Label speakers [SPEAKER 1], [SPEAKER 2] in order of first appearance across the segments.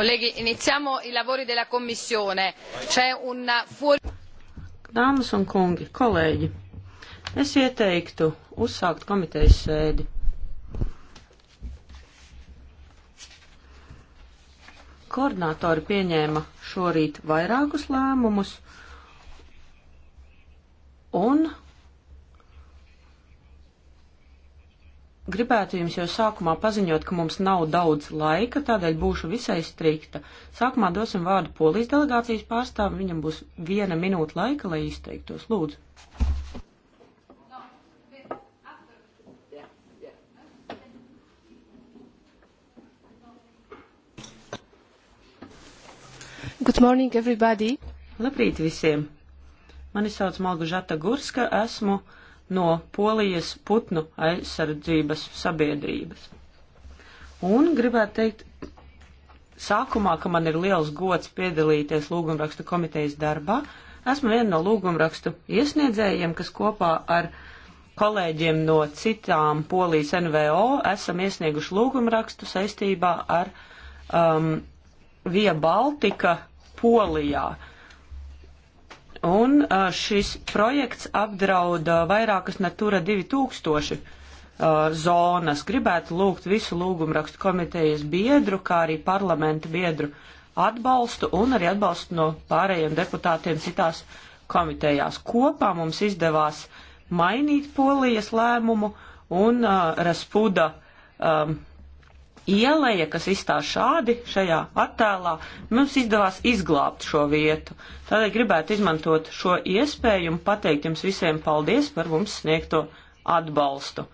[SPEAKER 1] Colleghi, iniziamo i lavori della Commissione. C'è un fuori...
[SPEAKER 2] Dāmas un kungi, kolēģi, es ieteiktu uzsākt komitejas sēdi. Koordinātori pieņēma šorīt vairākus lēmumus un Gribētu jums jau sākumā paziņot, ka mums nav daudz laika, tādēļ būšu visai strikta. Sākumā dosim vārdu polijas delegācijas pārstāvam, viņam būs viena minūte laika, lai izteiktos. Lūdzu. Good morning, everybody! Labrīt visiem! Mani sauc Malgu Žata Gurska, esmu uh, no Polijas putnu aizsardzības sabiedrības. Un gribētu teikt, sākumā, ka man ir liels gods piedalīties lūgumrakstu komitejas darbā, esmu viena no lūgumrakstu iesniedzējiem, kas kopā ar kolēģiem no citām Polijas NVO esam iesnieguši lūgumrakstu saistībā ar um, Via Baltika Polijā. Uh, Un šis projekts apdrauda vairākas Natura 2000 uh, zonas. Gribētu lūgt visu lūgumrakstu komitejas biedru, kā arī parlamenta biedru atbalstu un arī atbalstu no pārējiem deputātiem citās komitejās. Kopā mums izdevās mainīt polijas lēmumu un uh, Raspuda um, ieleja, kas izstāv šādi šajā attēlā, mums izdevās izglābt šo vietu. Tādēļ gribētu izmantot šo iespēju un pateikt jums visiem paldies par mums sniegto atbalstu,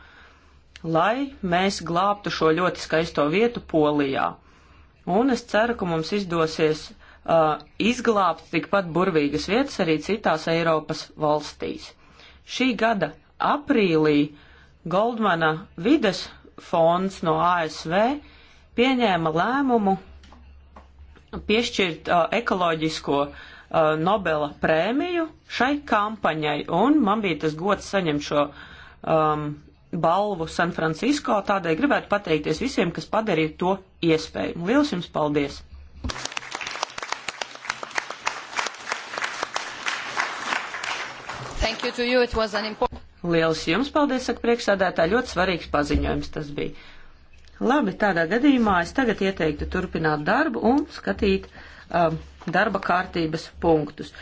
[SPEAKER 2] lai mēs glābtu šo ļoti skaisto vietu Polijā. Un es ceru, ka mums izdosies uh, izglābt tikpat burvīgas vietas arī citās Eiropas valstīs. Šī gada aprīlī Goldmana vides fonds no ASV pieņēma lēmumu piešķirt uh, ekoloģisko uh, Nobela prēmiju šai kampaņai, un man bija tas gods saņemt šo um, balvu San Francisco, tādēļ gribētu pateikties visiem, kas padarīja to iespēju. Lielas jums paldies!
[SPEAKER 1] Thank you to you. It was an important
[SPEAKER 2] Lielas jums paldies, saka priekšsādētā, ļoti svarīgs paziņojums tas bija. Labi, tādā gadījumā es tagad ieteiktu turpināt darbu un skatīt um, darba kārtības punktus.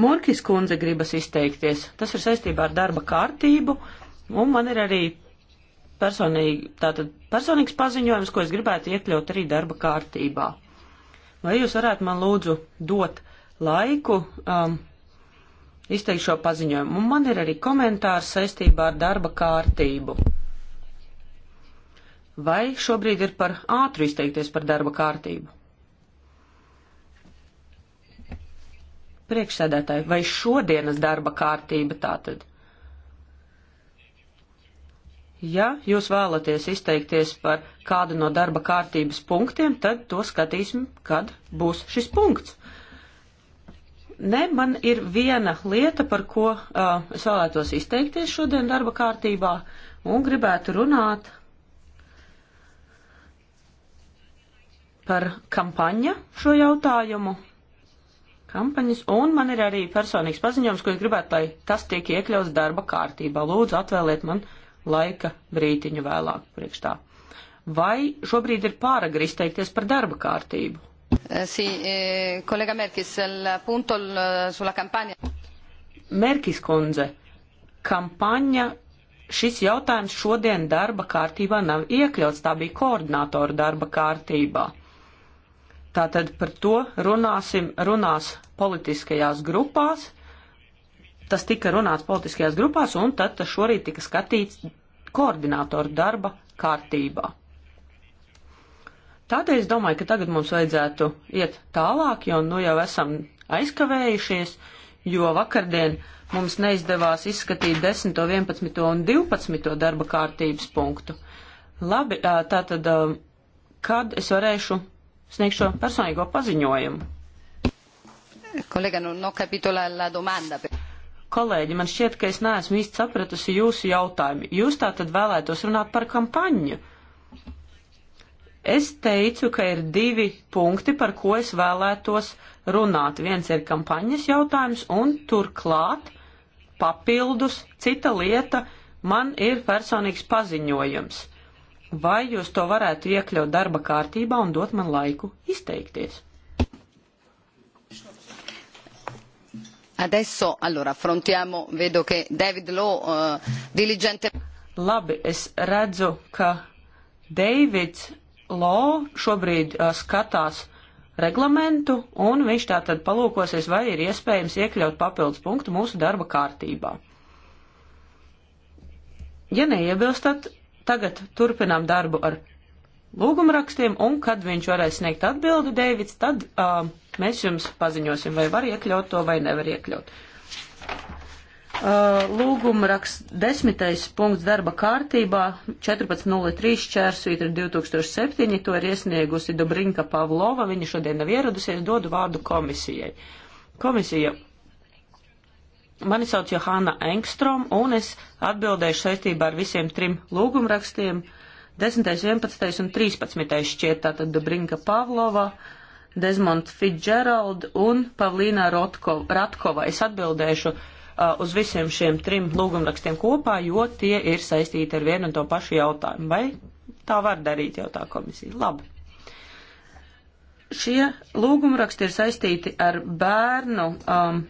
[SPEAKER 2] Murkis kundze gribas izteikties. Tas ir saistībā ar darba kārtību, un man ir arī personīgi, tātad personīgs paziņojums, ko es gribētu iekļaut arī darba kārtībā. Vai jūs varētu man lūdzu dot laiku um, izteikt šo paziņojumu. Un man ir arī komentārs saistībā ar darba kārtību. Vai šobrīd ir par ātru izteikties par darba kārtību? Priekšsēdētāji, vai šodienas darba kārtība tātad? Ja jūs vēlaties izteikties par kādu no darba kārtības punktiem, tad to skatīsim, kad būs šis punkts. Ne, man ir viena lieta, par ko uh, es vēlētos izteikties šodien darba kārtībā un gribētu runāt par kampaņa šo jautājumu. Kampaņas, un man ir arī personīgs paziņojums, ko es gribētu, lai tas tiek iekļauts darba kārtībā. Lūdzu, atvēliet man laika brītiņu vēlāk priekš tā. Vai šobrīd ir pāragri izteikties par darba kārtību?
[SPEAKER 1] Eh, sì, eh, collega Merkis, appunto sulla campagna.
[SPEAKER 2] Merkis kundze, kampaņa šis jautājums šodien darba kārtībā nav iekļauts, tā bija koordinātora darba kārtībā. Tātad par to runāsim, runās politiskajās grupās. Tas tika runāts politiskajās grupās, un tad šorīt tika skatīts koordinātoru darba kārtībā. Tādēļ es domāju, ka tagad mums vajadzētu iet tālāk, jo nu jau esam aizkavējušies, jo vakardien mums neizdevās izskatīt 10, 11 un 12 darba kārtības punktu. Labi, tātad, kad es varēšu sniegt šo personīgo paziņojumu?
[SPEAKER 1] Kolēģi, nu, no nu, capitola la domanda.
[SPEAKER 2] Kolēģi, man šķiet, ka es neesmu īsti sapratusi jūsu jautājumu. Jūs tā tad vēlētos runāt par kampaņu. Es teicu, ka ir divi punkti, par ko es vēlētos runāt. Viens ir kampaņas jautājums, un turklāt papildus cita lieta man ir personīgs paziņojums. Vai jūs to varētu iekļaut darba kārtībā un dot man laiku izteikties? Adesso,
[SPEAKER 1] allora, affrontiamo, vedo che David Law uh,
[SPEAKER 2] diligente. Labi, es redzu, ka Deivids Lo šobrīd uh, skatās reglamentu, un viņš tātad palūkosies, vai ir iespējams iekļaut papildus punktu mūsu darba kārtībā. Ja neiebilstat, tagad turpinām darbu ar lūgumrakstiem, un kad viņš varēs sniegt atbildi, Deivids, tad uh, mēs jums paziņosim, vai var iekļaut to vai nevar iekļaut. Uh, lūguma raksts desmitais punkts darba kārtībā 14.03 čērsvīt ir 2007, to ir iesniegusi Dobrinka Pavlova, viņa šodien nav ieradusies, dodu vārdu komisijai. Komisija, mani sauc Johāna Engstrom un es atbildēšu saistībā ar visiem trim lūgumrakstiem 10., 11. un 13. šķiet tātad Dobrinka Pavlova. Desmond Fitzgerald un Pavlīna Ratkova. Es atbildēšu uh, Uh, uz visiem šiem trim lūgumrakstiem kopā, jo tie ir saistīti ar vienu un to pašu jautājumu. Vai tā var darīt, jautā komisija? Labi. Šie lūgumraksti ir saistīti ar bērnu um,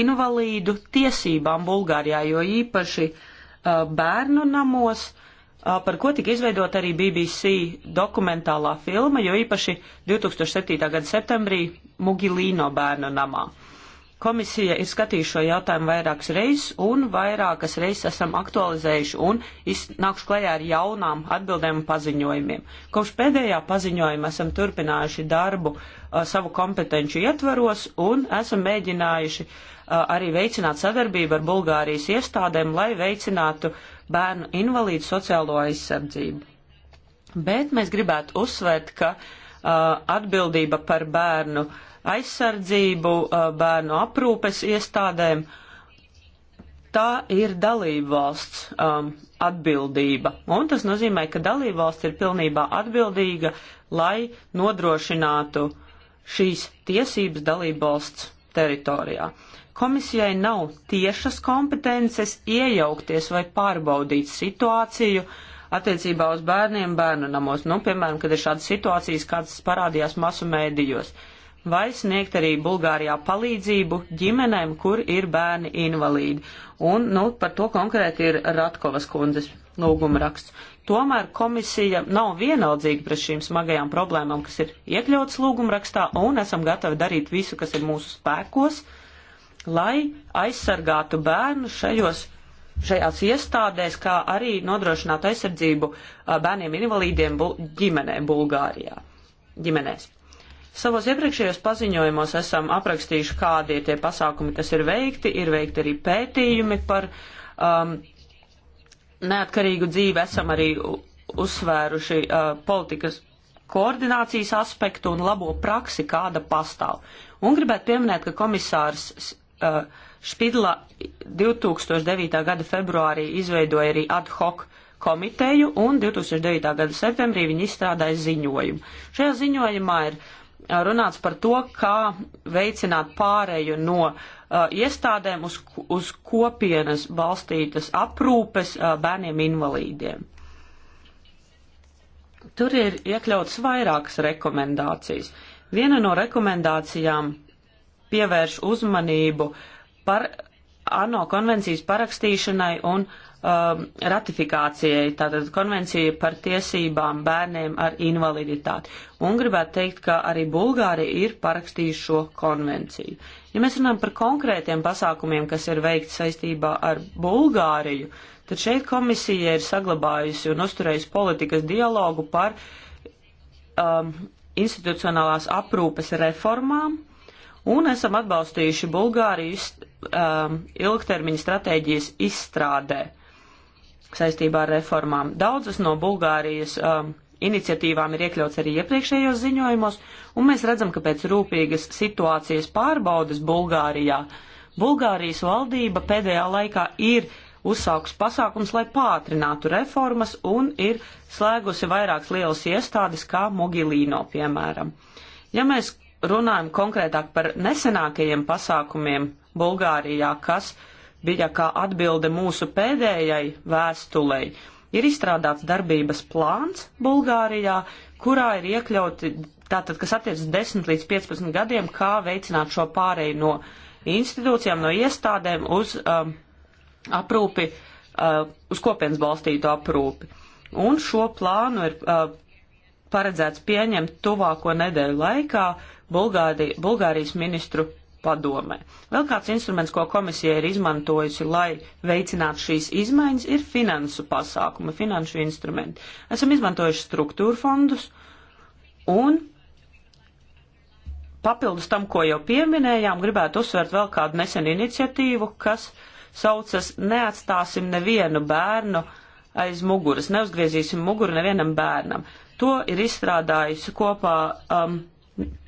[SPEAKER 2] invalīdu tiesībām Bulgārijā, jo īpaši uh, bērnu namos, uh, par ko tika izveidot arī BBC dokumentālā filma, jo īpaši 2007. gada septembrī Mugilīno bērnu namā. Uh, Komisija ir skatījusi šo jautājumu vairākas reizes, un vairākas reizes esam aktualizējuši un nākuši klajā ar jaunām atbildēm un paziņojumiem. Kopš pēdējā paziņojuma esam turpinājuši darbu uh, savu kompetenci ietvaros un esam mēģinājuši uh, arī veicināt sadarbību ar Bulgārijas iestādēm, lai veicinātu bērnu invalīdu sociālo aizsardzību. Bet mēs gribētu uzsvērt, ka uh, atbildība par bērnu uh, aizsardzību uh, bērnu aprūpes iestādēm, tā ir dalībvalsts um, atbildība. Un tas nozīmē, ka dalībvalsts ir pilnībā atbildīga, lai nodrošinātu šīs tiesības dalībvalsts teritorijā. Komisijai nav tiešas kompetences iejaukties vai pārbaudīt situāciju attiecībā uz bērniem bērnu namos. Nu, piemēram, kad ir šādas situācijas, kādas parādījās masu mēdījos. Uh, vai sniegt arī Bulgārijā palīdzību ģimenēm, kur ir bērni invalīdi. Un, nu, par to konkrēti ir Ratkovas kundzes lūguma raksts. Tomēr komisija nav vienaldzīga pret šīm smagajām problēmām, kas ir iekļautas lūguma rakstā, un esam gatavi darīt visu, kas ir mūsu spēkos, lai aizsargātu bērnu šajos šajās iestādēs, kā arī nodrošināt aizsardzību bērniem invalīdiem bu ģimenē Bulgārijā. Ģimenēs. Savos iepriekšējos paziņojumos esam aprakstījuši, kādi ir tie pasākumi, kas ir veikti. Ir veikti arī pētījumi par um, neatkarīgu dzīvi. Esam arī uzsvēruši uh, politikas koordinācijas aspektu un labo praksi, kāda pastāv. Un gribētu pieminēt, ka komisārs uh, Špidla 2009. gada februārī izveidoja arī ad hoc komiteju un 2009. gada septembrī viņi izstrādāja ziņojumu. Šajā ziņojumā ir uh, runāts par to, kā veicināt pāreju no uh, iestādēm uz, uz kopienas balstītas aprūpes uh, bērniem invalīdiem. Tur ir iekļauts vairākas rekomendācijas. Viena no rekomendācijām pievērš uzmanību par ANO konvencijas parakstīšanai un uh, um, ratifikācijai, tātad konvencija par tiesībām bērniem ar invaliditāti. Un gribētu teikt, ka arī Bulgārija ir parakstījuši šo konvenciju. Ja mēs runājam par konkrētiem pasākumiem, kas ir veikti saistībā ar Bulgāriju, tad šeit komisija ir saglabājusi un uzturējusi politikas dialogu par um, institucionālās aprūpes reformām un esam atbalstījuši Bulgāriju um, ilgtermiņa stratēģijas izstrādē. Uh, saistībā ar reformām. Daudzas no Bulgārijas um, iniciatīvām ir iekļauts arī iepriekšējos ziņojumos, un mēs redzam, ka pēc rūpīgas situācijas pārbaudas Bulgārijā Bulgārijas valdība pēdējā laikā ir uzsākus pasākums, lai pātrinātu reformas un ir slēgusi vairākas lielas iestādes, kā Mogilīno, piemēram. Ja mēs runājam konkrētāk par nesenākajiem pasākumiem Bulgārijā, kas uh, bija kā atbilde mūsu pēdējai vēstulei. Ir izstrādāts darbības plāns Bulgārijā, kurā ir iekļauti, tātad, kas attiecas 10 līdz 15 gadiem, kā veicināt šo pāreju no institūcijām, no iestādēm uz um, aprūpi, uh, uz kopienas balstītu aprūpi. Un šo plānu ir uh, paredzēts pieņemt tuvāko nedēļu laikā Bulgādi, Bulgārijas ministru padomē. Vēl kāds instruments, ko komisija ir izmantojusi, lai veicinātu šīs izmaiņas, ir finansu pasākumi, finanšu instrumenti. Esam izmantojuši struktūru fondus un papildus tam, ko jau pieminējām, gribētu uzsvērt vēl kādu nesenu iniciatīvu, kas saucas Neatstāsim nevienu bērnu aiz muguras, neuzgriezīsim muguru nevienam bērnam. To ir izstrādājusi kopā um,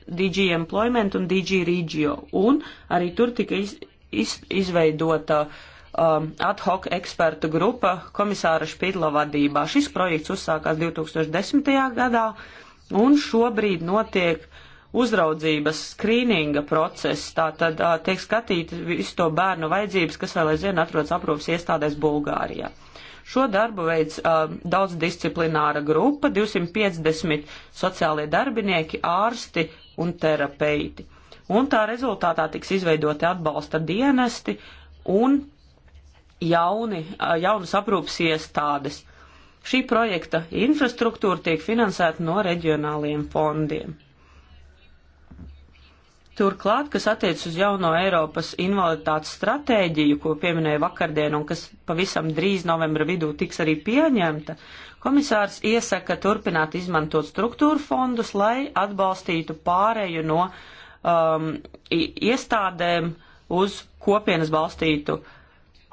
[SPEAKER 2] DG Employment un DG Regio, un arī tur tika iz, iz, izveidota um, ad hoc ekspertu grupa komisāra Špidla vadībā. Šis projekts uzsākās 2010. gadā, un šobrīd notiek uzraudzības skrīninga process, tātad uh, tiek skatīti visu to bērnu vajadzības, kas vēl aizvien atrodas aprūpas iestādēs Bulgārijā. Šo darbu veids uh, daudzdisciplināra grupa, 250 sociālie darbinieki, ārsti, un terapeiti. Un tā rezultātā tiks izveidoti atbalsta dienesti un jauni, jaunas aprūpas iestādes. Šī projekta infrastruktūra tiek finansēta no reģionāliem fondiem. Turklāt, kas attiec uz jauno Eiropas invaliditātes stratēģiju, ko pieminēja vakardien un kas pavisam drīz novembra vidū tiks arī pieņemta, uh, Komisārs iesaka turpināt izmantot struktūru fondus, lai atbalstītu pārēju no um, iestādēm uz kopienas balstītu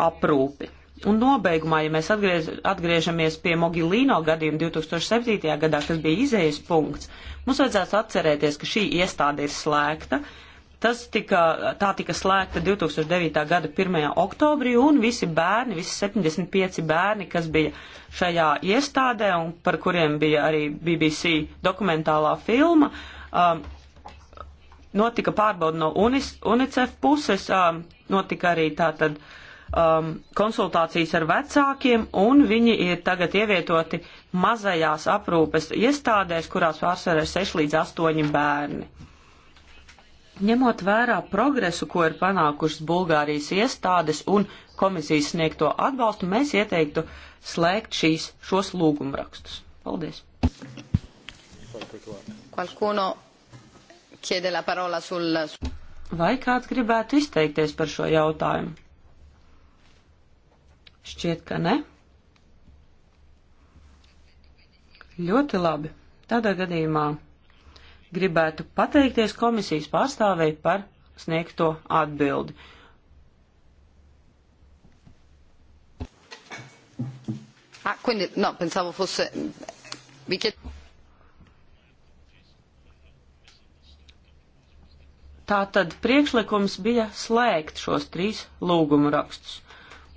[SPEAKER 2] aprūpi. Un nobeigumā, ja mēs atgriez, atgriežamies pie Mogilīno gadījuma 2007. gadā, kas bija izējas punkts, mums vajadzētu atcerēties, ka šī iestāde ir slēgta, uh, Tas tika, tā tika slēgta 2009. gada 1. oktobrī, un visi bērni, visi 75 bērni, kas bija šajā iestādē un par kuriem bija arī BBC dokumentālā filma, um, notika pārbauda no UNIS, UNICEF puses, um, notika arī tātad um, konsultācijas ar vecākiem, un viņi ir tagad ievietoti mazajās aprūpes iestādēs, kurās pārsvarē 6 līdz 8 bērni. Ņemot vērā progresu, ko ir panākušas Bulgārijas iestādes un komisijas sniegto atbalstu, mēs ieteiktu slēgt šīs, šos lūgumrakstus. Paldies! Vai kāds gribētu izteikties par šo jautājumu? Šķiet, ka ne. Ļoti labi. Tādā gadījumā gribētu pateikties komisijas pārstāvei par sniegto atbildi.
[SPEAKER 1] Ah, quindi no, pensavo fosse. Vi chiedo.
[SPEAKER 2] Tātad priekšlikums bija slēgt šos trīs lūgumu rakstus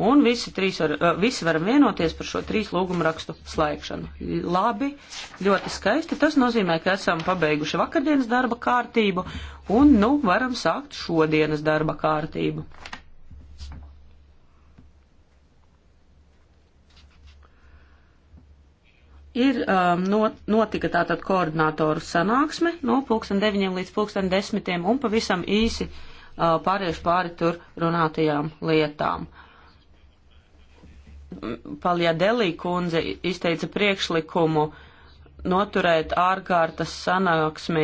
[SPEAKER 2] un visi, trīs var, eh, visi varam vienoties par šo trīs lūgumu rakstu slēgšanu. Labi, ļoti skaisti. Tas nozīmē, ka esam pabeiguši vakardienas darba kārtību un nu varam sākt šodienas darba kārtību. Ir um, not, notika tātad koordinātoru sanāksme no pulksten 9 līdz pulksten 10 un pavisam īsi uh, pāriešu pāri tur runātajām lietām. Uh, Paljadelī kundze izteica priekšlikumu noturēt ārkārtas sanāksmi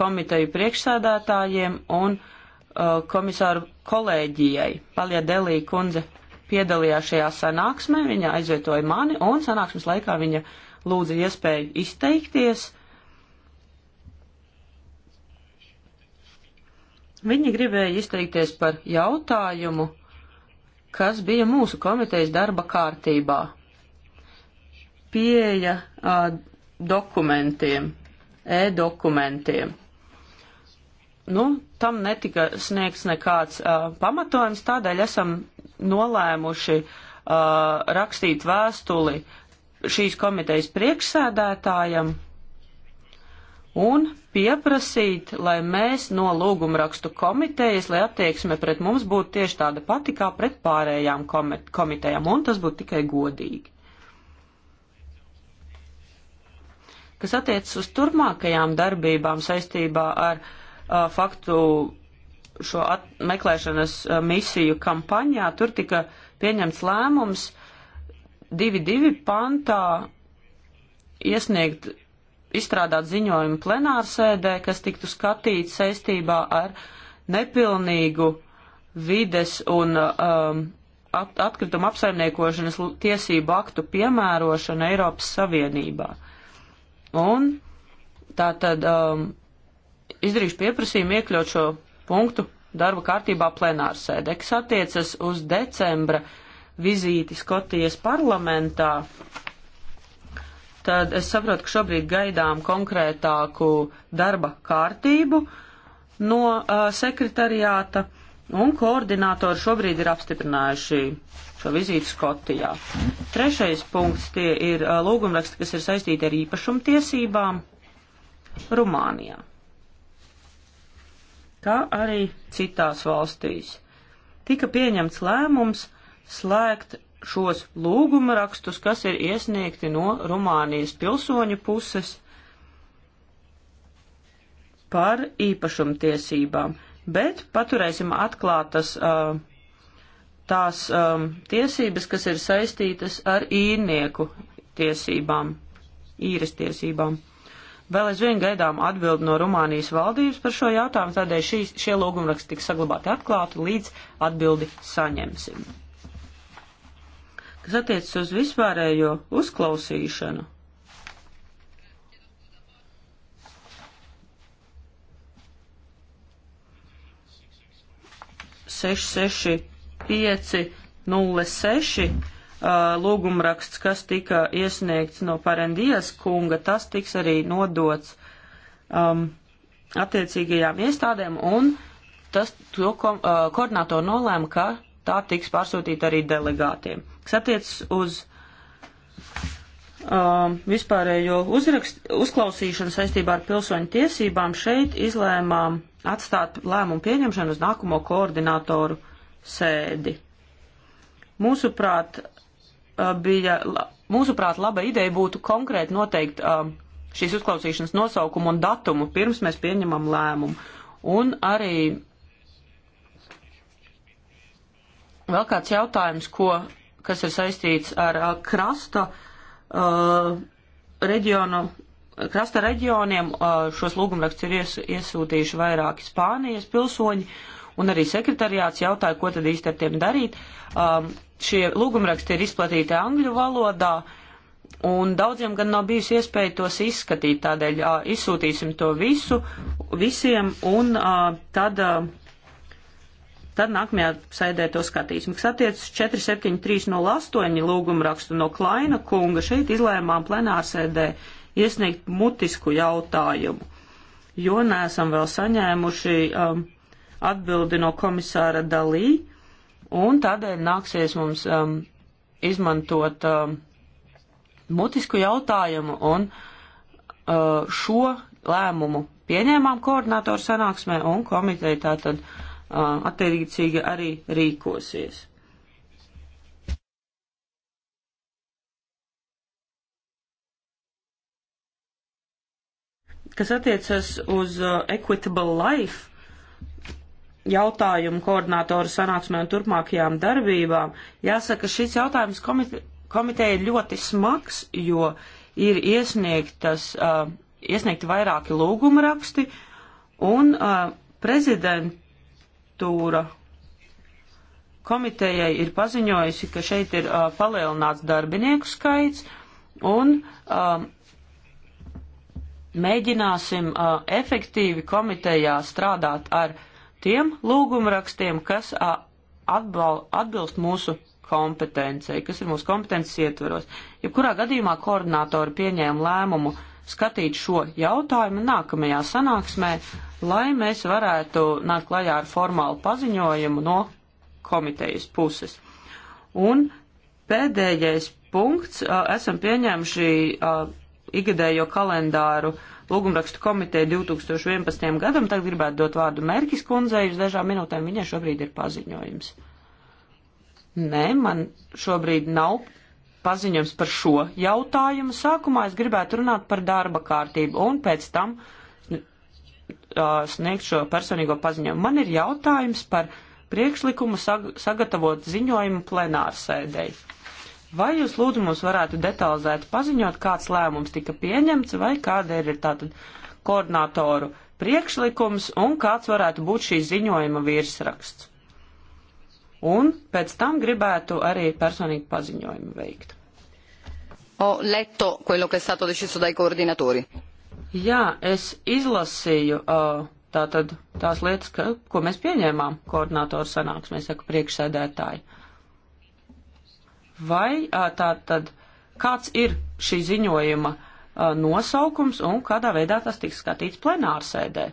[SPEAKER 2] komiteju priekšsēdētājiem un uh, komisāru kolēģijai. Paljadelī kundze piedalījās šajā sanāksmē, viņa aizvietoja mani un sanāksmes laikā viņa lūdza iespēju izteikties. Viņi gribēja izteikties par jautājumu, kas bija mūsu komitejas darba kārtībā. Pieeja uh, dokumentiem, e-dokumentiem. Nu, tam netika sniegts nekāds uh, pamatojums, tādēļ esam nolēmuši uh, rakstīt vēstuli šīs komitejas priekšsēdētājam un pieprasīt, lai mēs no lūgumrakstu komitejas, lai attieksme pret mums būtu tieši tāda pati kā pret pārējām komitejām, un tas būtu tikai godīgi. Kas attiecas uz turpmākajām darbībām saistībā ar uh, faktu šo at, meklēšanas uh, misiju kampaņā, tur tika pieņemts lēmums 2.2. pantā iesniegt izstrādāt ziņojumu plenārsēdē, kas tiktu skatīts saistībā ar nepilnīgu vides un um, atkrituma apsaimniekošanas tiesību aktu piemērošanu Eiropas Savienībā. Un tā tad um, izdarīšu pieprasījumu iekļaut šo punktu darba kārtībā plenārsēdē, kas attiecas uz decembra vizīti Skotijas parlamentā tad es saprotu, ka šobrīd gaidām konkrētāku darba kārtību no uh, sekretariāta, un koordinātori šobrīd ir apstiprinājuši šo vizīti Skotijā. Trešais punkts tie ir uh, lūgumraksti, kas ir saistīti ar īpašumtiesībām Rumānijā, kā arī citās valstīs. Tika pieņemts lēmums slēgt šos lūguma rakstus, kas ir iesniegti no Rumānijas pilsoņu puses par īpašumtiesībām, bet paturēsim atklātas uh, tās um, tiesības, kas ir saistītas ar īrnieku tiesībām, īres tiesībām. Vēl aizvien gaidām atbildi no Rumānijas valdības par šo jautājumu, tādēļ šī, šie lūgumraksti tiks saglabāti atklāti, līdz atbildi saņemsim kas attiecas uz vispārējo uzklausīšanu. Seši, seši, pieci, nulle seši lūgumraksts, kas tika iesniegts no Parendijas kunga, tas tiks arī nodots um, attiecīgajām iestādēm, un tas to ko, uh, koordinātori nolēma, ka tā tiks pārsūtīta arī delegātiem kas attiecas uz um, vispārējo uzrakst, uzklausīšanu saistībā ar pilsoņu tiesībām, šeit izlēmām atstāt lēmumu pieņemšanu uz nākamo koordinātoru sēdi. Mūsuprāt, uh, bija, mūsuprāt, laba ideja būtu konkrēti noteikt um, šīs uzklausīšanas nosaukumu un datumu pirms mēs pieņemam lēmumu. Un arī vēl kāds jautājums, ko kas ir saistīts ar krasta uh, reģionu. Krasta reģioniem uh, šos lūgumrakstus ir ies, iesūtījuši vairāki Spānijas pilsoņi, un arī sekretariāts jautāja, ko tad īsti ar tiem darīt. Um, šie lūgumraksti ir izplatīti angļu valodā, un daudziem gan nav bijusi iespēja tos izskatīt, tādēļ uh, izsūtīsim to visu visiem, un uh, tad. Uh, Tad nākamajā sēdē to skatīsim. Kas attiecas 47308 lūguma rakstu no Klaina kunga, šeit izlēmām plenārsēdē iesniegt mutisku jautājumu, jo neesam vēl saņēmuši um, atbildi no komisāra Dalī, un tādēļ nāksies mums um, izmantot um, mutisku jautājumu un uh, šo lēmumu pieņēmām koordinātoru sanāksmē un komiteja tātad. Uh, attiecīgi arī rīkosies. Kas attiecas uz Equitable Life jautājumu koordinātoru sanāksmē un turpmākajām darbībām, jāsaka, šis jautājums komite komiteja ir ļoti smags, jo ir iesniegtas, uh, iesniegti vairāki lūguma raksti, un uh, prezident, prokuratura komitejai ir paziņojusi, ka šeit ir uh, palielināts darbinieku skaits un uh, mēģināsim uh, efektīvi komitejā strādāt ar tiem lūgumrakstiem, kas uh, atbal, atbilst mūsu kompetencijai, kas ir mūsu kompetences ietveros. Jebkurā gadījumā koordinātori pieņēma lēmumu skatīt šo jautājumu nākamajā sanāksmē lai mēs varētu nākt klajā ar formālu paziņojumu no komitejas puses. Un pēdējais punkts, esam pieņēmuši igadējo kalendāru lūgumrakstu komiteja 2011. gadam. Tagad gribētu dot vārdu Merkis kundzei, uz dažām minūtēm viņai šobrīd ir paziņojums. Nē, man šobrīd nav paziņojums par šo jautājumu. Sākumā es gribētu runāt par darba kārtību un pēc tam uh, sniegt šo personīgo paziņojumu. Man ir jautājums par priekšlikumu sag sagatavot ziņojumu plenārsēdēji. Vai jūs lūdzu mums varētu detalizēt paziņot, kāds lēmums tika pieņemts vai kāda ir tātad koordinātoru priekšlikums un kāds varētu būt šī ziņojuma virsraksts? Un pēc tam gribētu arī personīgi paziņojumu veikt.
[SPEAKER 1] Ho letto quello che è stato deciso dai coordinatori.
[SPEAKER 2] Jā, es izlasīju uh, tātad tās lietas, ka, ko mēs pieņēmām koordinātoru sanāksmē, saka priekšsēdētāji. Vai uh, tātad kāds ir šī ziņojuma uh, nosaukums un kādā veidā tas tiks skatīts plenārsēdē?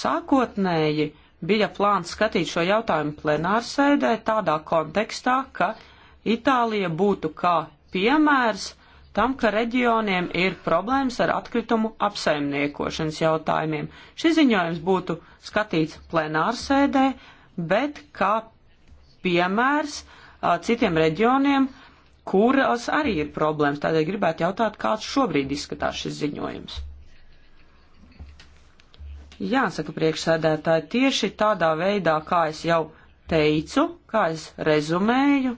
[SPEAKER 2] Sākotnēji bija plāns skatīt šo jautājumu plenārsēdē tādā kontekstā, ka Itālija būtu kā piemērs tam, ka reģioniem ir problēmas ar atkritumu apsaimniekošanas jautājumiem. Šis ziņojums būtu skatīts plenārsēdē, bet kā piemērs citiem reģioniem, kuras arī ir problēmas. Tādēļ gribētu jautāt, kāds šobrīd izskatās šis ziņojums. Jāsaka, priekšsēdētāji, tieši tādā veidā, kā es jau teicu, kā es rezumēju,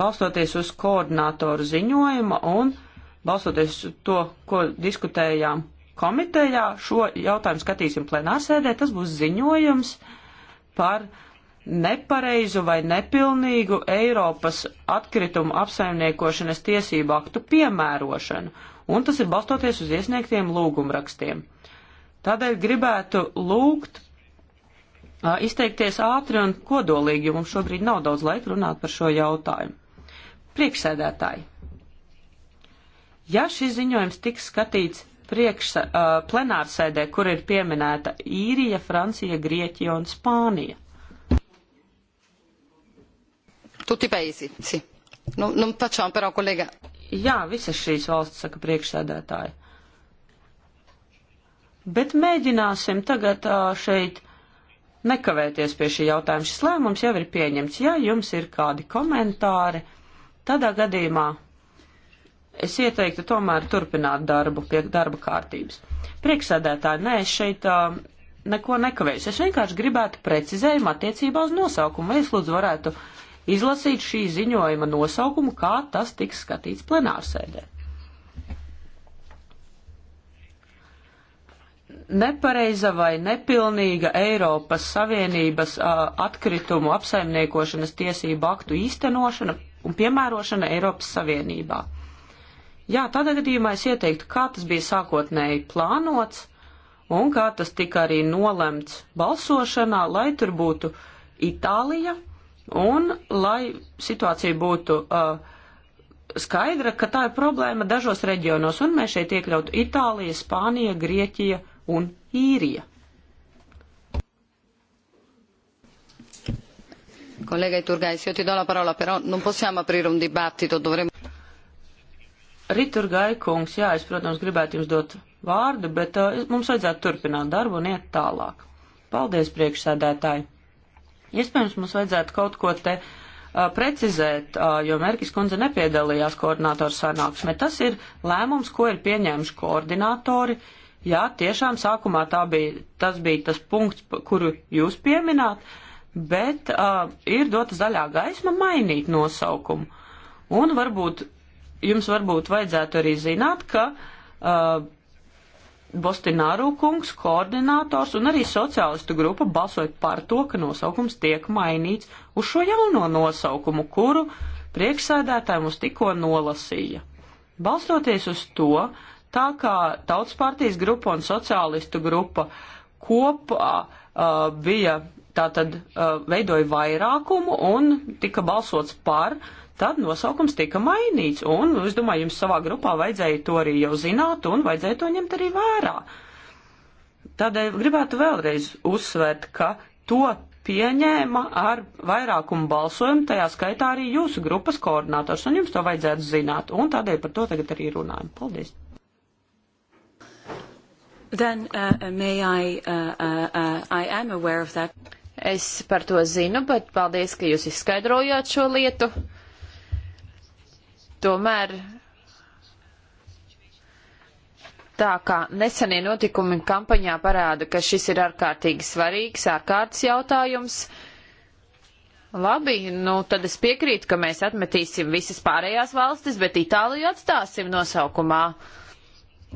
[SPEAKER 2] balstoties uz koordinātoru ziņojuma un balstoties uz to, ko diskutējām komitejā, šo jautājumu skatīsim plenārsēdē, tas būs ziņojums par nepareizu vai nepilnīgu Eiropas atkritumu apsaimniekošanas tiesību aktu piemērošanu, un tas ir balstoties uz iesniegtiem lūgumrakstiem. Tādēļ gribētu lūgt izteikties ātri un kodolīgi, jo mums šobrīd nav daudz laika runāt par šo jautājumu. Priekšsēdētāji, ja šis ziņojums tiks skatīts priekšsa, uh, plenārsēdē, kur ir pieminēta Īrija, Francija, Grieķija un Spānija. Tutti paesi, sì. Non, nu, non facciamo però, collega. Jā, visas šīs valsts saka priekšsēdētāji. Bet mēģināsim tagad uh, šeit nekavēties pie šī jautājuma. Šis lēmums jau ir pieņemts. Ja jums ir kādi komentāri, Tādā gadījumā es ieteiktu tomēr turpināt darbu pie darba kārtības. Prieksēdētāji, nē, es šeit uh, neko nekavēšu. Es vienkārši gribētu precizējumu attiecībā uz nosaukumu. Vai es lūdzu varētu izlasīt šī ziņojuma nosaukumu, kā tas tiks skatīts plenārsēdē? nepareiza vai nepilnīga Eiropas Savienības uh, atkritumu apsaimniekošanas tiesību aktu īstenošana un piemērošana Eiropas Savienībā. Jā, tādā gadījumā es ieteiktu, kā tas bija sākotnēji plānots un kā tas tika arī nolemts balsošanā, lai tur būtu Itālija un lai situācija būtu uh, skaidra, ka tā ir problēma dažos reģionos, un mēs šeit iekļautu Itālija, Spānija, Grieķija un Īrija.
[SPEAKER 1] Collega Iturgais, io ti do la parola, però non possiamo aprire un dibattito, dovremmo...
[SPEAKER 2] Riturgai kungs, jā, es, protams, gribētu jums dot vārdu, bet uh, mums vajadzētu turpināt darbu un iet tālāk. Paldies, priekšsēdētāji. Iespējams, mums vajadzētu kaut ko te uh, precizēt, uh, jo Merkis kundze nepiedalījās koordinātoru sanāksmē. Tas ir lēmums, ko ir pieņēmuši koordinātori. Jā, tiešām sākumā bija, tas bija tas punkts, kuru jūs piemināt. Uh, bet uh, ir dota zaļā gaisma mainīt nosaukumu. Un varbūt jums varbūt vajadzētu arī zināt, ka uh, Bostināru kungs, koordinators un arī sociālistu grupa balsoja par to, ka nosaukums tiek mainīts uz šo jauno nosaukumu, kuru priekšsēdētāji mums tikko nolasīja. Balstoties uz to, tā kā Tautas partijas grupa un sociālistu grupa kopā uh, bija tā tad uh, veidoja vairākumu un tika balsots par, tad nosaukums tika mainīts. Un nu, es domāju, jums savā grupā vajadzēja to arī jau zināt un vajadzēja to ņemt arī vērā. Tādēļ gribētu vēlreiz uzsvērt, ka to pieņēma ar vairākumu balsojumu, tajā skaitā arī jūsu grupas koordinātors, un jums to vajadzētu zināt. Un tādēļ par to tagad arī runājam. Paldies!
[SPEAKER 3] Then uh, uh may I, uh, uh, uh, I am aware of that. Es par to zinu, bet paldies, ka jūs izskaidrojāt šo lietu. Tomēr tā kā nesenie notikumi kampaņā parāda, ka šis ir ārkārtīgi svarīgs, ārkārtas jautājums. Labi, nu tad es piekrītu, ka mēs atmetīsim visas pārējās valstis, bet Itāliju atstāsim nosaukumā. Uh,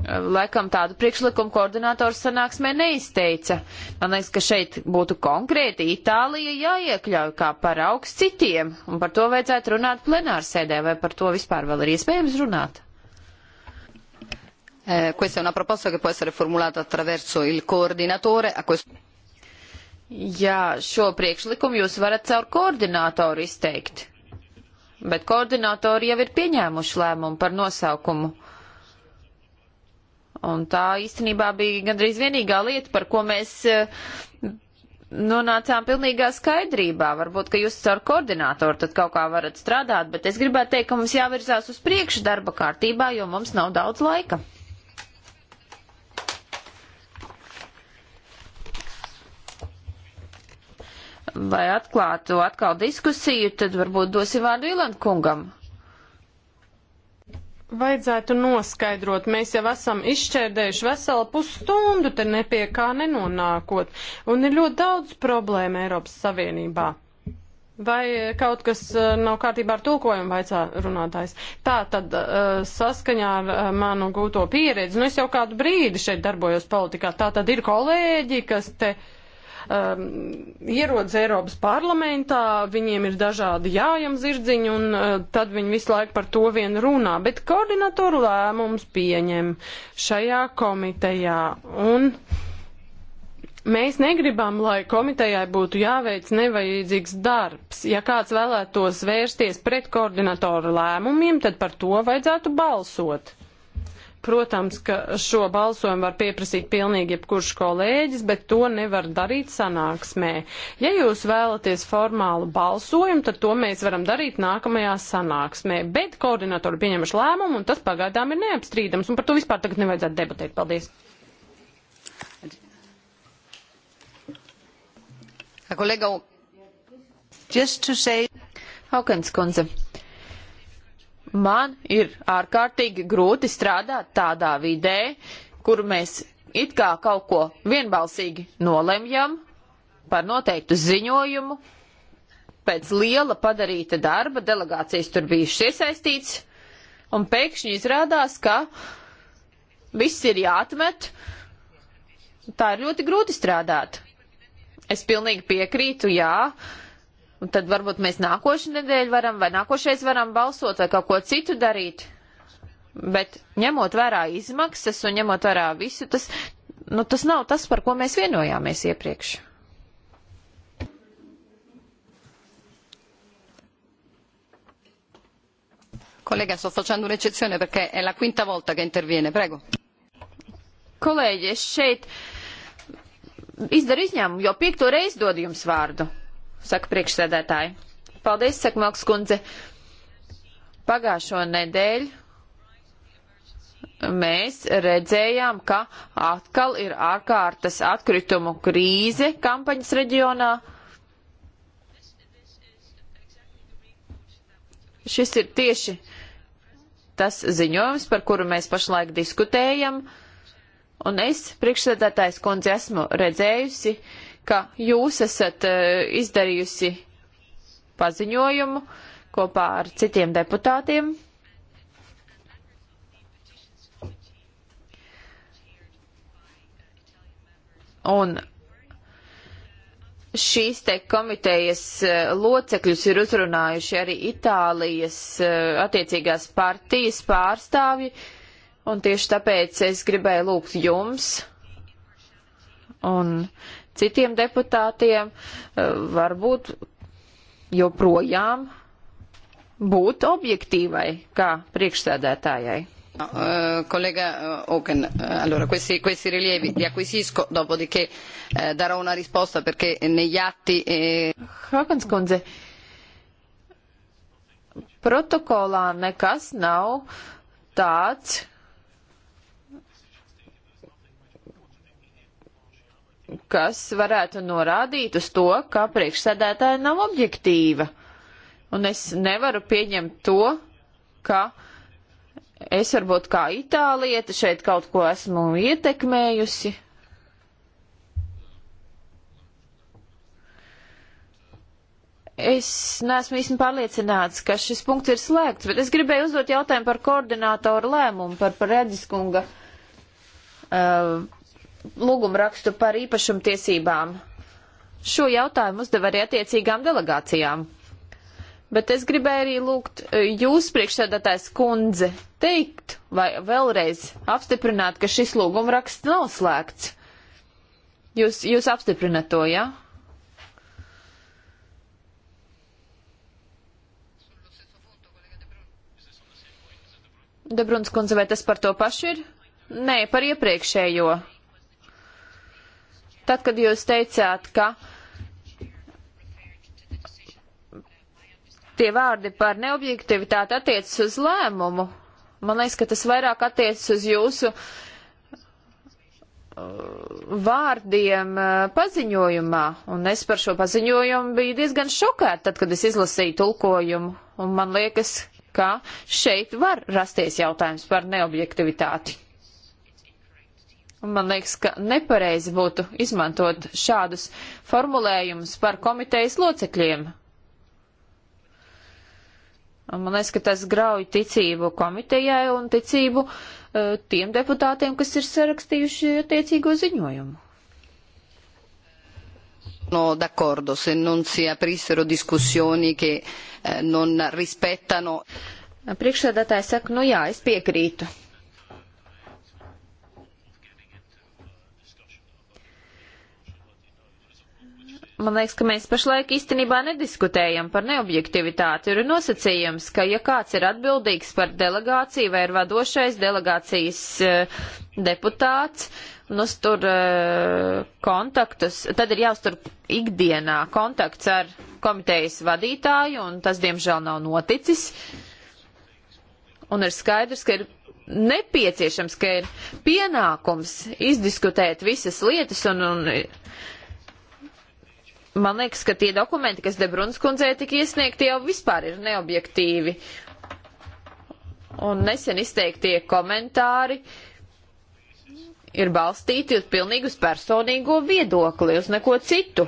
[SPEAKER 3] laikam tādu priekšlikumu koordinātors sanāksmē neizteica. Man liekas, ka šeit būtu konkrēti Itālija jāiekļauj kā paraugs citiem, un par to vajadzētu runāt plenārsēdē, vai par to vispār vēl ir iespējams runāt.
[SPEAKER 1] Eh, questa è una proposta che può essere formulata attraverso il coordinatore. A questo...
[SPEAKER 3] Jā, šo priekšlikumu jūs varat caur koordinātoru izteikt, bet koordinātori jau ir pieņēmuši lēmumu par nosaukumu. Un tā īstenībā bija gandrīz vienīgā lieta, par ko mēs eh, nonācām pilnīgā skaidrībā. Varbūt, ka jūs caur koordinātoru tad kaut kā varat strādāt, bet es gribētu teikt, ka mums jāvirzās uz priekšu darba kārtībā, jo mums nav daudz laika. Lai atklātu atkal diskusiju, tad varbūt dosim vārdu Ilan kungam
[SPEAKER 4] vajadzētu noskaidrot. Mēs jau esam izšķērdējuši veselu pusstundu, te ne pie kā nenonākot, un ir ļoti daudz problēmu Eiropas Savienībā. Vai kaut kas eh, nav kārtībā ar tulkojumu, vaicā runātājs? Tā tad eh, saskaņā ar eh, manu gūto pieredzi, nu es jau kādu brīdi šeit darbojos politikā, tā tad ir kolēģi, kas te. Uh, um, ierodas Eiropas parlamentā, viņiem ir dažādi jājam zirdziņi, un uh, tad viņi visu laiku par to vien runā. Bet koordinatoru lēmums pieņem šajā komitejā. Un, mēs negribam, lai komitejai būtu jāveic nevajadzīgs darbs. Ja kāds vēlētos vērsties pret koordinatoru lēmumiem, tad par to vajadzētu balsot. Protams, ka šo balsojumu var pieprasīt pilnīgi jebkurš kolēģis, bet to nevar darīt sanāksmē. Ja jūs vēlaties formālu balsojumu, tad to mēs varam darīt nākamajā sanāksmē. Bet koordinatori pieņemaši lēmumu, un tas pagaidām ir neapstrīdams, un par to vispār tagad nevajadzētu debatēt. Paldies! Kolēģi, just to say.
[SPEAKER 3] Haukens kundze man ir ārkārtīgi grūti strādāt tādā vidē, kur mēs it kā kaut ko vienbalsīgi nolemjam par noteiktu ziņojumu. Pēc liela padarīta darba delegācijas tur bijušas iesaistīts, un pēkšņi izrādās, ka viss ir jāatmet. Tā ir ļoti grūti strādāt. Es pilnīgi piekrītu, jā. Uh, Un tad varbūt mēs nākošu nedēļu varam vai nākošais varam balsot vai kaut ko citu darīt. Bet ņemot vērā izmaksas un ņemot vērā visu, tas, nu, tas nav tas, par ko mēs vienojāmies iepriekš.
[SPEAKER 1] Collega, sto facendo un'eccezione perché è la quinta volta che interviene.
[SPEAKER 3] Prego. Kolēģi, es šeit izdaru izņēmumu, jo piekto reizi dodu jums vārdu saka priekšsēdētāji. Paldies, saka Malks kundze. Pagājušo nedēļu mēs redzējām, ka atkal ir ārkārtas atkritumu krīze kampaņas reģionā. Šis ir tieši tas ziņojums, par kuru mēs pašlaik diskutējam. Un es, priekšsēdētājs kundze, esmu redzējusi uh, ka jūs esat e, izdarījusi paziņojumu kopā ar citiem deputātiem. Un šīs te komitejas e, locekļus ir uzrunājuši arī Itālijas e, attiecīgās partijas pārstāvji, un tieši tāpēc es gribēju lūgt jums un citiem deputātiem eh, varbūt joprojām būt objektīvai kā priekšsēdētājai. Uh,
[SPEAKER 1] collega eh, Oken, uh, allora questi, questi rilievi li acquisisco, dopodiché uh, darò una risposta perché negli atti. Eh... Hakanskundze,
[SPEAKER 3] protokolā nekas nav tāds, kas varētu norādīt uz to, ka priekšsēdētāja nav objektīva. Un es nevaru pieņemt to, ka es varbūt kā itālieta šeit kaut ko esmu ietekmējusi. Es neesmu īsti pārliecināts, ka šis punkts ir slēgts, bet es gribēju uzdot jautājumu par koordinātoru lēmumu, par, par Rediskunga uh, lūgumrakstu par īpašumtiesībām. Šo jautājumu uzdev arī attiecīgām delegācijām. Bet es gribēju arī lūgt e, jūs, priekšsēdētājs kundze, teikt vai vēlreiz apstiprināt, ka šis lūgumraksts nav slēgts. Jūs, jūs apstiprinat to, jā? Ja? Debruns kundze, vai tas par to pašu ir? Nē, par iepriekšējo. Tad, kad jūs teicāt, ka tie vārdi par neobjektivitāti attiecas uz lēmumu, man liekas, ka tas vairāk attiecas uz jūsu uh, vārdiem uh, paziņojumā, un es par šo paziņojumu biju diezgan šokēta, tad, kad es izlasīju tulkojumu, un man liekas, ka šeit var rasties jautājums par neobjektivitāti. Man liekas, ka nepareizi būtu izmantot šādus formulējumus par komitejas locekļiem. Man liekas, ka tas grauj ticību komitejai un ticību uh, tiem deputātiem, kas ir sarakstījuši attiecīgo ziņojumu.
[SPEAKER 1] Sono d'accordo se non si aprissero discussioni che eh, non rispettano. Priekšsēdētāji saka, nu jā, es piekrītu.
[SPEAKER 3] Man liekas, ka mēs pašlaik īstenībā nediskutējam par neobjektivitāti. Ir nosacījums, ka ja kāds ir atbildīgs par delegāciju vai ir vadošais delegācijas uh, deputāts, un uztur uh, kontaktus, tad ir jāuztur ikdienā kontakts ar komitejas vadītāju, un tas diemžēl nav noticis. Un ir skaidrs, ka ir nepieciešams, ka ir pienākums izdiskutēt visas lietas un, un man liekas, ka tie dokumenti, kas Debrunas kundzei tika iesniegti, jau vispār ir neobjektīvi. Un nesen izteiktie komentāri ir balstīti uz pilnīgus personīgo viedokli, uz neko citu.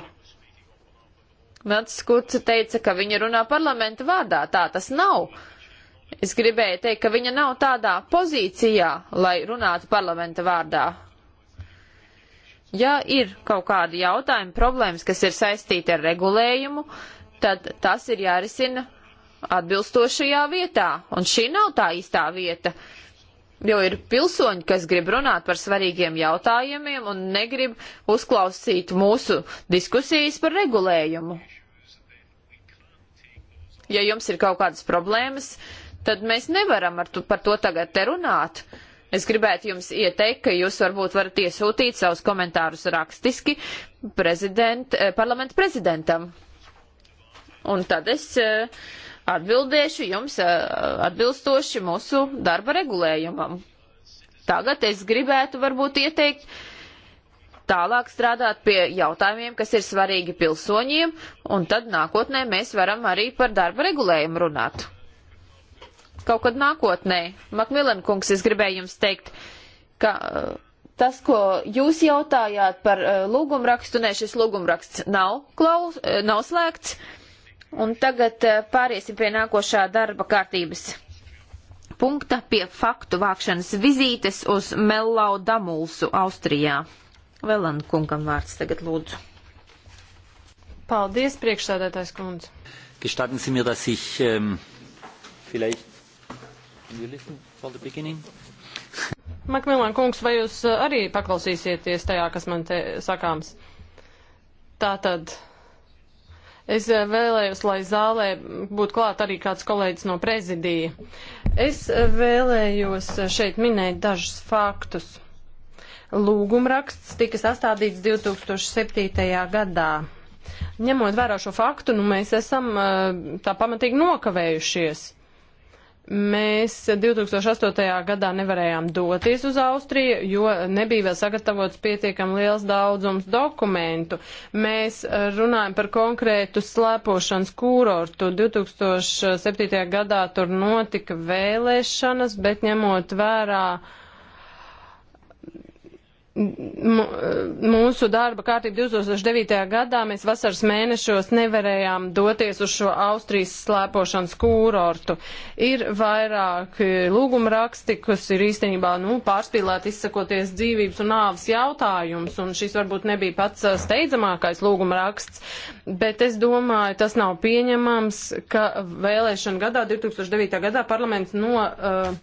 [SPEAKER 3] Mats Kurce teica, ka viņa runā parlamenta vārdā. Tā tas nav. Es gribēju teikt, ka viņa nav tādā pozīcijā, lai runātu parlamenta vārdā. Ja ir kaut kādi jautājumi, problēmas, kas ir saistīti ar regulējumu, tad tas ir jārisina atbilstošajā vietā. Un šī nav tā īstā vieta. Jo ir pilsoņi, kas grib runāt par svarīgiem jautājumiem un negrib uzklausīt mūsu diskusijas par regulējumu. Ja jums ir kaut kādas problēmas, tad mēs nevaram to, par to tagad te runāt. Uh, Es gribētu jums ieteikt, ka jūs varbūt varat iesūtīt savus komentārus rakstiski prezident, eh, parlamentu prezidentam. Un tad es eh, atbildēšu jums eh, atbilstoši mūsu darba regulējumam. Tagad es gribētu varbūt ieteikt tālāk strādāt pie jautājumiem, kas ir svarīgi pilsoņiem, un tad nākotnē mēs varam arī par darba regulējumu runāt kaut kad nākotnē. Makmilan kungs, es gribēju jums teikt, ka uh, tas, ko jūs jautājāt par uh, lūgumrakstu, nē, šis lūgumraksts nav, klaus, uh, nav slēgts. Un tagad pāriesim pie nākošā darba kārtības punkta pie faktu vākšanas vizītes uz Mellau Damulsu, Austrijā. Velan kungam vārds tagad lūdzu.
[SPEAKER 4] Paldies, priekšsēdētājs kundze.
[SPEAKER 2] Gestatten Sie mir, dass ich ähm,
[SPEAKER 5] vielleicht Makmilāna
[SPEAKER 4] kungs, vai jūs eh, arī paklausīsieties tajā, kas man te sakāms? Tātad. Es eh, vēlējos, lai zālē būtu klāt arī kāds kolēģis no prezidija. Es eh, vēlējos šeit minēt dažus faktus. Lūgumraksts tika sastādīts 2007. gadā. Ņemot vērā šo faktu, nu mēs esam tā pamatīgi nokavējušies. Mēs 2008. gadā nevarējām doties uz Austriju, jo nebija vēl sagatavots pietiekam liels daudzums dokumentu. Mēs eh, runājam par konkrētu slēpošanas kūrortu. 2007. gadā tur notika vēlēšanas, bet ņemot vērā uh, mūsu darba kārtība 2009. gadā mēs vasaras mēnešos nevarējām doties uz šo Austrijas slēpošanas kūrortu. Ir vairāk lūguma raksti, kas ir īstenībā nu, pārspīlēti izsakoties dzīvības un nāvas jautājums, un šis varbūt nebija pats steidzamākais lūguma raksts, bet es domāju, tas nav pieņemams, ka vēlēšana gadā, 2009. gadā parlaments no uh,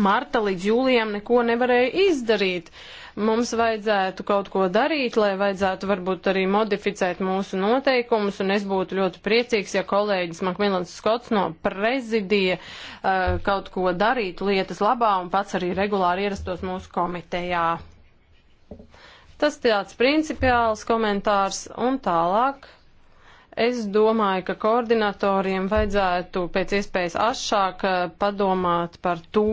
[SPEAKER 4] marta līdz jūlijam neko nevarēja izdarīt. Uh, Mums vajadzētu kaut ko darīt, lai vajadzētu varbūt arī modificēt mūsu noteikumus, un es būtu ļoti priecīgs, ja kolēģis Makmilans Skots no prezidija uh, kaut ko darītu lietas labā un pats arī regulāri ierastos mūsu komitejā. Tas tāds principiāls komentārs un tālāk. Es domāju, ka koordinatoriem vajadzētu pēc iespējas ašāk uh, padomāt par to,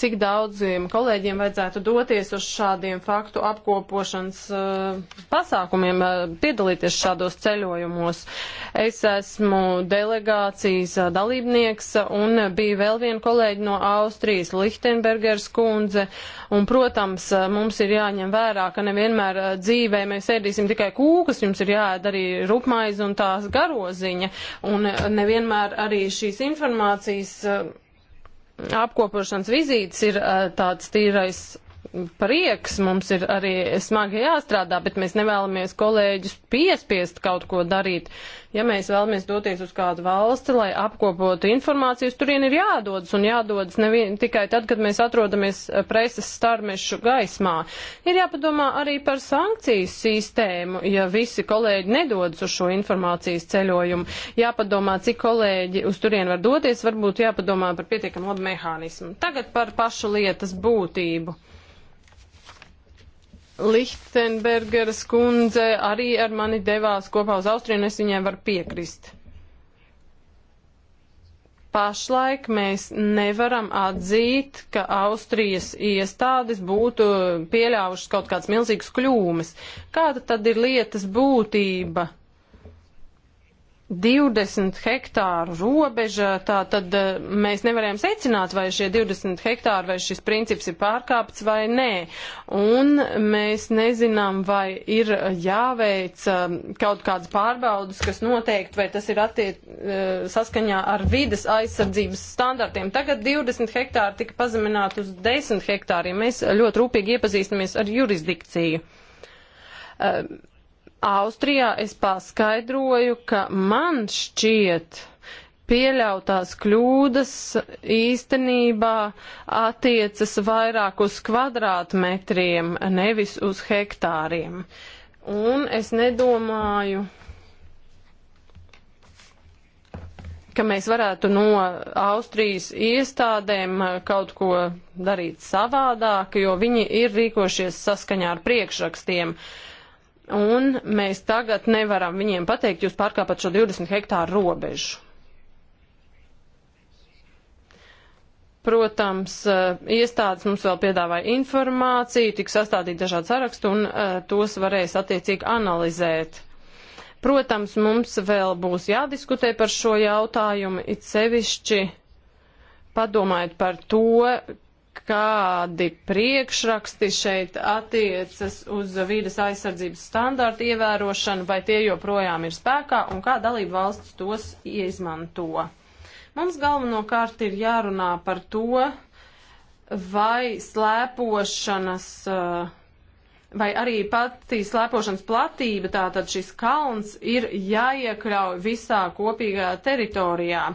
[SPEAKER 4] cik daudziem kolēģiem vajadzētu doties uz šādiem faktu apkopošanas uh, pasākumiem, uh, piedalīties šādos ceļojumos. Es esmu delegācijas uh, dalībnieks un bija vēl viena kolēģi no Austrijas, Lichtenbergers kundze. Un, protams, mums ir jāņem vērā, ka nevienmēr dzīvē mēs ēdīsim tikai kūkas, jums ir jāēd arī rupmaize un tās garoziņa. Un nevienmēr arī šīs informācijas apkopošanas vizītes ir eh, tāds tīrais prieks, mums ir arī smagi jāstrādā, bet mēs nevēlamies kolēģus piespiest kaut ko darīt. Ja mēs vēlamies doties uz kādu valsti, lai apkopotu informācijas, turien ir jādodas un jādodas nevien, tikai tad, kad mēs atrodamies preses starmešu gaismā. Ir jāpadomā arī par sankciju sistēmu, ja visi kolēģi nedodas uz šo informācijas ceļojumu. Jāpadomā, cik kolēģi uz turien var doties, varbūt jāpadomā par pietiekam labu mehānismu. Tagad par pašu lietas būtību. Lichtenbergeras kundze arī ar mani devās kopā uz Austriju, un es viņai varu piekrist. Pašlaik mēs nevaram atzīt, ka Austrijas iestādes būtu pieļāvušas kaut kādas milzīgas kļūmes. Kāda tad ir lietas būtība? 20 hektāru robeža, tā tad eh, mēs nevarējām secināt, vai šie 20 hektāri vai šis princips ir pārkāpts vai nē. Un mēs nezinām, vai ir jāveic eh, kaut kādas pārbaudas, kas noteikti, vai tas ir attiec, eh, saskaņā ar vides aizsardzības standartiem. Tagad 20 hektāri tika pazemināti uz 10 hektāriem. Mēs ļoti rūpīgi iepazīstamies ar jurisdikciju Austrijā es paskaidroju, ka man šķiet pieļautās kļūdas īstenībā attiecas vairāk uz kvadrātmetriem, nevis uz hektāriem. Un es nedomāju, ka mēs varētu no Austrijas iestādēm kaut ko darīt savādāk, jo viņi ir rīkošies saskaņā ar priekšrakstiem. Uh, un mēs tagad nevaram viņiem pateikt, jūs pārkāpat šo 20 hektāru robežu. Protams, eh, iestādes mums vēl piedāvāja informāciju, tika sastādīt dažādi sarakstu un eh, tos varēs attiecīgi analizēt. Protams, mums vēl būs jādiskutē par šo jautājumu, it sevišķi padomājot par to, kādi priekšraksti šeit attiecas uz vīdes aizsardzības standārtu ievērošanu, vai tie joprojām ir spēkā un kā dalība valsts tos izmanto. Mums galvenokārt ir jārunā par to, vai slēpošanas uh, vai arī pati slēpošanas platība, tātad šis kalns, ir jāiekļauj visā kopīgā teritorijā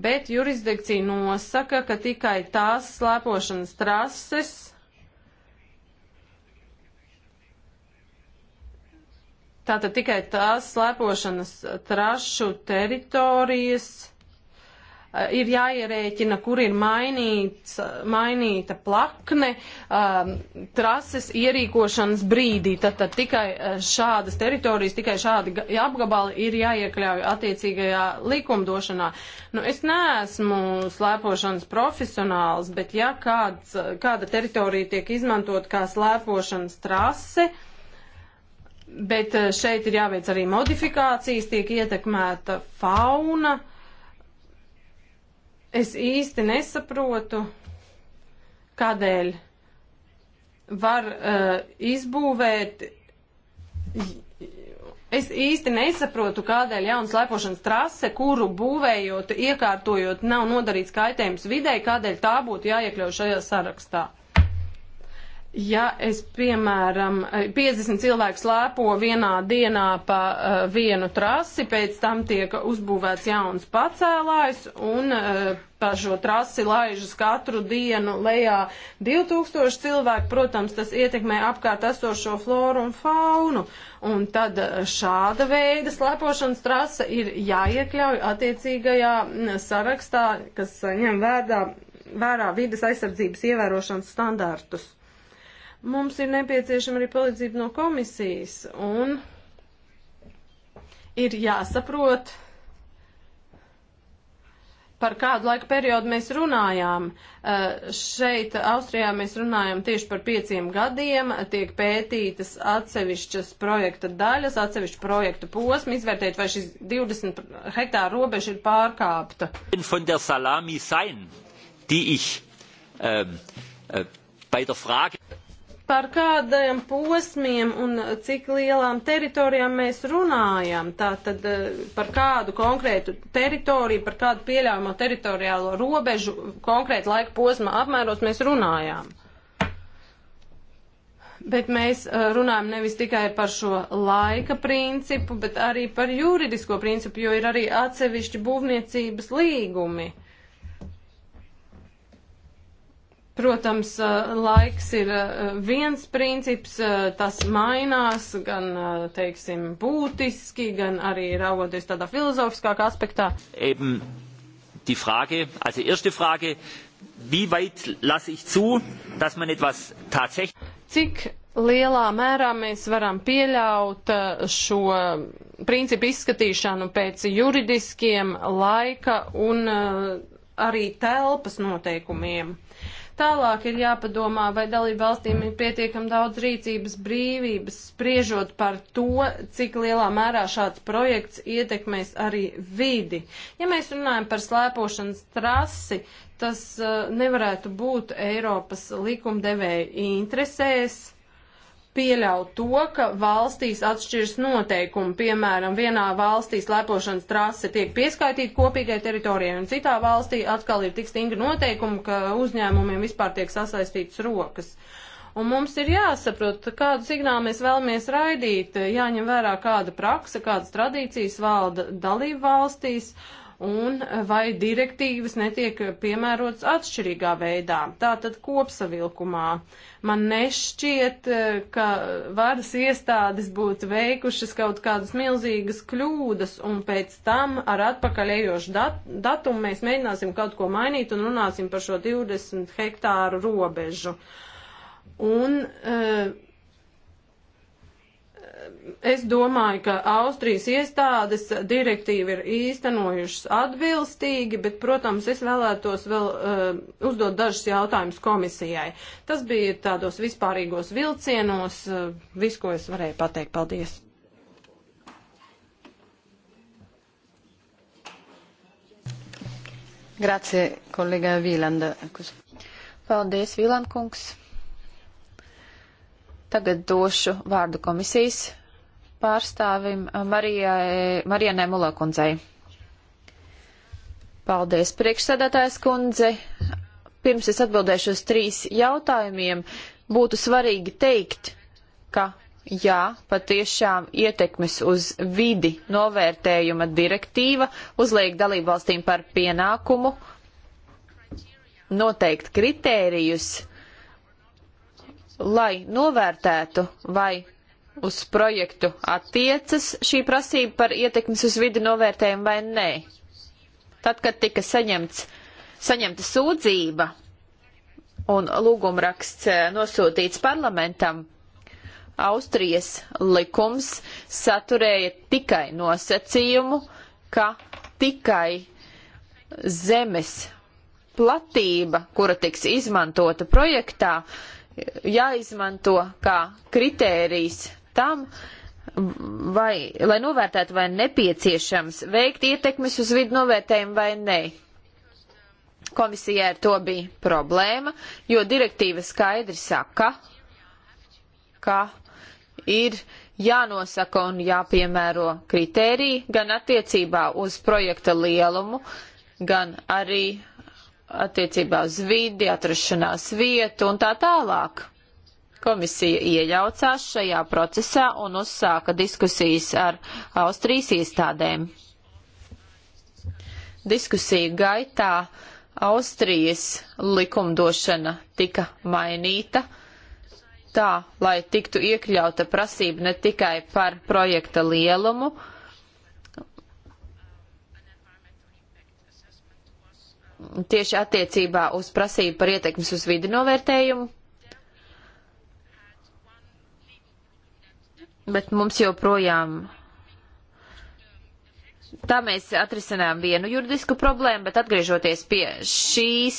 [SPEAKER 4] bet jurisdikcija nosaka, ka tikai tās slēpošanas trases Tātad tikai tās slēpošanas trašu teritorijas Eh, ir jāierēķina, kur ir mainīts, mainīta plakne um, trases ierīkošanas brīdī. Tad, tad tikai eh, šādas teritorijas, tikai šādi apgabali ir jāiekļauj attiecīgajā likumdošanā. Nu, es neesmu slēpošanas profesionāls, bet ja kāds, kāda teritorija tiek izmantot kā slēpošanas trase, bet šeit ir jāveic arī modifikācijas, tiek ietekmēta fauna. Uh, Es īsti nesaprotu, kādēļ var uh, izbūvēt. Es īsti nesaprotu, kādēļ jaunas lepošanas trase, kuru būvējot, iekārtojot, nav nodarīts kaitējums videi, kādēļ tā būtu jāiekļauj šajā sarakstā. Ja es, piemēram, 50 cilvēku slēpo vienā dienā pa uh, vienu trasi, pēc tam tiek uzbūvēts jauns pacēlājs un uh, pa šo trasi laižas katru dienu lejā 2000 cilvēku, protams, tas ietekmē apkārt esošo floru un faunu. Un tad eh, šāda veida slēpošanas trasa ir jāiekļauj attiecīgajā mm, sarakstā, kas ņem vērā, vērā vides aizsardzības ievērošanas standārtus. Mums ir nepieciešama arī palīdzība no komisijas un ir jāsaprot, par kādu laika periodu mēs runājām. Eh, šeit Austrijā mēs runājam tieši par pieciem gadiem, tiek pētītas atsevišķas projekta daļas, atsevišķu projektu posmi, izvērtēt, vai šis 20 hektāru robeža ir pārkāpta.
[SPEAKER 2] Sein, ich, ähm, äh,
[SPEAKER 4] par kādiem posmiem un cik lielām teritorijām mēs runājam. Tātad eh, par kādu konkrētu teritoriju, par kādu pieļaujamo teritoriālo robežu konkrētu laika posma apmēros mēs runājām. Bet mēs eh, runājam nevis tikai par šo laika principu, bet arī par juridisko principu, jo ir arī atsevišķi būvniecības līgumi. Uh, Protams, uh, laiks ir uh, viens princips, uh, tas mainās gan, teiksim, būtiski, gan arī raugoties tādā filozofiskākā aspektā.
[SPEAKER 2] Eben die Frage, also erste Frage, wie weit lasse ich zu, dass man etwas tatsächlich.
[SPEAKER 4] Cik lielā mērā mēs varam pieļaut šo principu izskatīšanu pēc juridiskiem laika un arī telpas noteikumiem? Tālāk ir jāpadomā, vai dalību valstīm ir pietiekam daudz rīcības brīvības, spriežot par to, cik lielā mērā šāds projekts ietekmēs arī vidi. Ja mēs runājam par slēpošanas trasi, tas uh, nevarētu būt Eiropas likumdevēja interesēs pieļaut to, ka valstīs atšķiras noteikumi. Piemēram, vienā valstī slēpošanas trase tiek pieskaitīta kopīgai teritorijai, un citā valstī atkal ir tik stingri noteikumi, ka uzņēmumiem vispār tiek sasaistītas rokas. Un mums ir jāsaprot, kādu signālu mēs vēlamies raidīt, jāņem vērā kāda praksa, kādas tradīcijas valda dalību valstīs. Uh, un vai direktīvas netiek piemērotas atšķirīgā veidā. Tātad kopsavilkumā man nešķiet, eh, ka varas iestādes būtu veikušas kaut kādas milzīgas kļūdas, un pēc tam ar atpakaļējošu dat datumu mēs mēģināsim kaut ko mainīt un runāsim par šo 20 hektāru robežu. Un, uh, es domāju, ka Austrijas iestādes direktīva ir īstenojušas atbilstīgi, bet, protams, es vēlētos vēl uh, uzdot dažus jautājumus komisijai. Tas bija tādos vispārīgos vilcienos, uh, viss, ko es varēju pateikt. Paldies!
[SPEAKER 3] Grazie, kolēģa Vīlanda. Paldies, Vīlandkungs. Tagad došu vārdu komisijas pārstāvim eh, Marijai, Marijanai Mulakundzei. Paldies, priekšsēdētājs kundze. Pirms es atbildēšu uz trīs jautājumiem, būtu svarīgi teikt, ka jā, patiešām ietekmes uz vidi novērtējuma direktīva uzliek dalībvalstīm par pienākumu noteikt kritērijus lai novērtētu, vai uz projektu attiecas šī prasība par ietekmes uz vidi novērtējumu vai nē. Tad, kad tika saņemts, saņemta sūdzība un lūgumraksts eh, nosūtīts parlamentam, Austrijas likums saturēja tikai nosacījumu, ka tikai zemes platība, kura tiks izmantota projektā, uh, jāizmanto kā kritērijs tam, vai, lai novērtētu, vai nepieciešams veikt ietekmes uz vidu novērtējumu vai nē. Komisijai ar to bija problēma, jo direktīva skaidri saka, ka ir jānosaka un jāpiemēro kritēriji gan attiecībā uz projekta lielumu, gan arī attiecībā uz vidi, atrašanās vietu un tā tālāk. Komisija iejaucās šajā procesā un uzsāka diskusijas ar Austrijas iestādēm. Diskusiju gaitā Austrijas likumdošana tika mainīta tā, lai tiktu iekļauta prasība ne tikai par projekta lielumu, tieši attiecībā uz prasību par ietekmes uz vidi novērtējumu. Bet mums joprojām. Tā mēs atrisinām vienu juridisku problēmu, bet atgriežoties pie šīs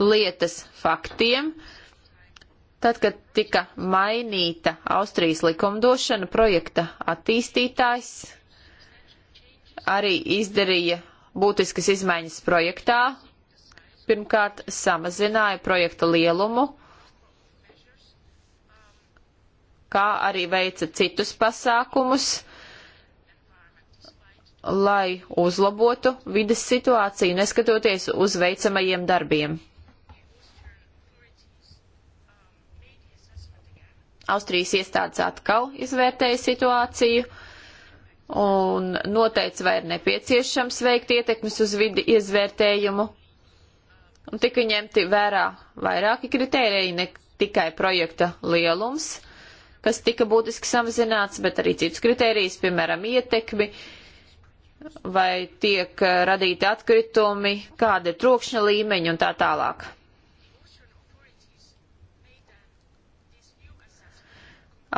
[SPEAKER 3] lietas faktiem, tad, kad tika mainīta Austrijas likumdošana, projekta attīstītājs arī izdarīja būtiskas izmaiņas projektā. Pirmkārt, samazināja projekta lielumu, kā arī veica citus pasākumus, lai uzlabotu vides situāciju, neskatoties uz veicamajiem darbiem. Austrijas iestādes atkal izvērtēja situāciju un noteica, vai ir nepieciešams veikt ietekmes uz vidi izvērtējumu. Un tika ņemti vērā vairāki kritēriji, ne tikai projekta lielums, kas tika būtiski samazināts, bet arī citus kritērijus, piemēram, ietekmi, vai tiek radīti atkritumi, kāda ir trokšņa līmeņa un tā tālāk.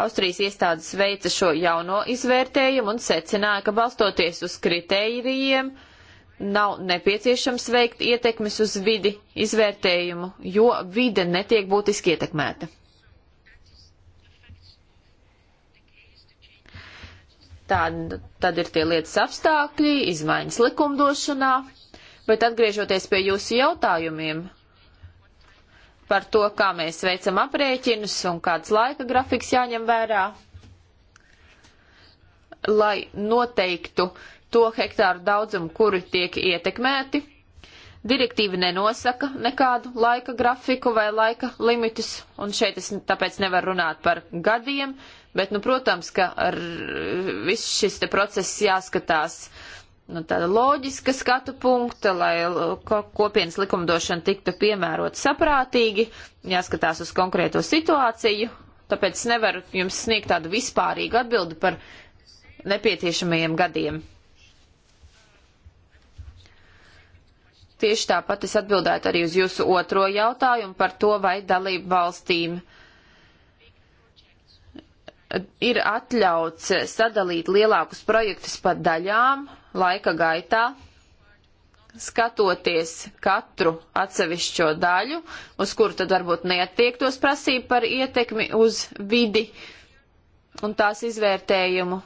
[SPEAKER 3] Austrijas iestādes veica šo jauno izvērtējumu un secināja, ka balstoties uz kritērijiem nav nepieciešams veikt ietekmes uz vidi izvērtējumu, jo vide netiek būtiski ietekmēta. Tad, tad ir tie lietas apstākļi, izmaiņas likumdošanā, bet atgriežoties pie jūsu jautājumiem, par to, kā mēs veicam aprēķinus un kāds laika grafiks jāņem vērā, lai noteiktu to hektāru daudzumu, kuri tiek ietekmēti. Direktīva nenosaka nekādu laika grafiku vai laika limitus, un šeit es tāpēc nevaru runāt par gadiem, bet, nu, protams, ka viss šis te process jāskatās nu, tāda loģiska skatu punkta, lai uh, kopienas likumdošana tiktu piemērot saprātīgi, jāskatās uz konkrēto situāciju, tāpēc nevaru jums sniegt tādu vispārīgu atbildi par nepietiešamajiem gadiem. Tieši tāpat es atbildētu arī uz jūsu otro jautājumu par to, vai dalību valstīm ir atļauts sadalīt lielākus projektus pa daļām, laika gaitā, skatoties katru atsevišķo daļu, uz kuru tad varbūt neattiektos prasība par ietekmi uz vidi un tās izvērtējumu.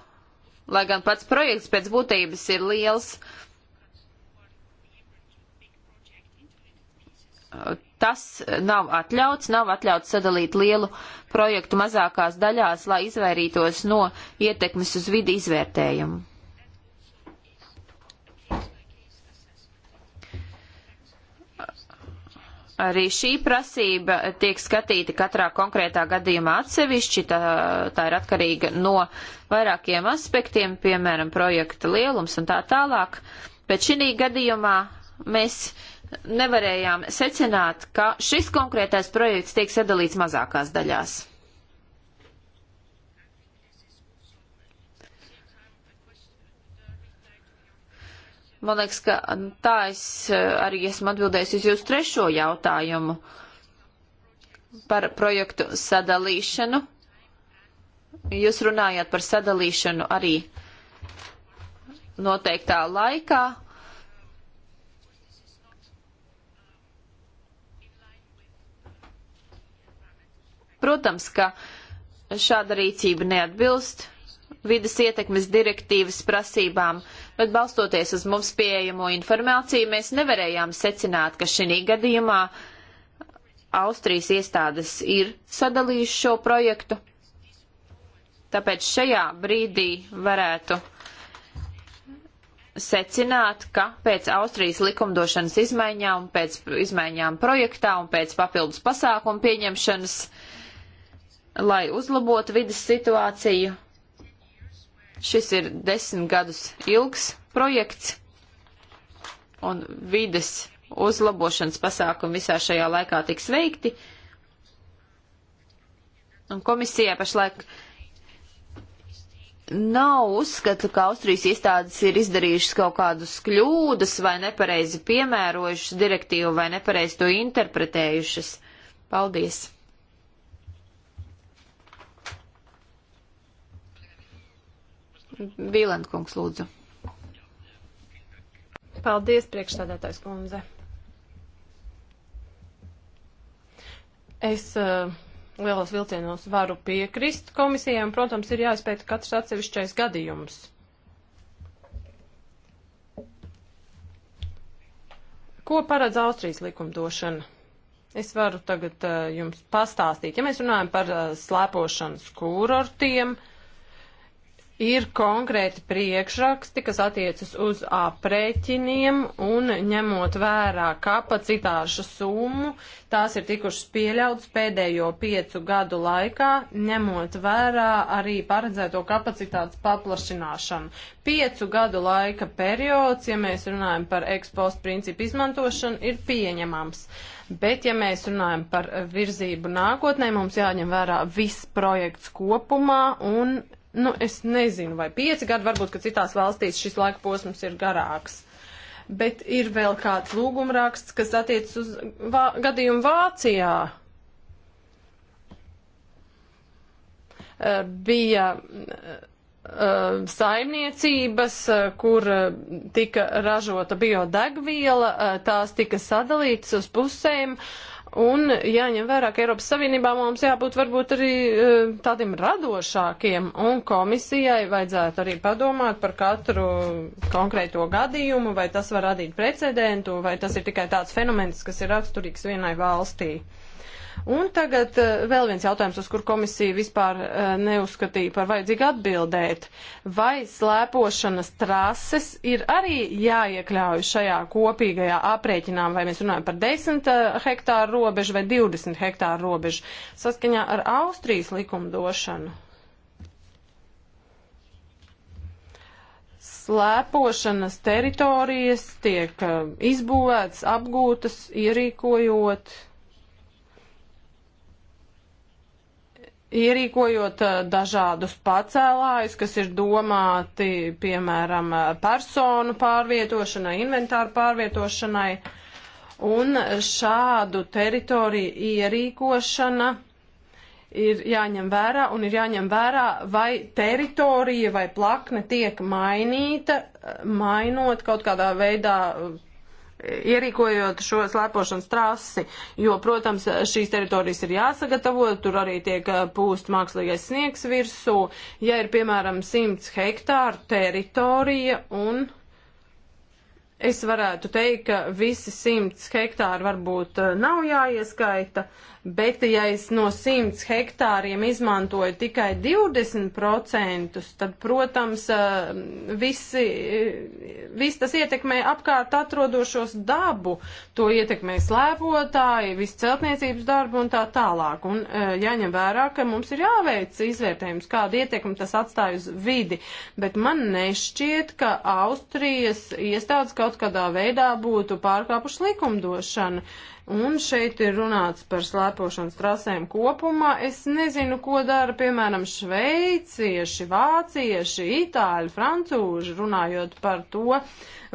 [SPEAKER 3] Lai gan pats projekts pēc būtības ir liels, tas nav atļauts, nav atļauts sadalīt lielu projektu mazākās daļās, lai izvairītos no ietekmes uz vidi izvērtējumu. Arī šī prasība tiek skatīta katrā konkrētā gadījumā atsevišķi, tā, tā ir atkarīga no vairākiem aspektiem, piemēram, projekta lielums un tā tālāk, bet šī gadījumā mēs nevarējām secināt, ka šis konkrētais projekts tiek sadalīts mazākās daļās. Man liekas, ka tā es eh, arī esmu atbildējusi uz jūsu trešo jautājumu par projektu sadalīšanu. Jūs runājāt par sadalīšanu arī noteiktā laikā. Protams, ka šāda rīcība neatbilst vidas ietekmes direktīvas prasībām, bet balstoties uz mums pieejamo informāciju, mēs nevarējām secināt, ka šī gadījumā Austrijas iestādes ir sadalījuši šo projektu. Tāpēc šajā brīdī varētu secināt, ka pēc Austrijas likumdošanas izmaiņām, pēc izmaiņām projektā un pēc papildus pasākumu pieņemšanas, lai uzlabotu vidas situāciju, Šis ir desmit gadus ilgs projekts un vides uzlabošanas pasākumi visā šajā laikā tiks veikti. Un komisijai pašlaik nav uzskatu, ka Austrijas iestādes ir izdarījušas kaut kādus kļūdas vai nepareizi piemērojušas direktīvu vai nepareizi to interpretējušas. Paldies! Vīlendkungs, lūdzu.
[SPEAKER 4] Paldies, priekšstādātājs kundze. Es uh, lielos vilcienos varu piekrist komisijai, un, protams, ir jāizpēta katrs atsevišķais gadījums. Ko paredz Austrijas likumdošana? Es varu tagad uh, jums pastāstīt. Ja mēs runājam par uh, slēpošanas kūrortiem, ir konkrēti priekšraksti, kas attiecas uz aprēķiniem un ņemot vērā kapacitāšu summu, tās ir tikušas pieļautas pēdējo piecu gadu laikā, ņemot vērā arī paredzēto kapacitātes paplašināšanu. Piecu gadu laika periods, ja mēs runājam par ekspostu principu izmantošanu, ir pieņemams. Bet, ja mēs runājam par virzību nākotnē, mums jāņem vērā viss projekts kopumā un nu, es nezinu, vai pieci gadi, varbūt, ka citās valstīs šis laika posms ir garāks. Bet ir vēl kāds lūgumraksts, kas attiecas uz vā gadījumu Vācijā. Uh, bija uh, saimniecības, eh, kur tika ražota biodegviela, tās tika sadalītas uz pusēm, Un jāņem vērā, ka Eiropas Savienībā mums jābūt varbūt arī e, tādiem radošākiem, un komisijai vajadzētu arī padomāt par katru konkrēto gadījumu, vai tas var radīt precedentu, vai tas ir tikai tāds fenomens, kas ir raksturīgs vienai valstī. Uh, Un tagad eh, vēl viens jautājums, uz kur komisija vispār eh, neuzskatīja par vajadzīgu atbildēt. Vai slēpošanas trases ir arī jāiekļauj šajā kopīgajā aprēķinā, vai mēs runājam par 10 eh, hektāru robežu vai 20 hektāru robežu saskaņā ar Austrijas likumdošanu? slēpošanas teritorijas tiek izbūvētas, apgūtas, ierīkojot Ierīkojot eh, dažādus pacēlājus, kas ir domāti, piemēram, personu pārvietošanai, inventāru pārvietošanai, un šādu teritoriju ierīkošana ir jāņem vērā un ir jāņem vērā, vai teritorija vai plakne tiek mainīta, eh, mainot kaut kādā veidā ierīkojot šo slēpošanas trasi, jo, protams, šīs teritorijas ir jāsagatavo, tur arī tiek eh, pūst mākslīgais sniegs virsū, ja ir, piemēram, 100 hektāru teritorija un es varētu teikt, ka visi 100 hektāri varbūt eh, nav jāieskaita, Bet, ja es no 100 hektāriem izmantoju tikai 20%, tad, protams, eh, visi, eh, viss tas ietekmē apkārt atrodošos dabu, to ietekmē slēpotāji, viss celtniecības darbu un tā tālāk. Un eh, jāņem vērā, ka mums ir jāveic izvērtējums, kādu ietekmi tas atstāj uz vidi. Bet man nešķiet, ka Austrijas iestādes kaut kādā veidā būtu pārkāpuši likumdošanu. Un šeit ir runāts par slēpošanas trasēm kopumā. Es nezinu, ko dara, piemēram, šveicieši, vācieši, itāļi, francūži, runājot par to,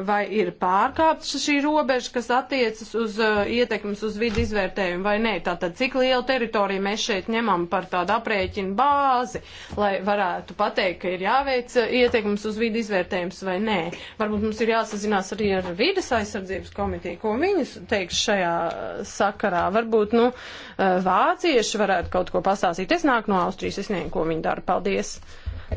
[SPEAKER 4] vai ir pārkāpta šī robeža, kas attiecas uz uh, ietekmes uz vidu izvērtējumu vai nē. Tātad, cik lielu teritoriju mēs šeit ņemam par tādu aprēķinu bāzi, lai varētu pateikt, ka ir jāveic uh, ietekmes uz vidu izvērtējums vai nē. Varbūt mums ir jāsazinās arī ar vides aizsardzības komitiju, ko viņas teiks šajā uh, sakarā. Varbūt, nu, uh, vācieši varētu kaut ko pastāstīt. Es nāku no Austrijas, es nezinu, ko viņi dara. Paldies!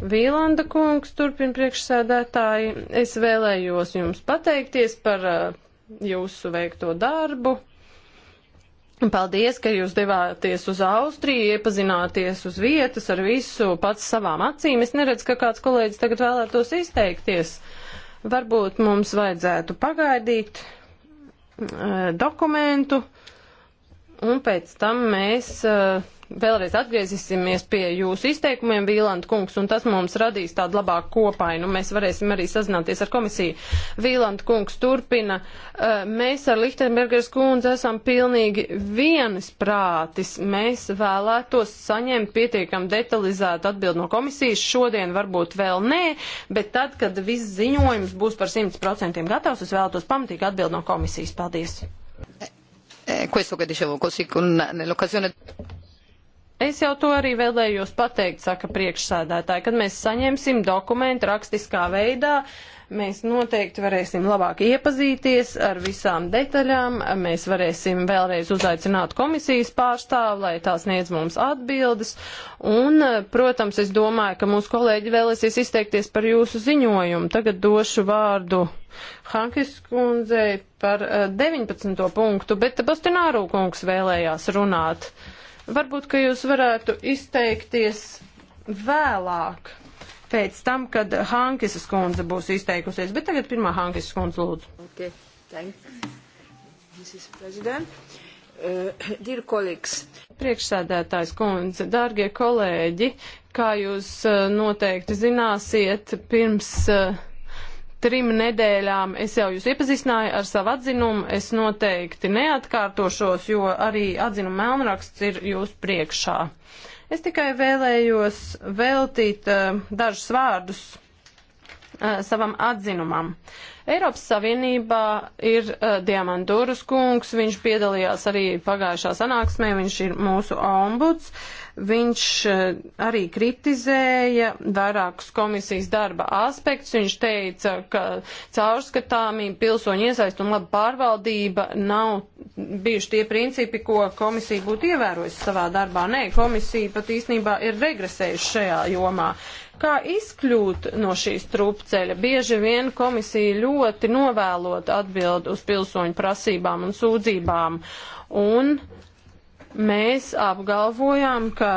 [SPEAKER 4] Vīlanda kungs, turpina priekšsēdētāji, es vēlējos jums pateikties par uh, jūsu veikto darbu. Paldies, ka jūs devāties uz Austriju, iepazināties uz vietas ar visu pats savām acīm. Es neredzu, ka kāds kolēģis tagad vēlētos izteikties. Varbūt mums vajadzētu pagaidīt uh, dokumentu, un pēc tam mēs uh, vēlreiz atgriezīsimies pie jūsu izteikumiem, Vīlanda kungs, un tas mums radīs tādu labāku kopainu. Mēs varēsim arī sazināties ar komisiju. Vīlanda kungs turpina. Mēs ar Lichtenbergers kundzi esam pilnīgi vienas prātis. Mēs vēlētos saņemt pietiekam detalizētu atbildi no komisijas. Šodien varbūt vēl nē, bet tad, kad viss ziņojums būs par 100% gatavs, es vēlētos pamatīgi atbildi no komisijas. Paldies! Eh,
[SPEAKER 1] eh, questo che dicevo così con, nell'occasione
[SPEAKER 4] Es jau to arī vēlējos pateikt, saka priekšsēdētāji, kad mēs saņemsim dokumentu rakstiskā veidā, mēs noteikti varēsim labāk iepazīties ar visām detaļām, mēs varēsim vēlreiz uzaicināt komisijas pārstāvu, lai tās niedz mums atbildes, un, protams, es domāju, ka mūsu kolēģi vēlēsies izteikties par jūsu ziņojumu. Tagad došu vārdu Hankis kundzei par 19. Eh, punktu, bet Bastināru kungs vēlējās runāt. Uh, Varbūt, ka jūs varētu izteikties vēlāk pēc tam, kad Hankisas kundze būs izteikusies. Bet tagad pirmā Hankisas kundze lūdzu.
[SPEAKER 6] Okay. Uh,
[SPEAKER 4] Priekšsēdētājs kundze, dārgie kolēģi, kā jūs uh, noteikti zināsiet, pirms uh, trim nedēļām es jau jūs iepazīstināju ar savu atzinumu. Es noteikti neatkārtošos, jo arī atzinuma melnraksts ir jūs priekšā. Es tikai vēlējos veltīt uh, dažus vārdus uh, savam atzinumam. Eiropas Savienībā ir uh, Diamandūras kungs, viņš piedalījās arī pagājušā sanāksmē, viņš ir mūsu ombuds. Uh, Viņš e, arī kritizēja vairākus komisijas darba aspektus. Viņš teica, ka caurskatāmība, pilsoņu iesaist un laba pārvaldība nav bijuši tie principi, ko komisija būtu ievērojusi savā darbā. Nē, komisija pat īstenībā ir regresējusi šajā jomā kā izkļūt no šīs trūpceļa. Bieži vien komisija ļoti novēlot atbild uz pilsoņu prasībām un sūdzībām. Un uh, Mēs apgalvojām, ka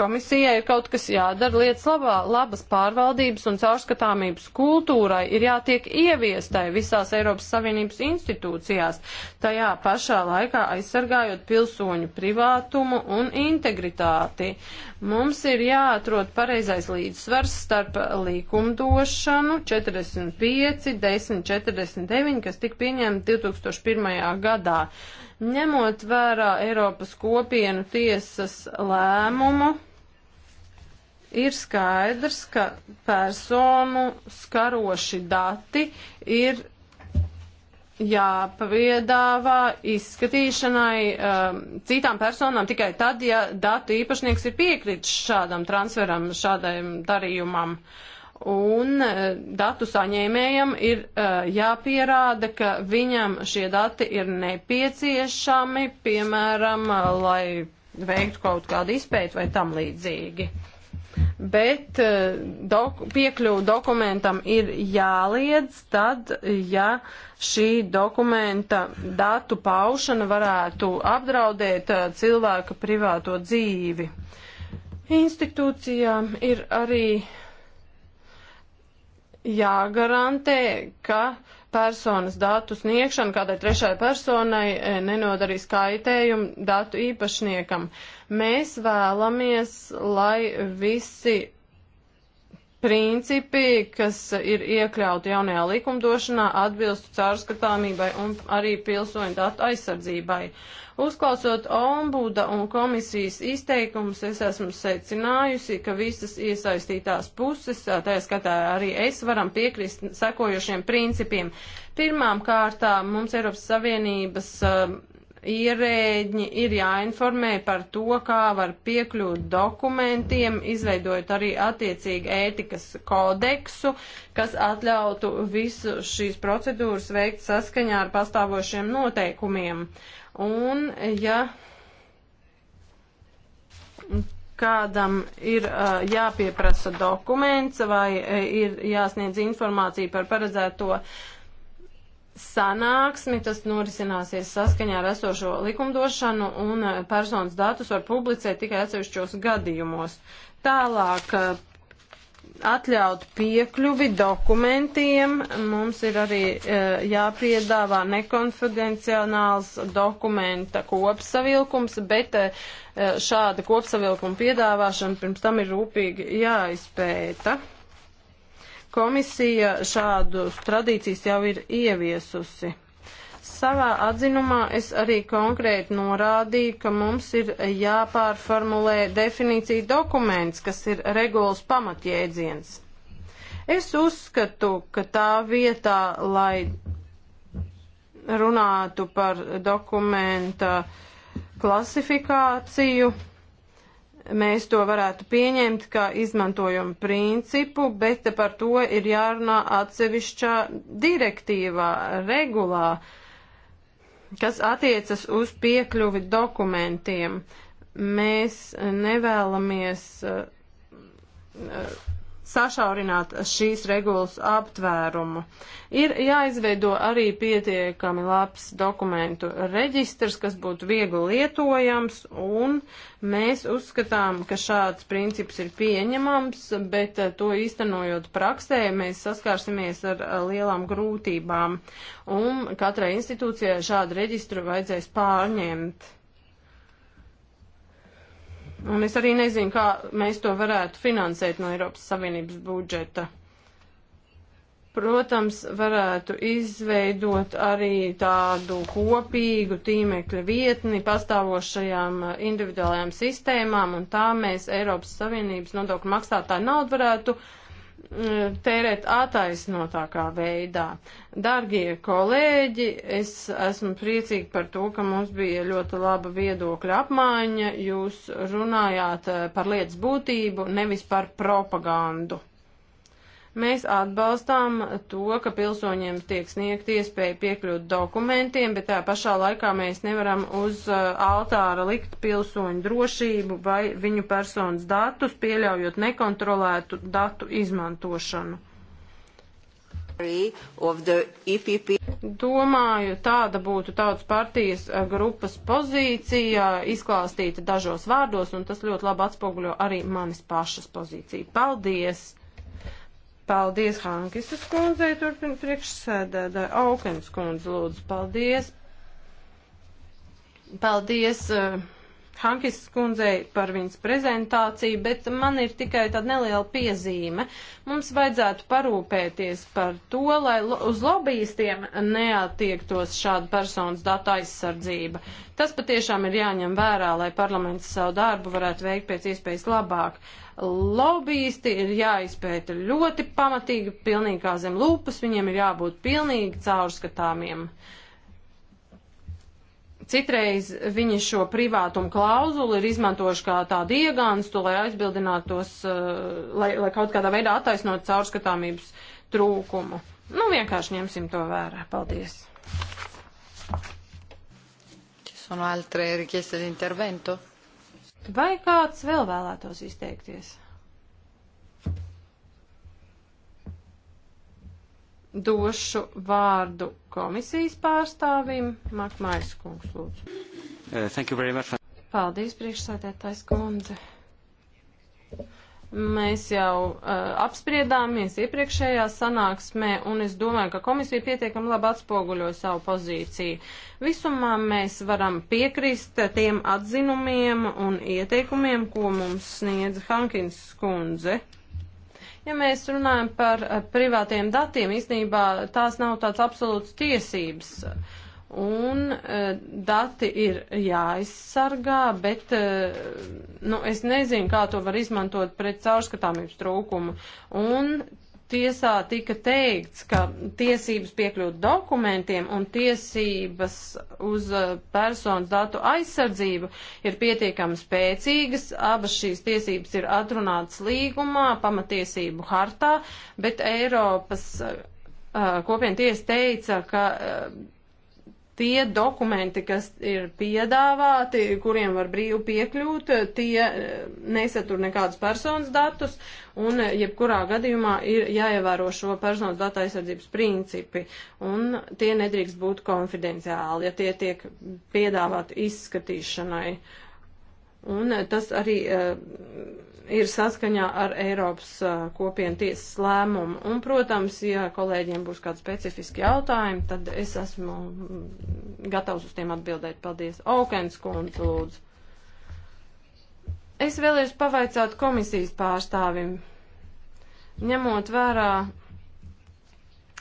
[SPEAKER 4] komisijai ir kaut kas jādara lietas labā, labas pārvaldības un caurskatāmības kultūrai ir jātiek ieviestai visās Eiropas Savienības institūcijās, tajā pašā laikā aizsargājot pilsoņu privātumu un integritāti. Mums ir jāatrod pareizais līdzsvars starp likumdošanu 45, 10, 49, kas tika pieņemta 2001. gadā Ņemot vērā Eiropas kopienu tiesas lēmumu, ir skaidrs, ka personu skaroši dati ir jāpaviedāvā izskatīšanai um, citām personām tikai tad, ja datu īpašnieks ir piekritis šādam transferam, šādam darījumam. Uh, un e, datu saņēmējam ir uh, jāpierāda, ka viņam šie dati ir nepieciešami, piemēram, e, lai veiktu kaut kādu izpēti vai tam līdzīgi. Bet uh, dok piekļuvu dokumentam ir jāliedz tad, ja šī dokumenta datu paušana varētu apdraudēt uh, cilvēka privāto dzīvi. Institūcijām ir arī uh, jāgarantē, ka personas datu sniegšana kādai trešai personai eh, nenodarīs kaitējumu datu īpašniekam. Mēs vēlamies, lai visi principi, kas ir iekļauti jaunajā likumdošanā, atbilstu caurskatāmībai un arī pilsoņu datu aizsardzībai. Uh, Uzklausot ombuda un komisijas izteikumus, es esmu secinājusi, ka visas iesaistītās puses, tā skatā arī es, varam piekrist sekojošiem principiem. Pirmām kārtām mums Eiropas Savienības uh, ierēģi ir jāinformē par to, kā var piekļūt dokumentiem, izveidojot arī attiecīgi ētikas kodeksu, kas atļautu visu šīs procedūras veikt saskaņā ar pastāvošiem noteikumiem. Un, ja kādam ir uh, jāpieprasa dokuments vai uh, ir jāsniedz informācija par paredzēto sanāksmi, tas norisināsies saskaņā ar esošo likumdošanu un personas datus var publicēt tikai atsevišķos gadījumos. Tālāk atļaut piekļuvi dokumentiem, mums ir arī e, jāpiedāvā nekonfidenciāls dokumenta kopsavilkums, bet e, e, šāda kopsavilkuma piedāvāšana pirms tam ir rūpīgi jāizpēta. Komisija šādus tradīcijas jau ir ieviesusi. Savā atzinumā es arī konkrēti norādīju, ka mums ir jāpārformulē definīcija dokuments, kas ir regulas pamatjēdziens. Es uzskatu, ka tā vietā, lai runātu par dokumenta klasifikāciju, mēs to varētu pieņemt kā izmantojumu principu, bet par to ir jārunā atsevišķā direktīvā, regulā. Uh, kas attiecas uz piekļuvi dokumentiem. Mēs nevēlamies. Uh, uh, sašaurināt šīs regulas aptvērumu. Ir jāizveido arī pietiekami labs dokumentu reģistrs, kas būtu viegli lietojams, un mēs uzskatām, ka šāds princips ir pieņemams, bet eh, to īstenojot praksē, mēs saskārsimies ar eh, lielām grūtībām, un katrai institūcijai šādu reģistru vajadzēs pārņemt. Un es arī nezinu, kā mēs to varētu finansēt no Eiropas Savienības budžeta. Protams, varētu izveidot arī tādu kopīgu tīmekļa vietni pastāvošajām eh, individuālajām sistēmām, un tā mēs Eiropas Savienības nodokļu maksātāju naudu varētu uh, tērēt attaisnotākā veidā. Dargie kolēģi, es esmu priecīgi par to, ka mums bija ļoti laba viedokļa apmaiņa. Jūs runājāt eh, par lietas būtību, nevis par propagandu. Mēs atbalstām to, ka pilsoņiem tiek sniegt iespēja piekļūt dokumentiem, bet tā pašā laikā mēs nevaram uz uh, altāra likt pilsoņu drošību vai viņu personas datus, pieļaujot nekontrolētu datu izmantošanu. E Domāju, tāda būtu tautas partijas uh, grupas pozīcija, izklāstīta dažos vārdos, un tas ļoti labi atspoguļo arī manis pašas pozīciju. Paldies! Paldies, Hankisas kundzei, turpina priekšsēdētāja. Aukens kundze, lūdzu, paldies. Paldies. Uh, Hankis skundzei par viņas prezentāciju, bet man ir tikai tāda neliela piezīme. Mums vajadzētu parūpēties par to, lai uz lobbyistiem neatiektos šāda personas data aizsardzība. Tas patiešām ir jāņem vērā, lai parlaments savu darbu varētu veikt pēc iespējas labāk. Lobbyisti ir jāizpēta ļoti pamatīgi, pilnīgi kā zem lūpas, viņiem ir jābūt pilnīgi caurskatāmiem. Uh, Citreiz viņi šo privātumu klauzulu ir izmantojuši kā tādu iegānstu, lai aizbildinātos, uh, lai, lai kaut kādā veidā attaisnot caurskatāmības trūkumu. Nu, vienkārši ņemsim to vērā. Paldies. Vai kāds vēl vēlētos izteikties? Došu vārdu komisijas pārstāvim. Makmājas kungs, lūdzu.
[SPEAKER 2] Uh,
[SPEAKER 4] Paldies, priekšsādētājs kundze. Mēs jau uh, apspriedāmies iepriekšējā sanāksmē, un es domāju, ka komisija pietiekami labi atspoguļo savu pozīciju. Visumā mēs varam piekrist tiem atzinumiem un ieteikumiem, ko mums sniedz Hankins skundze. Uh, Ja mēs runājam par eh, privātiem datiem, īstenībā tās nav tāds absolūts tiesības. Un uh, dati ir jāaizsargā, bet uh, nu, es nezinu, kā to var izmantot pret caurskatāmības trūkumu. Un tiesā tika teikts, ka tiesības piekļūt dokumentiem un tiesības uz uh, personas datu aizsardzību ir pietiekami spēcīgas. Abas šīs tiesības ir atrunātas līgumā, pamatiesību hartā, bet Eiropas uh, uh kopiena tiesa teica, ka uh, tie dokumenti, kas ir piedāvāti, kuriem var brīvi piekļūt, tie eh, nesatur nekādus personas datus, un eh, jebkurā gadījumā ir jāievēro šo personas datu aizsardzības principi, un tie nedrīkst būt konfidenciāli, ja tie tiek piedāvāti izskatīšanai. Un eh, tas arī uh, ir saskaņā ar Eiropas kopienu tiesas lēmumu. Un, protams, ja kolēģiem būs kādi specifiski jautājumi, tad es esmu mm, gatavs uz tiem atbildēt. Paldies. Aukens kundze, lūdzu. Es vēlējos pavaicāt komisijas pārstāvim, ņemot vērā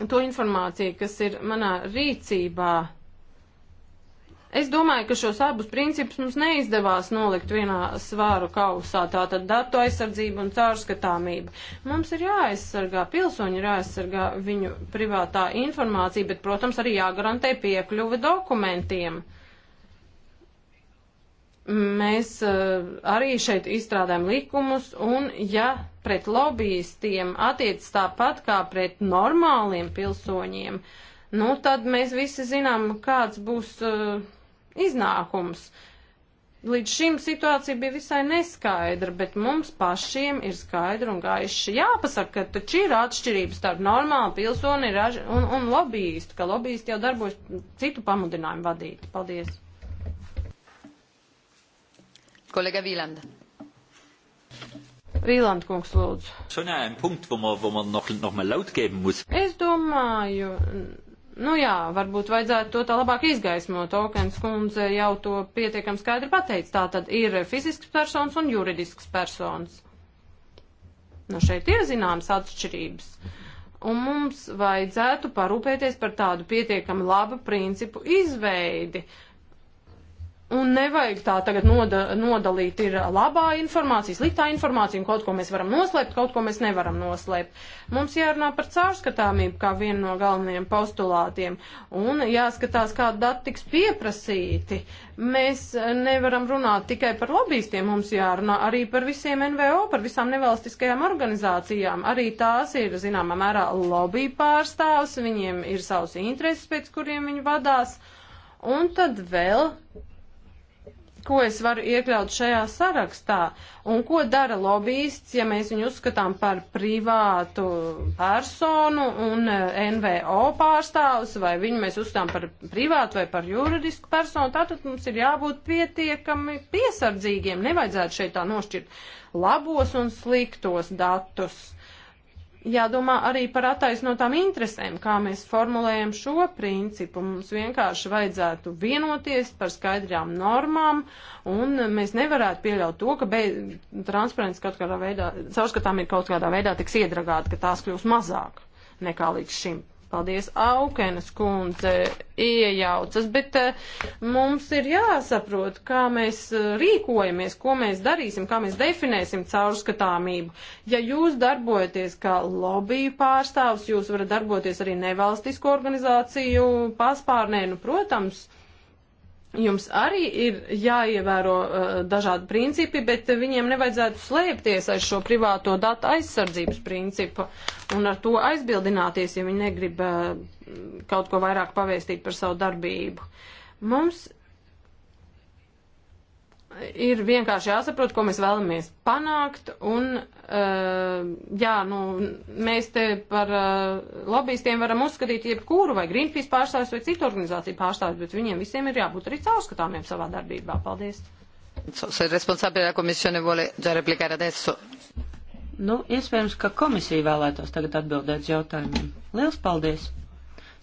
[SPEAKER 4] to informāciju, kas ir manā rīcībā Es domāju, ka šos abus principus mums neizdevās nolikt vienā svāru kausā, tātad datu aizsardzība un cārskatāmība. Mums ir jāaizsargā pilsoņi, ir jāaizsargā viņu privātā informācija, bet, protams, arī jāgarantē piekļuve dokumentiem. Mēs uh, arī šeit izstrādājam likumus, un ja pret lobbyistiem attiec tāpat kā pret normāliem pilsoņiem, nu tad mēs visi zinām, kāds būs. Uh, iznākums. Līdz šim situācija bija visai neskaidra, bet mums pašiem ir skaidri un gaiši jāpasaka, ka taču ir atšķirības starp normālu pilsoni un, un lobbyistu, ka lobbyisti jau darbojas citu pamudinājumu vadīt. Paldies. Kolega Vīlanda. Vīland kungs lūdzu. Es domāju, Nu jā, varbūt vajadzētu to tā labāk izgaismot. Okens kundze jau to pietiekam skaidri pateica. Tā tad ir fizisks persons un juridisks persons. Nu šeit ir zināmas atšķirības. Un mums vajadzētu parūpēties par tādu pietiekami labu principu izveidi. Uh, Un nevajag tā tagad noda, nodalīt, ir labā informācija, sliktā informācija, un kaut ko mēs varam noslēpt, kaut ko mēs nevaram noslēpt. Mums jārunā par caurskatāmību kā vienu no galvenajiem postulātiem, un jāskatās, kāda data tiks pieprasīti. Mēs nevaram runāt tikai par lobbyistiem, mums jārunā arī par visiem NVO, par visām nevalstiskajām organizācijām. Arī tās ir, zināmā mērā, lobby pārstāvs, viņiem ir savs intereses, pēc kuriem viņi vadās. Un tad vēl ko es varu iekļaut šajā sarakstā un ko dara lobbyists, ja mēs viņu uzskatām par privātu personu un eh, NVO pārstāvus, vai viņu mēs uzskatām par privātu vai par juridisku personu, tātad mums ir jābūt pietiekami piesardzīgiem, nevajadzētu šeit tā nošķirt labos un sliktos datus jādomā arī par attaisnotām interesēm, kā mēs formulējam šo principu. Mums vienkārši vajadzētu vienoties par skaidrām normām, un mēs nevarētu pieļaut to, ka transparents kaut kādā veidā, caurskatām ir kaut kādā veidā tiks iedragāta, ka tās kļūs mazāk nekā līdz šim paldies Aukenas kundze iejaucas, bet eh, mums ir jāsaprot, kā mēs eh, rīkojamies, ko mēs darīsim, kā mēs definēsim caurskatāmību. Ja jūs darbojaties kā lobiju pārstāvs, jūs varat darboties arī nevalstisko organizāciju paspārnē, nu, protams, uh, Jums arī ir jāievēro uh, dažādi principi, bet viņiem nevajadzētu slēpties aiz šo privāto datu aizsardzības principu un ar to aizbildināties, ja viņi negrib uh, kaut ko vairāk pavēstīt par savu darbību. Mums ir vienkārši jāsaprot, ko mēs vēlamies panākt, un uh, jā, nu, mēs te par uh, lobbyistiem varam uzskatīt jebkuru vai Greenpeace pārstāvis vai citu organizāciju pārstāvis, bet viņiem visiem ir jābūt arī caurskatāmiem savā darbībā. Paldies.
[SPEAKER 1] Se il responsabile della Commissione vuole già replicare adesso.
[SPEAKER 2] Nu, iespējams, ka komisija vēlētos tagad atbildēt jautājumiem. Liels paldies!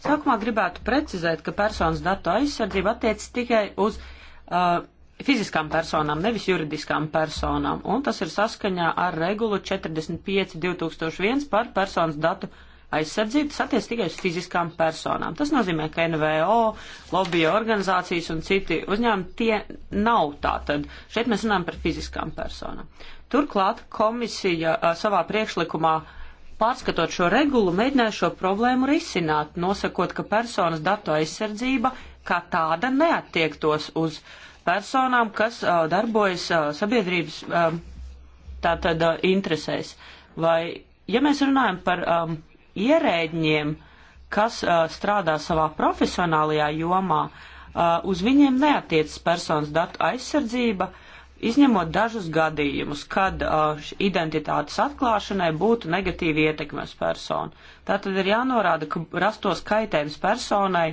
[SPEAKER 2] Sākumā gribētu precizēt, ka personas datu aizsardzība attiec tikai uz uh, fiziskām personām, nevis juridiskām personām, un tas ir saskaņā ar regulu 45.2001 par personas datu aizsardzību, tas attiec tikai uz fiziskām personām. Tas nozīmē, ka NVO, lobija organizācijas un citi uzņēmumi tie nav tātad. Šeit mēs runājam par fiziskām personām. Turklāt komisija a, savā priekšlikumā pārskatot šo regulu mēģināja šo problēmu risināt, nosakot, ka personas datu aizsardzība kā tāda neattiektos uz personām, kas uh, darbojas uh, sabiedrības um, tātad uh, interesēs. Vai, ja mēs runājam par um, ierēģiem, kas uh, strādā savā profesionālajā jomā, uh, uz viņiem neatiecas personas datu aizsardzība, uh, izņemot dažus gadījumus, kad uh, identitātes atklāšanai būtu negatīva ietekme uz personu. Tātad ir jānorāda, ka rastos kaitējums personai,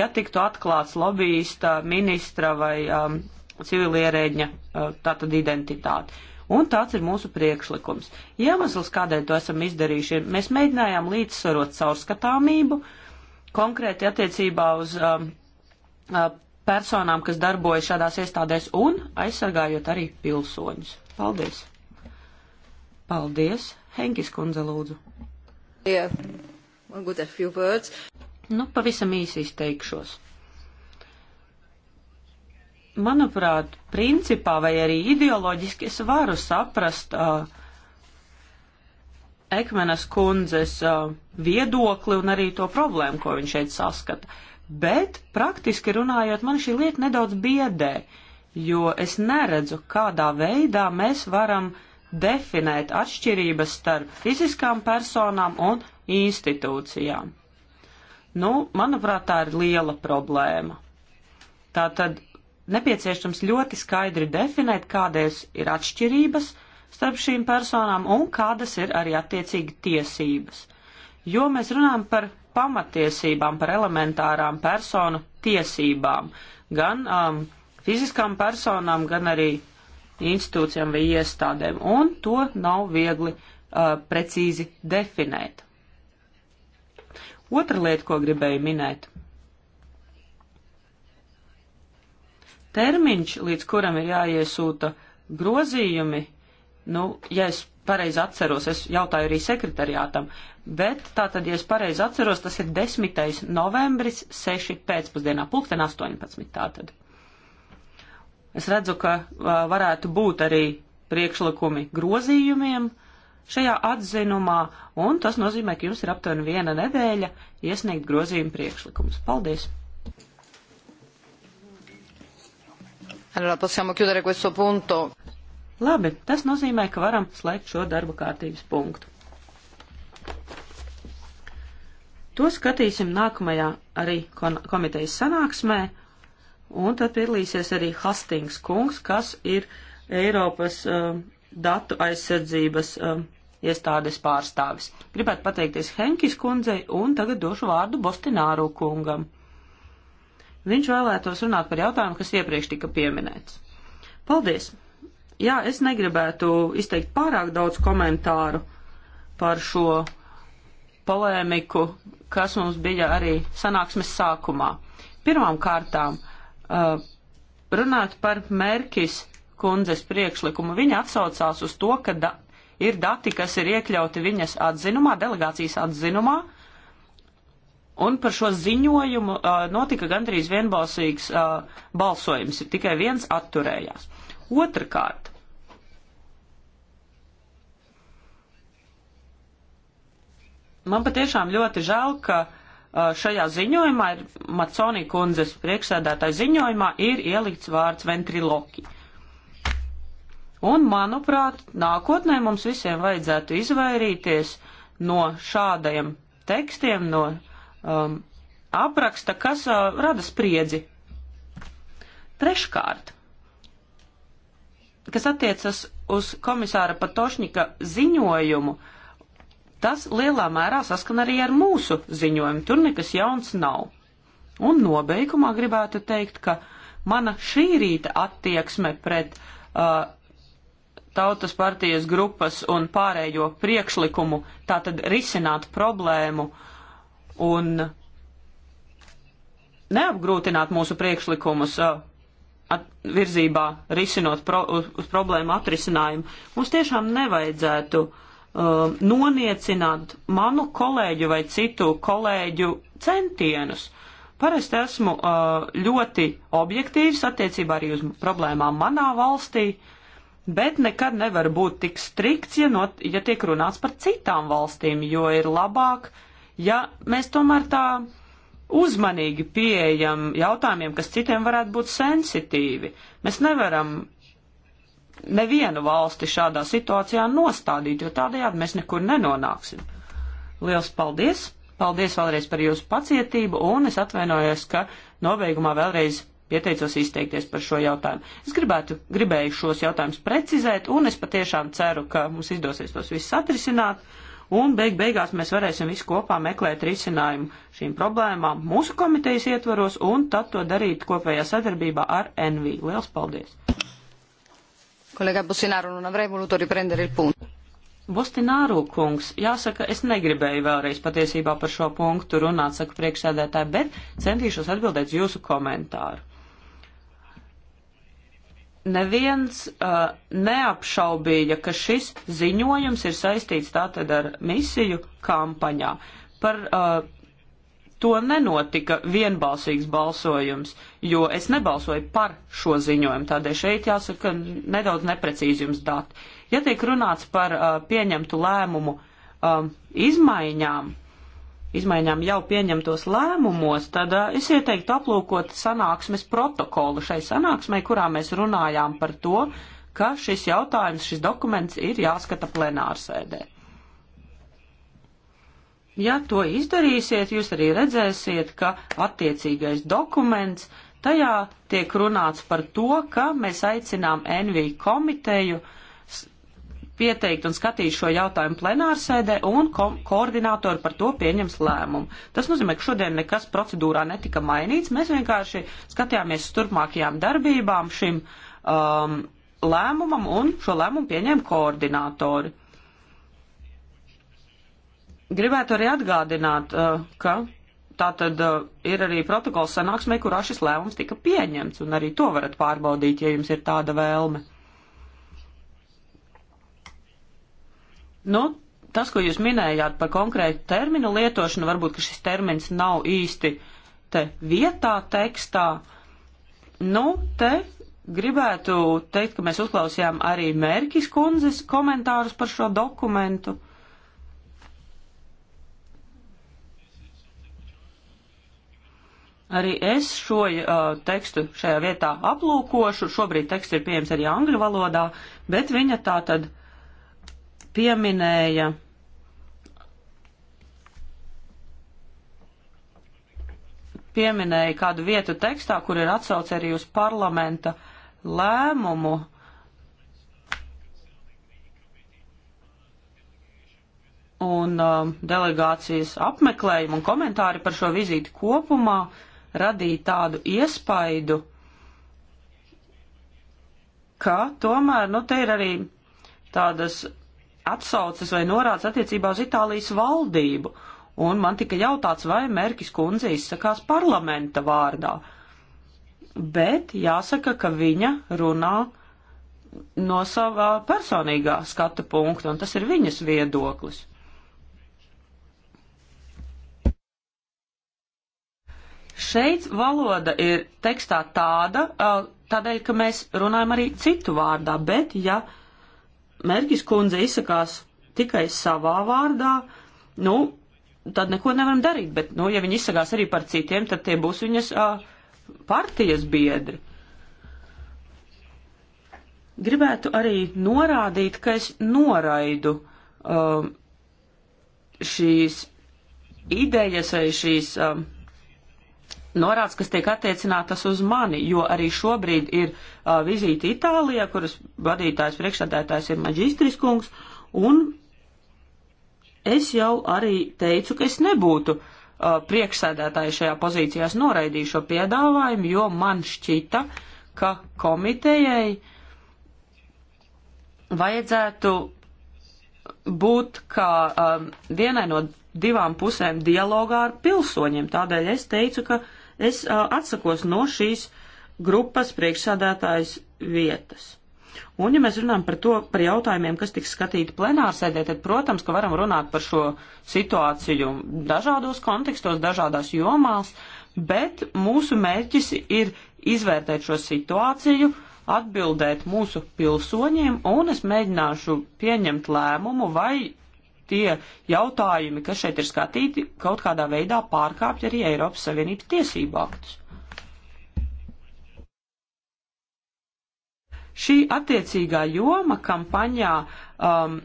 [SPEAKER 2] ja tiktu atklāts lobbyista, ministra vai um, civilierēģņa uh, tātad identitāte. Un tāds ir mūsu priekšlikums. Iemesls, kādēļ to esam izdarījuši, ir, mēs mēģinājām līdzsvarot caurskatāmību konkrēti attiecībā uz um, uh, personām, kas darbojas šādās iestādēs un aizsargājot arī pilsoņus. Paldies! Paldies! Henkis kundze lūdzu. Yeah. Nu, pavisam īsi izteikšos. Manuprāt, principā vai arī ideoloģiski es varu saprast uh, Ekmenas kundzes uh, viedokli un arī to problēmu, ko viņš šeit saskata. Uh, bet praktiski runājot, man šī lieta nedaudz biedē, jo es neredzu, kādā veidā mēs varam definēt atšķirības starp fiziskām personām un institūcijām. Nu, manuprāt, tā ir liela problēma. Tā tad nepieciešams ļoti skaidri definēt, kādas ir atšķirības starp šīm personām un kādas ir arī attiecīgi tiesības. Jo mēs runājam par pamatiesībām, par elementārām personu tiesībām, gan um, fiziskām personām, gan arī institūcijām vai iestādēm, un to nav viegli uh, precīzi definēt. Otra lieta, ko gribēju minēt. Termiņš, līdz kuram ir jāiesūta grozījumi, nu, ja es pareizi atceros, es jautāju arī sekretariātam, bet tātad, ja es pareizi atceros, tas ir 10. novembris, 6. pēcpusdienā, pulksten 18. tātad. Es redzu, ka uh, varētu būt arī priekšlikumi grozījumiem šajā atzinumā, un tas nozīmē, ka jums ir aptuveni viena nedēļa iesniegt grozījumu priekšlikumus. Paldies! Allora, possiamo chiudere questo punto. Labi, tas nozīmē, ka varam slēgt šo darba kārtības punktu. To skatīsim nākamajā arī komitejas sanāksmē, un tad piedalīsies arī Hastings kungs, kas ir Eiropas uh, datu aizsardzības uh, iestādes pārstāvis. Gribētu pateikties Henkis kundzei, un tagad došu vārdu Bostināru kungam. Viņš vēlētos runāt par jautājumu, kas iepriekš tika pieminēts. Paldies! Jā, es negribētu izteikt pārāk daudz komentāru par šo polēmiku, kas mums bija arī sanāksmes sākumā. Pirmām kārtām, uh, runāt par Merkis kundzes priekšlikumu, viņa atsaucās uz to, ka da ir dati, kas ir iekļauti viņas atzinumā, delegācijas atzinumā, Un par šo ziņojumu uh, notika gandrīz vienbalsīgs uh, balsojums, tikai viens atturējās. Otrakārt, Man patiešām ļoti žēl, ka uh, šajā ziņojumā, ir Maconī kundzes priekšsēdētāja ziņojumā, ir ielikts vārds ventriloki. Un, manuprāt, nākotnē mums visiem vajadzētu izvairīties no šādiem tekstiem, no um, apraksta, kas uh, rada spriedzi. Treškārt, kas attiecas uz komisāra Patošņika ziņojumu, uh, Tas lielā mērā saskan arī ar mūsu ziņojumu, tur nekas jauns nav. Un nobeigumā gribētu teikt, ka mana šī rīta attieksme pret uh, Tautas partijas grupas un pārējo priekšlikumu tātad risināt problēmu un neapgrūtināt mūsu priekšlikumus uh, at, virzībā risinot pro, uz, uz problēmu atrisinājumu, mums tiešām nevajadzētu uh, um, noniecināt manu kolēģu vai citu kolēģu centienus. Parasti esmu uh, ļoti objektīvs attiecībā arī uz problēmām manā valstī, bet nekad nevar būt tik strikts, ja, not, ja tiek runāts par citām valstīm, jo ir labāk, ja mēs tomēr tā uzmanīgi pieejam jautājumiem, kas citiem varētu būt sensitīvi. Mēs nevaram nevienu valsti šādā situācijā nostādīt, jo tādējādi mēs nekur nenonāksim. Liels paldies! Paldies vēlreiz par jūsu pacietību, un es atvainojos, ka nobeigumā vēlreiz pieteicos izteikties par šo jautājumu. Es gribētu, gribēju šos jautājumus precizēt, un es patiešām ceru, ka mums izdosies tos visus atrisināt, un beig beigās mēs varēsim visi kopā meklēt risinājumu šīm problēmām mūsu komitejas ietvaros, un tad to darīt kopējā sadarbībā ar NV. Liels paldies! Kolēģa Busināru, un nu, avrei voluto riprendere il punto. Bostināru kungs, jāsaka, es negribēju vēlreiz patiesībā par šo punktu runāt, saka priekšsēdētāji, bet centīšos atbildēt jūsu komentāru. Neviens uh, neapšaubīja, ka šis ziņojums ir saistīts tātad ar misiju kampaņā. Par uh, to nenotika vienbalsīgs balsojums, jo es nebalsoju par šo ziņojumu, tādēļ šeit jāsaka nedaudz neprecīzi jums dati. Ja tiek runāts par uh, pieņemtu lēmumu um, izmaiņām, izmaiņām jau pieņemtos lēmumos, tad uh, es ieteiktu aplūkot sanāksmes protokolu šai sanāksmai, kurā mēs runājām par to, ka šis jautājums, šis dokuments ir jāskata plenārsēdē ja to izdarīsiet, jūs arī redzēsiet, ka attiecīgais dokuments tajā tiek runāts par to, ka mēs aicinām NV komiteju pieteikt un skatīt šo jautājumu plenārsēdē un ko koordinātori par to pieņems lēmumu. Tas nozīmē, ka šodien nekas procedūrā netika mainīts, mēs vienkārši skatījāmies turpmākajām darbībām šim um, lēmumam un šo lēmumu pieņēma koordinātori. Gribētu arī atgādināt, eh, ka tā tad eh, ir arī protokols sanāksmē, kurā šis lēmums tika pieņemts, un arī to varat pārbaudīt, ja jums ir tāda vēlme. Nu, tas, ko jūs minējāt par konkrētu terminu lietošanu, varbūt, ka šis termins nav īsti te vietā tekstā. Nu, te gribētu teikt, ka mēs uzklausījām arī Mērķis kundzes komentārus par šo dokumentu. Uh, Arī es šo uh, tekstu šajā vietā aplūkošu. Šobrīd teksts ir pieejams arī angļu valodā, bet viņa tā tad pieminēja. Pieminēja kādu vietu tekstā, kur ir atsauce arī uz parlamenta lēmumu un um, delegācijas apmeklējumu un komentāri par šo vizīti kopumā. Uh, radīt tādu iespaidu, ka tomēr, nu, te ir arī tādas atsauces vai norādes attiecībā uz Itālijas valdību, un man tika jautāts, vai Merkis kundze izsakās parlamenta vārdā. Bet jāsaka, ka viņa runā no savā personīgā skatu punkta, un tas ir viņas viedoklis. Šeit valoda ir tekstā tāda, tādēļ, ka mēs runājam arī citu vārdā, bet ja Merkis kundze izsakās tikai savā vārdā, nu, tad neko nevaram darīt, bet, nu, ja viņi izsakās arī par citiem, tad tie būs viņas uh, partijas biedri. Gribētu arī norādīt, ka es noraidu um, šīs idejas vai šīs um, norāds, kas tiek attiecinātas uz mani, jo arī šobrīd ir uh, vizīte Itālijā, kuras vadītājs priekšsādētājs ir maģistris kungs, un es jau arī teicu, ka es nebūtu uh, priekšsēdētāji šajā pozīcijā, es noraidīju šo piedāvājumu, jo man šķita, ka komitejai vajadzētu būt kā um, vienai no divām pusēm dialogā ar pilsoņiem. Tādēļ es teicu, ka uh, Es uh, atsakos no šīs grupas priekšsādātājas vietas. Un, ja mēs runājam par to, par jautājumiem, kas tiks skatīti plenārsēdē, tad, protams, ka varam runāt par šo situāciju dažādos kontekstos, dažādās jomās, bet mūsu mērķis ir izvērtēt šo situāciju, atbildēt mūsu pilsoņiem, un es mēģināšu pieņemt lēmumu, vai tie jautājumi, kas šeit ir skatīti, kaut kādā veidā pārkāpj arī Eiropas Savienības tiesību aktus. Šī attiecīgā joma kampaņā um,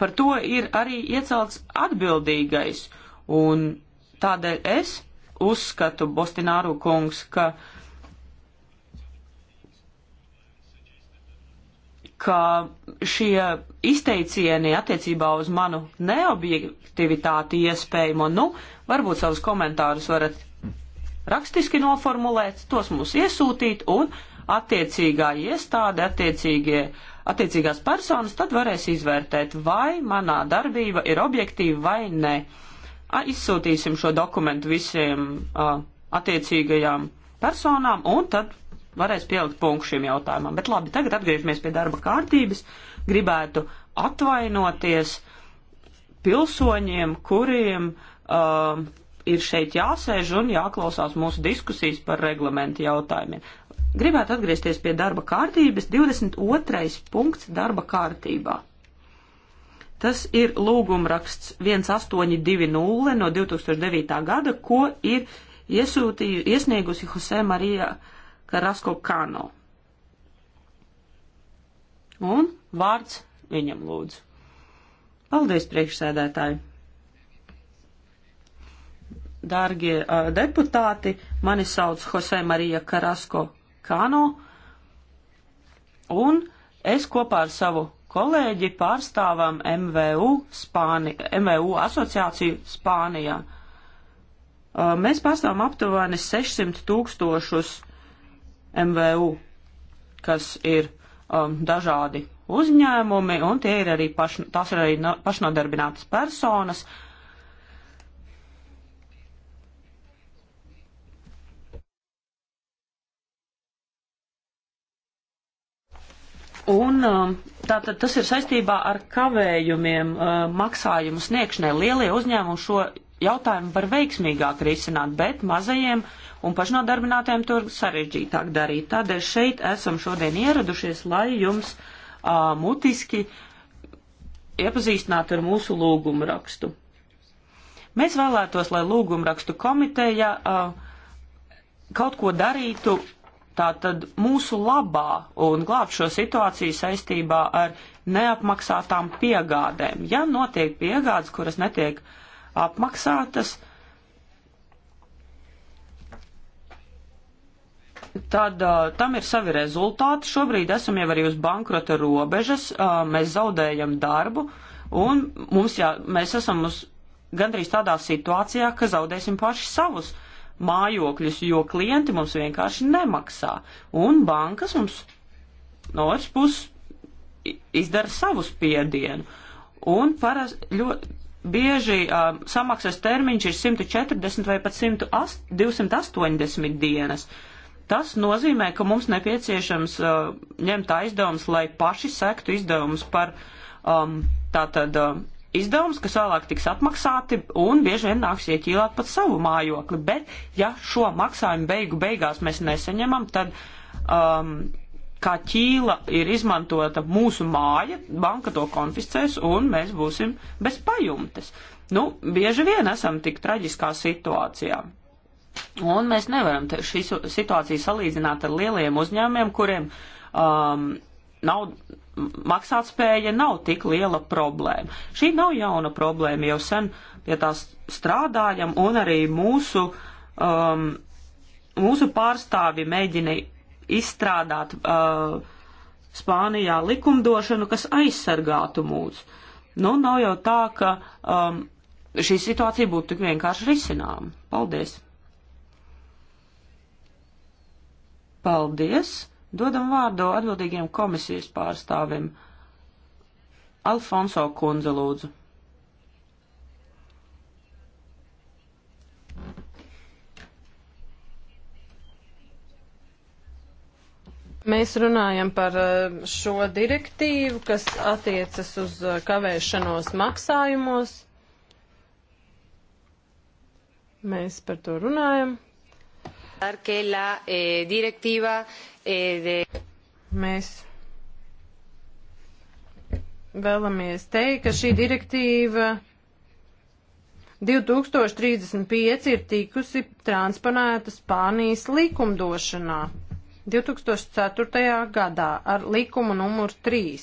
[SPEAKER 2] par to ir arī iecelts atbildīgais, un tādēļ es uzskatu, Bostināru kungs, ka uh, ka šie izteicieni attiecībā uz manu neobjektivitāti iespējamo, nu, varbūt savus komentārus varat rakstiski noformulēt, tos mums iesūtīt un attiecīgā iestāde, attiecīgie, attiecīgās personas tad varēs izvērtēt, vai manā darbība ir objektīva vai nē. Izsūtīsim šo dokumentu visiem a, attiecīgajām personām un tad varēs pielikt punktu šim jautājumam. Bet labi, tagad atgriežamies pie darba kārtības. Gribētu atvainoties pilsoņiem, kuriem uh, ir šeit jāsēž un jāklausās mūsu diskusijas par reglamentu jautājumiem. Gribētu atgriezties pie darba kārtības. 22. punkts darba kārtībā. Tas ir lūgumraksts 1820 no 2009. gada, ko ir iesūtīju, iesniegusi Jose Marija uh, Karasko Kano. Un vārds viņam lūdzu. Paldies, priekšsēdētāji! Dārgie uh, deputāti, mani sauc Jose Marija Karasko Kano, un es kopā ar savu kolēģi pārstāvam MVU, Spāni, MVU asociāciju Spānijā. Mēs pārstāvam aptuveni 600 tūkstošus MVU, kas ir um, dažādi uzņēmumi, un tie ir arī, paš, tās ir arī no, pašnodarbinātas personas. Un um, tātad tas ir saistībā ar kavējumiem uh, maksājumu sniegšanai. Lielie uzņēmumi šo jautājumu var veiksmīgāk risināt, bet mazajiem un pašnodarbinātiem to sarežģītāk darīt. Tādēļ šeit esam šodien ieradušies, lai jums uh, mutiski iepazīstinātu ar mūsu lūgumu rakstu. Mēs vēlētos, lai lūgumu rakstu komiteja uh, kaut ko darītu tātad mūsu labā un glābt šo situāciju saistībā ar neapmaksātām piegādēm. Ja notiek piegādes, kuras netiek uh, apmaksātas, tad uh, tam ir savi rezultāti. Šobrīd esam jau arī uz bankrota robežas, uh, mēs zaudējam darbu un mums jā, mēs esam uz gandrīz tādā situācijā, ka zaudēsim paši savus mājokļus, jo klienti mums vienkārši nemaksā. Un bankas mums no otras puses izdara savu spiedienu. Un parasti ļoti bieži um, samaksas termiņš ir 140 vai pat 108, 280 dienas. Tas nozīmē, ka mums nepieciešams uh, ņemt aizdevumus, lai paši sektu izdevumus par um, tātad uh, izdevumus, kas vēlāk tiks atmaksāti un bieži vien nāks ieķīlāt pat savu mājokli. Bet, ja šo maksājumu beigu beigās mēs neseņemam, tad um, kā ķīla ir izmantota mūsu māja, banka to konfiscēs un mēs būsim bez pajumtes. Nu, bieži vien esam tik traģiskā situācijā. Un mēs nevaram šīs situācijas salīdzināt ar lieliem uzņēmiem, kuriem um, nav, maksātspēja nav tik liela problēma. Šī nav jauna problēma, jau sen pie ja tās strādājam un arī mūsu, um, mūsu pārstāvi mēģina izstrādāt uh, Spānijā likumdošanu, kas aizsargātu mūs. Nu, nav jau tā, ka um, šī situācija būtu tik vienkārši risinām. Paldies! Paldies! Dodam vārdu atbildīgiem komisijas pārstāvim. Alfonso Kunze lūdzu.
[SPEAKER 4] Mēs runājam par eh, šo direktīvu, kas attiecas uz eh, kavēšanos maksājumos. Mēs par to runājam. Eh, Mēs vēlamies teikt, ka šī direktīva 2035 ir tikusi transponēta Spānijas likumdošanā. 2004. gadā ar likumu numur 3.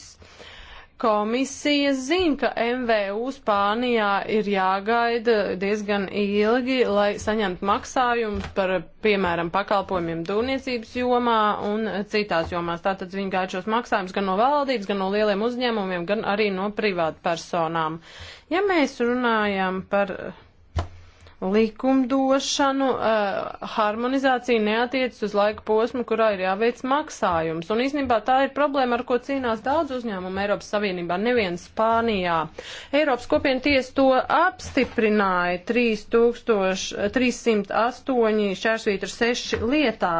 [SPEAKER 4] Komisija zina, ka MVU Spānijā ir jāgaida diezgan ilgi, lai saņemtu maksājumus par, piemēram, pakalpojumiem dūniecības jomā un citās jomās. Tātad viņi gaida šos maksājumus gan no valdības, gan no lieliem uzņēmumiem, gan arī no privātpersonām. Ja mēs runājam par likumdošanu, uh, harmonizācija neatiecas uz laika posmu, kurā ir jāveic maksājums. Un īstenībā tā ir problēma, ar ko cīnās daudz uzņēmumu Eiropas Savienībā, nevien Spānijā. Eiropas kopiena tiesa to apstiprināja 3308 šķērsvītra 6 lietā.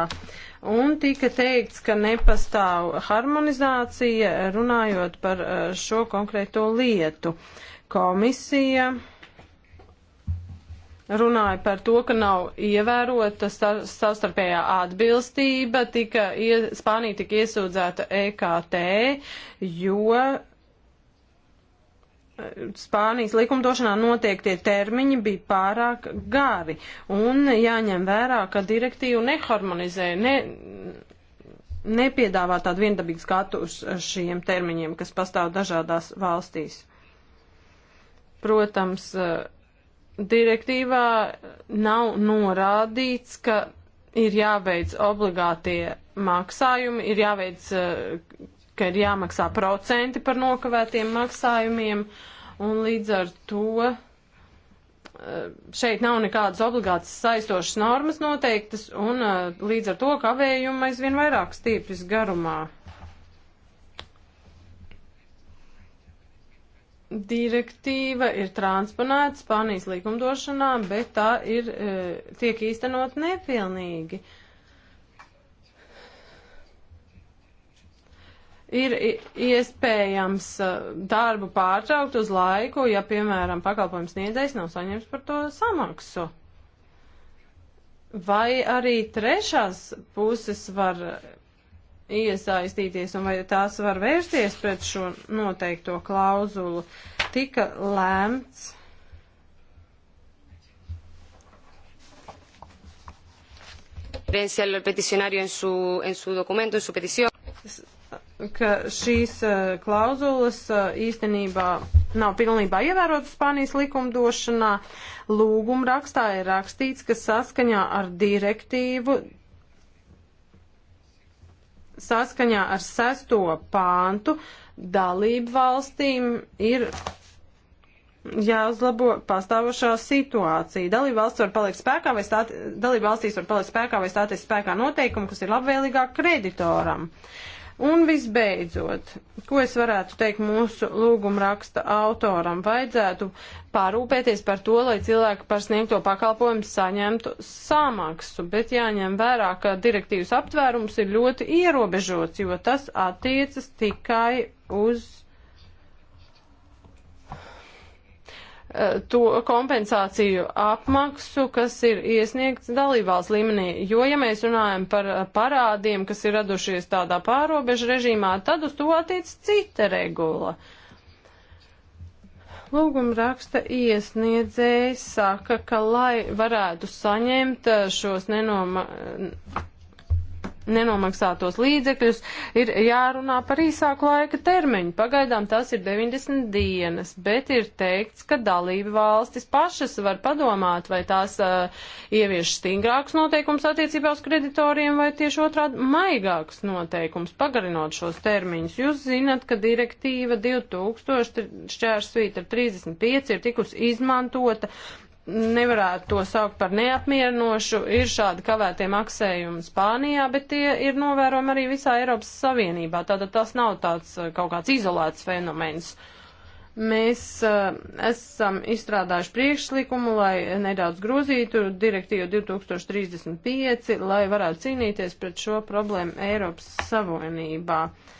[SPEAKER 4] Un tika teikts, ka nepastāv harmonizācija runājot par eh, šo konkrēto lietu. Komisija runāja par to, ka nav ievērota savstarpējā atbilstība, tika, Spānija tika iesūdzēta EKT, jo eh, Spānijas likumdošanā noteiktie termiņi bija pārāk gari, un jāņem vērā, ka direktīva neharmonizē, ne, nepiedāvā tādu viendabīgu skatu uz šiem termiņiem, kas pastāv dažādās valstīs. Protams, uh, direktīvā nav norādīts, ka ir jāveic obligātie maksājumi, ir jāveic, eh, ka ir jāmaksā procenti par nokavētiem maksājumiem, un līdz ar to eh, šeit nav nekādas obligātas saistošas normas noteiktas, un eh, līdz ar to kavējuma aizvien vairāk stīpjas garumā. direktīva ir transponēta Spānijas likumdošanā, bet tā ir, e, tiek īstenot nepilnīgi. Ir iespējams e, darbu pārtraukt uz laiku, ja, piemēram, pakalpojums sniedzējs nav saņems par to samaksu. Vai arī trešās puses var iesaistīties un vai tās var vērsties pret šo noteikto klauzulu, tika lēmts. al peticionario en su, en su documento, en su petición. Ka šīs uh, klauzulas uh, īstenībā nav pilnībā ievērotas Spānijas likumdošanā. Lūguma rakstā ir rakstīts, ka saskaņā ar direktīvu saskaņā ar sesto pāntu dalību valstīm ir jāuzlabo pastāvošā situācija. Dalība valsts var palikt spēkā vai stāt, dalība valstīs var palikt spēkā vai stāties spēkā noteikumi, kas ir labvēlīgāk kreditoram. Uh, Un visbeidzot, ko es varētu teikt mūsu lūguma raksta autoram, vajadzētu parūpēties par to, lai cilvēki par sniegto pakalpojumu saņemtu samaksu, bet jāņem vērā, ka direktīvas aptvērums ir ļoti ierobežots, jo tas attiecas tikai uz Eh, to kompensāciju apmaksu, kas ir iesniegts dalībvalsts līmenī. Jo, ja mēs runājam par eh, parādiem, kas ir radušies tādā pārobežu režīmā, tad uz to attiec cita regula. Lūguma raksta iesniedzējs saka, ka, lai varētu saņemt eh, šos nenoma, nenomaksātos līdzekļus, ir jārunā par īsāku laika termiņu. Pagaidām tas ir 90 dienas, bet ir teikts, ka dalība valstis pašas var padomāt, vai tās uh, ievieš stingrākus noteikumus attiecībā uz kreditoriem vai tieši otrādi maigākus noteikumus, pagarinot šos termiņus. Jūs zinat, ka direktīva 2000 šķērsvīta 35 ir tikusi izmantota nevarētu to saukt par neapmierinošu. Ir šādi kavētie maksējumi Spānijā, bet tie ir novērojami arī visā Eiropas Savienībā. Tātad tas nav tāds eh, kaut kāds izolēts fenomens. Mēs uh, esam izstrādājuši priekšlikumu, lai nedaudz grozītu direktīvu 2035, lai varētu cīnīties pret šo problēmu Eiropas Savienībā. Uh,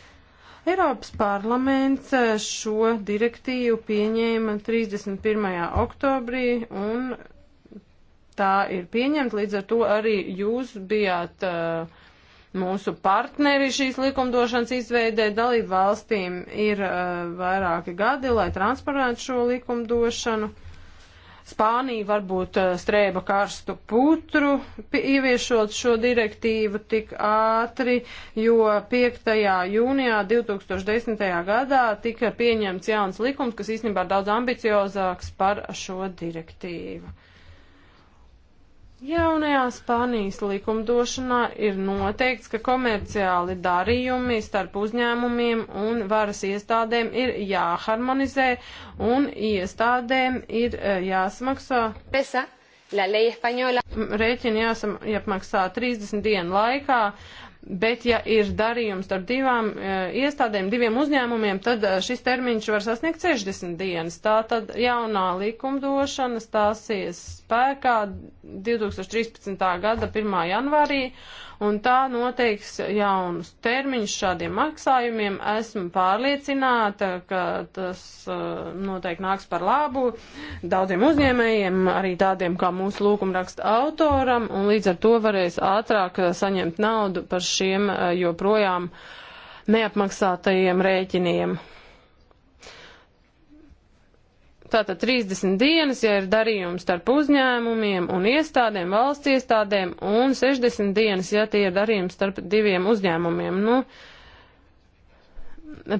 [SPEAKER 4] Eiropas parlaments eh, šo direktīvu pieņēma 31. oktobrī un tā ir pieņemta, līdz ar to arī jūs bijāt uh, mūsu partneri šīs likumdošanas izveidē, dalību valstīm ir uh, vairāki gadi, lai transparētu šo likumdošanu. Uh, Spānija varbūt eh, strēba karstu putru, ieviešot šo direktīvu tik ātri, jo 5. jūnijā 2010. gadā tika pieņemts jauns likums, kas īstenībā ir daudz ambiciozāks par šo direktīvu. Jaunajā Spānijas likumdošanā ir noteikts, ka komerciāli darījumi starp uzņēmumiem un varas iestādēm ir jāharmonizē un iestādēm ir eh, jāsmaksā. Pesa. Rēķini jāsamaksā 30 dienu laikā, bet ja ir darījums starp divām eh, iestādēm, diviem uzņēmumiem, tad eh, šis termiņš var sasniegt 60 dienas. Tā tad jaunā likumdošana stāsies spēkā 2013. gada 1. janvārī, un tā noteiks jaunus termiņus šādiem maksājumiem. Esmu pārliecināta, ka tas uh, noteikti nāks par labu daudziem uzņēmējiem, arī tādiem kā mūsu lūgumraksta autoram, un līdz ar to varēs ātrāk uh, saņemt naudu par šiem uh, joprojām neapmaksātajiem rēķiniem. Tātad 30 dienas, ja ir darījums starp uzņēmumiem un iestādēm, valsts iestādēm, un 60 dienas, ja tie ir darījums starp diviem uzņēmumiem. Nu,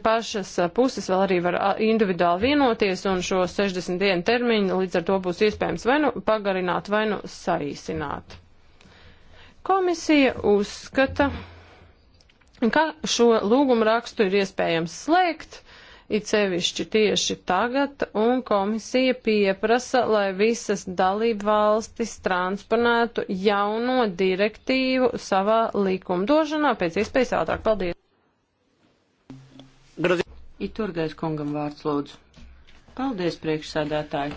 [SPEAKER 4] pašas puses vēl arī var individuāli vienoties, un šo 60 dienu termiņu līdz ar to būs iespējams vai nu pagarināt, vai nu saīsināt. Komisija uzskata, ka šo lūgumu rakstu ir iespējams slēgt it sevišķi tieši tagad, un komisija pieprasa, lai visas dalību valstis transponētu jauno direktīvu savā
[SPEAKER 2] likumdošanā pēc iespējas ātrāk. Paldies! Grazie. Iturgais kungam vārds lūdzu. Paldies, priekšsēdētāji.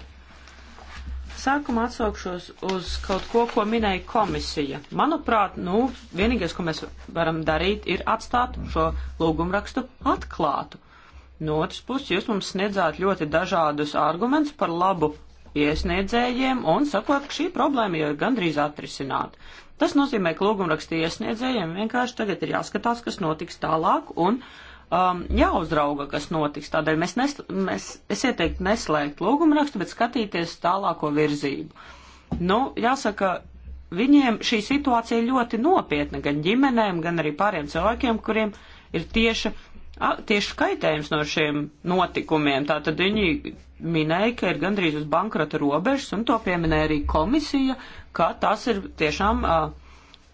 [SPEAKER 2] Sākumā atsaukšos uz kaut ko, ko minēja komisija. Manuprāt, nu, vienīgais, ko mēs varam darīt, ir atstāt šo lūgumrakstu atklātu. No otras puses, jūs mums sniedzāt ļoti dažādus argumentus par labu iesniedzējiem un sakot, ka šī problēma jau ir gandrīz atrisināta. Tas nozīmē, ka lūgumraksta iesniedzējiem vienkārši tagad ir jāskatās, kas notiks tālāk un um, jāuzrauga, kas notiks. Tādēļ mēs, nes, mēs es ieteiktu neslēgt lūgumrakstu, bet skatīties tālāko virzību. Nu, jāsaka, viņiem šī situācija ļoti nopietna gan ģimenēm, gan arī pāriem cilvēkiem, kuriem ir tieša tieši kaitējums no šiem notikumiem. Tātad viņi minēja, ka ir gandrīz uz bankrota robežas, un to pieminēja arī komisija, ka tas ir tiešām.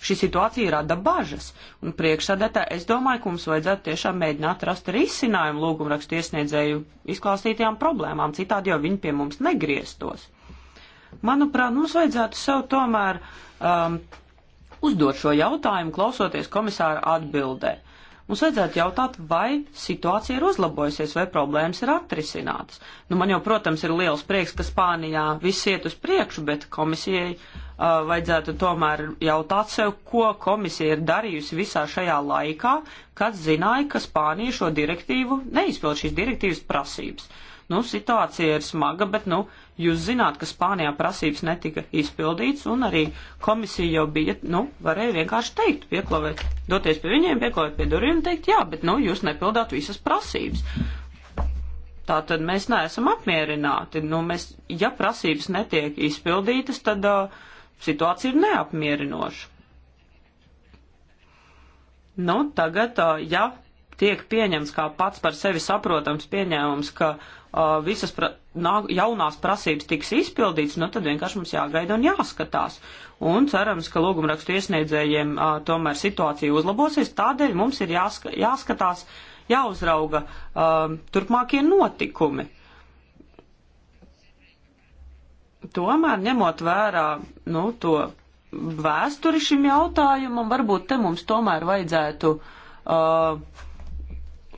[SPEAKER 2] Šī situācija rada bažas, un priekšsādētā es domāju, ka mums vajadzētu tiešām mēģināt rast risinājumu lūgumrakstu iesniedzēju izklāstītajām problēmām, citādi jau viņi pie mums negrieztos. Manuprāt, mums vajadzētu sev tomēr um, uzdot šo jautājumu, klausoties komisāra atbildē. Uh, Mums vajadzētu jautāt, vai situācija ir uzlabojusies, vai problēmas ir atrisinātas. Nu, man jau, protams, ir liels prieks, ka Spānijā viss iet uz priekšu, bet komisijai uh, vajadzētu tomēr jautāt sev, ko komisija ir darījusi visā šajā laikā, kad zināja, ka Spānija šo direktīvu neizpild šīs direktīvas prasības. Nu, situācija ir smaga, bet, nu, Jūs zināt, ka Spānijā prasības netika izpildīts, un arī komisija jau bija, nu, varēja vienkārši teikt, pieklāvēt, doties pie viņiem, pieklāvēt pie durvīm un teikt, jā, bet, nu, jūs nepildāt visas prasības. Tātad mēs neesam apmierināti. Nu, mēs, ja prasības netiek izpildītas, tad uh, situācija ir neapmierinoša. Nu, tagad, uh, ja tiek pieņems kā pats par sevi saprotams pieņēmums, ka uh, visas pra nā, jaunās prasības tiks izpildīts, nu tad vienkārši mums jāgaida un jāskatās. Un cerams, ka lūgumrakstu iesniedzējiem uh, tomēr situācija uzlabosies, tādēļ mums ir jāska jāskatās, jāuzrauga uh, turpmākie notikumi. Tomēr ņemot vērā nu, to vēsturi šim jautājumam, varbūt te mums tomēr vajadzētu uh,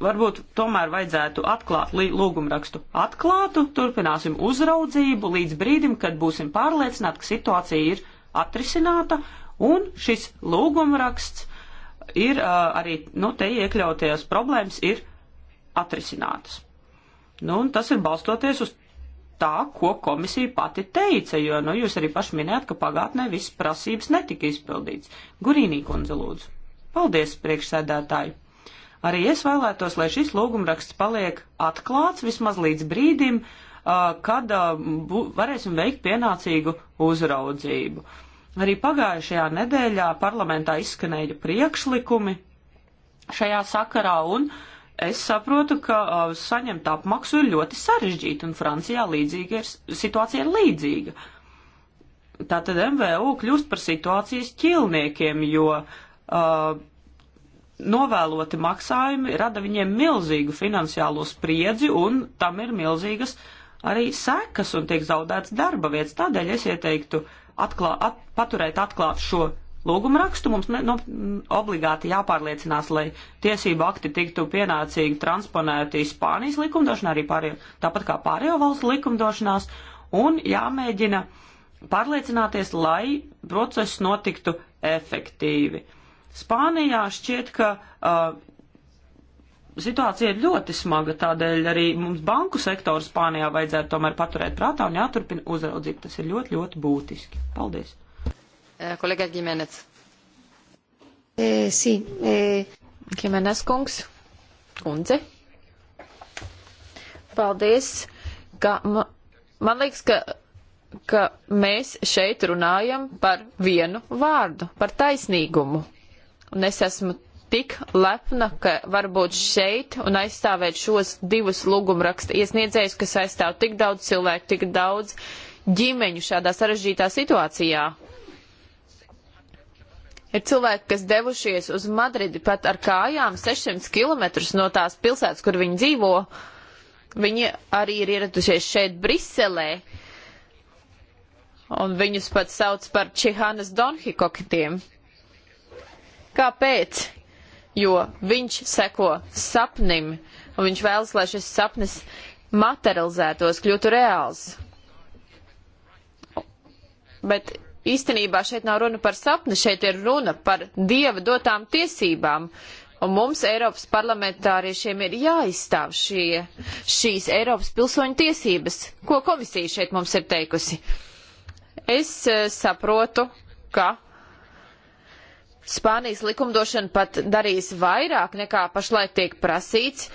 [SPEAKER 2] varbūt tomēr vajadzētu atklāt lūgumrakstu atklātu, turpināsim uzraudzību līdz brīdim, kad būsim pārliecināti, ka situācija ir atrisināta un šis lūgumraksts ir uh, arī, nu, te iekļautajās problēmas ir atrisinātas. Nu, un tas ir balstoties uz tā, ko komisija pati teica, jo, nu, jūs arī paši minējat, ka pagātnē viss prasības netika izpildīts. Gurīnī kundze lūdzu. Paldies, priekšsēdētāji! Arī es vēlētos, lai šis lūgumraksts paliek atklāts vismaz līdz brīdim, kad varēsim veikt pienācīgu uzraudzību. Arī pagājušajā nedēļā parlamentā izskanēja priekšlikumi šajā sakarā, un es saprotu, ka saņemt apmaksu ir ļoti sarežģīti, un Francijā līdzīga ir, situācija ir līdzīga. Tātad MVU kļūst par situācijas ķilniekiem, jo uh, novēloti maksājumi rada viņiem milzīgu finansiālo spriedzi un tam ir milzīgas arī sekas un tiek zaudēts darba vietas. Tādēļ es ieteiktu atklā, at, paturēt atklāt šo lūgumu rakstu. Mums ne, no, nu, obligāti jāpārliecinās, lai tiesību akti tiktu pienācīgi transponēti Spānijas likumdošanā, arī pārējo, tāpat kā pārējo valstu likumdošanās, un jāmēģina pārliecināties, lai process notiktu efektīvi. Spānijā šķiet, ka uh, situācija ir ļoti smaga, tādēļ arī mums banku sektoru Spānijā vajadzētu tomēr paturēt prātā un jāturpina uzraudzība. Tas ir ļoti, ļoti būtiski. Paldies.
[SPEAKER 1] Eh, Kolēģa Gimenec.
[SPEAKER 2] E, eh,
[SPEAKER 3] sí, e... Gimenez kungs, kundze. Paldies, ka ma, man liekas, ka, ka mēs šeit runājam par vienu vārdu, par taisnīgumu. Un es esmu tik lepna, ka var būt šeit un aizstāvēt šos divus lūgumraksta iesniedzējus, kas aizstāv tik daudz cilvēku, tik daudz ģimeņu šādā sarežģītā situācijā. Ir cilvēki, kas devušies uz Madridi pat ar kājām 600 km no tās pilsētas, kur viņi dzīvo. Viņi arī ir ieradušies šeit Briselē, un viņus pat sauc par Čihānas Donhikokitiem. Kāpēc? Jo viņš seko sapnim, un viņš vēlas, lai šis sapnis materializētos, kļūtu reāls. Bet īstenībā šeit nav runa par sapni, šeit ir runa par dieva dotām tiesībām. Un mums, Eiropas parlamentāriešiem, ir jāizstāv šie, šīs Eiropas pilsoņu tiesības, ko komisija šeit mums ir teikusi. Es eh, saprotu, ka Spānijas likumdošana pat darīs vairāk nekā pašlaik tiek prasīts,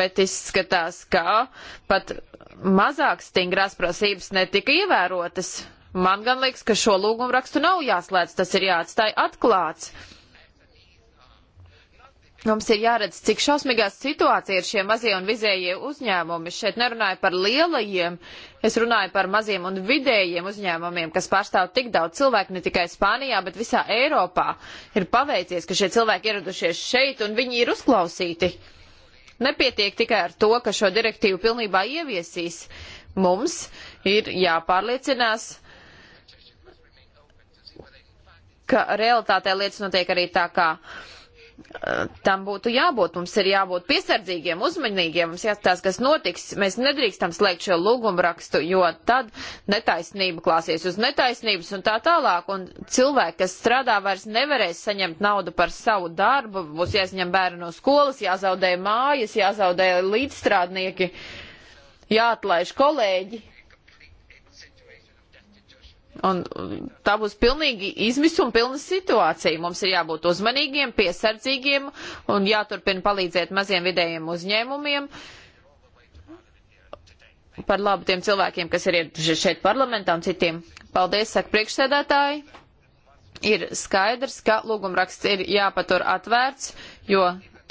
[SPEAKER 3] bet izskatās, ka pat mazāk stingrās prasības netika ievērotas. Man gan liekas, ka šo lūgumu rakstu nav jāslēdz, tas ir jāatstāj atklāts. Mums ir jāredz, cik šausmīgā situācija ir šie mazie un vizējie uzņēmumi. Es šeit nerunāju par lielajiem, es runāju par maziem un vidējiem uzņēmumiem, kas pārstāv tik daudz cilvēku ne tikai Spānijā, bet visā Eiropā. Ir paveicies, ka šie cilvēki ieradušies šeit un viņi ir uzklausīti. Nepietiek tikai ar to, ka šo direktīvu pilnībā ieviesīs. Mums ir jāpārliecinās, ka realitātē lietas notiek arī tā kā. Uh, tam būtu jābūt. Mums ir jābūt piesardzīgiem, uzmanīgiem, mums jāskatās, kas notiks. Mēs nedrīkstam slēgt šo lūgumu rakstu, jo tad netaisnība klāsies uz netaisnības un tā tālāk. Un cilvēki, kas strādā, vairs nevarēs saņemt naudu par savu darbu, būs jāizņem bērnu no skolas, jāzaudē mājas, jāzaudē līdzstrādnieki, jāatlaiž kolēģi. Un tā būs pilnīgi izmisuma pilna situācija. Mums ir jābūt uzmanīgiem, piesardzīgiem un jāturpina palīdzēt maziem vidējiem uzņēmumiem. Par labu tiem cilvēkiem, kas ir šeit parlamentā un citiem. Paldies, saka priekšsēdētāji. Ir skaidrs, ka lūgumraksts ir jāpatur atvērts, jo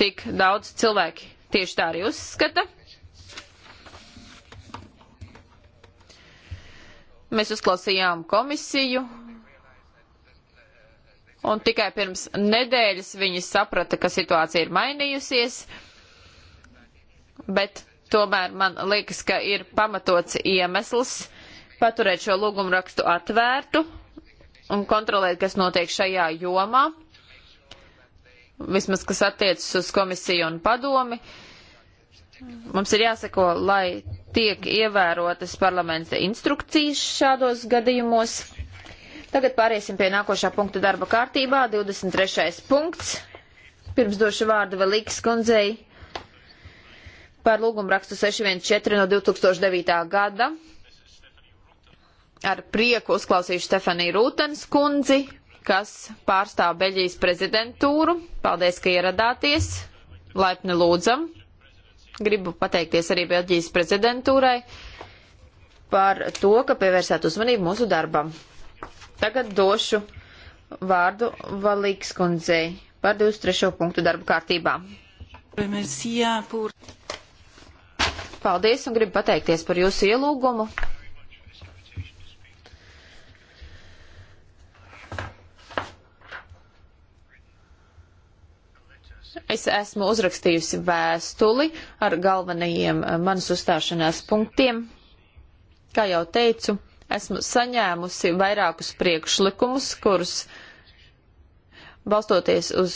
[SPEAKER 3] tik daudz cilvēki tieši tā arī uzskata. Mēs uzklausījām komisiju, un tikai pirms nedēļas viņi saprata, ka situācija ir mainījusies, bet tomēr man liekas, ka ir pamatots iemesls paturēt šo lūgumrakstu atvērtu un kontrolēt, kas notiek šajā jomā, vismaz kas attiecas uz komisiju un padomi. Mums ir jāseko, lai tiek ievērotas parlamenta instrukcijas šādos gadījumos. Tagad pāriesim pie nākošā punkta darba kārtībā, 23. punkts. Pirms došu vārdu vēl Likas kundzei par lūgumu rakstu 614 no 2009. gada. Ar prieku uzklausīšu Stefaniju Rūtens kundzi, kas pārstāv Beļģijas prezidentūru. Paldies, ka ieradāties. Laipni lūdzam. Gribu pateikties arī Beļģijas prezidentūrai par to, ka pievērsāt uzmanību mūsu darbam. Tagad došu vārdu Valīgas kundzei par 23. punktu darbu kārtībā. Paldies un gribu pateikties par jūsu ielūgumu. es esmu uzrakstījusi vēstuli ar galvenajiem eh, manas uzstāšanās punktiem. Kā jau teicu, esmu saņēmusi vairākus priekšlikumus, kurus balstoties uz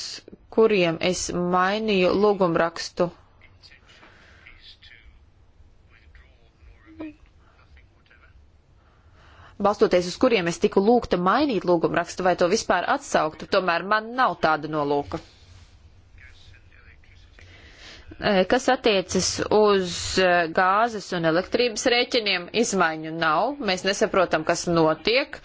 [SPEAKER 3] kuriem es mainīju lūgumrakstu. Balstoties uz kuriem es tiku lūgta mainīt lūgumrakstu vai to vispār atsauktu, tomēr man nav tāda nolūka. Eh, kas attiecas uz eh, gāzes un elektrības rēķiniem, izmaiņu nav. Mēs nesaprotam, kas notiek.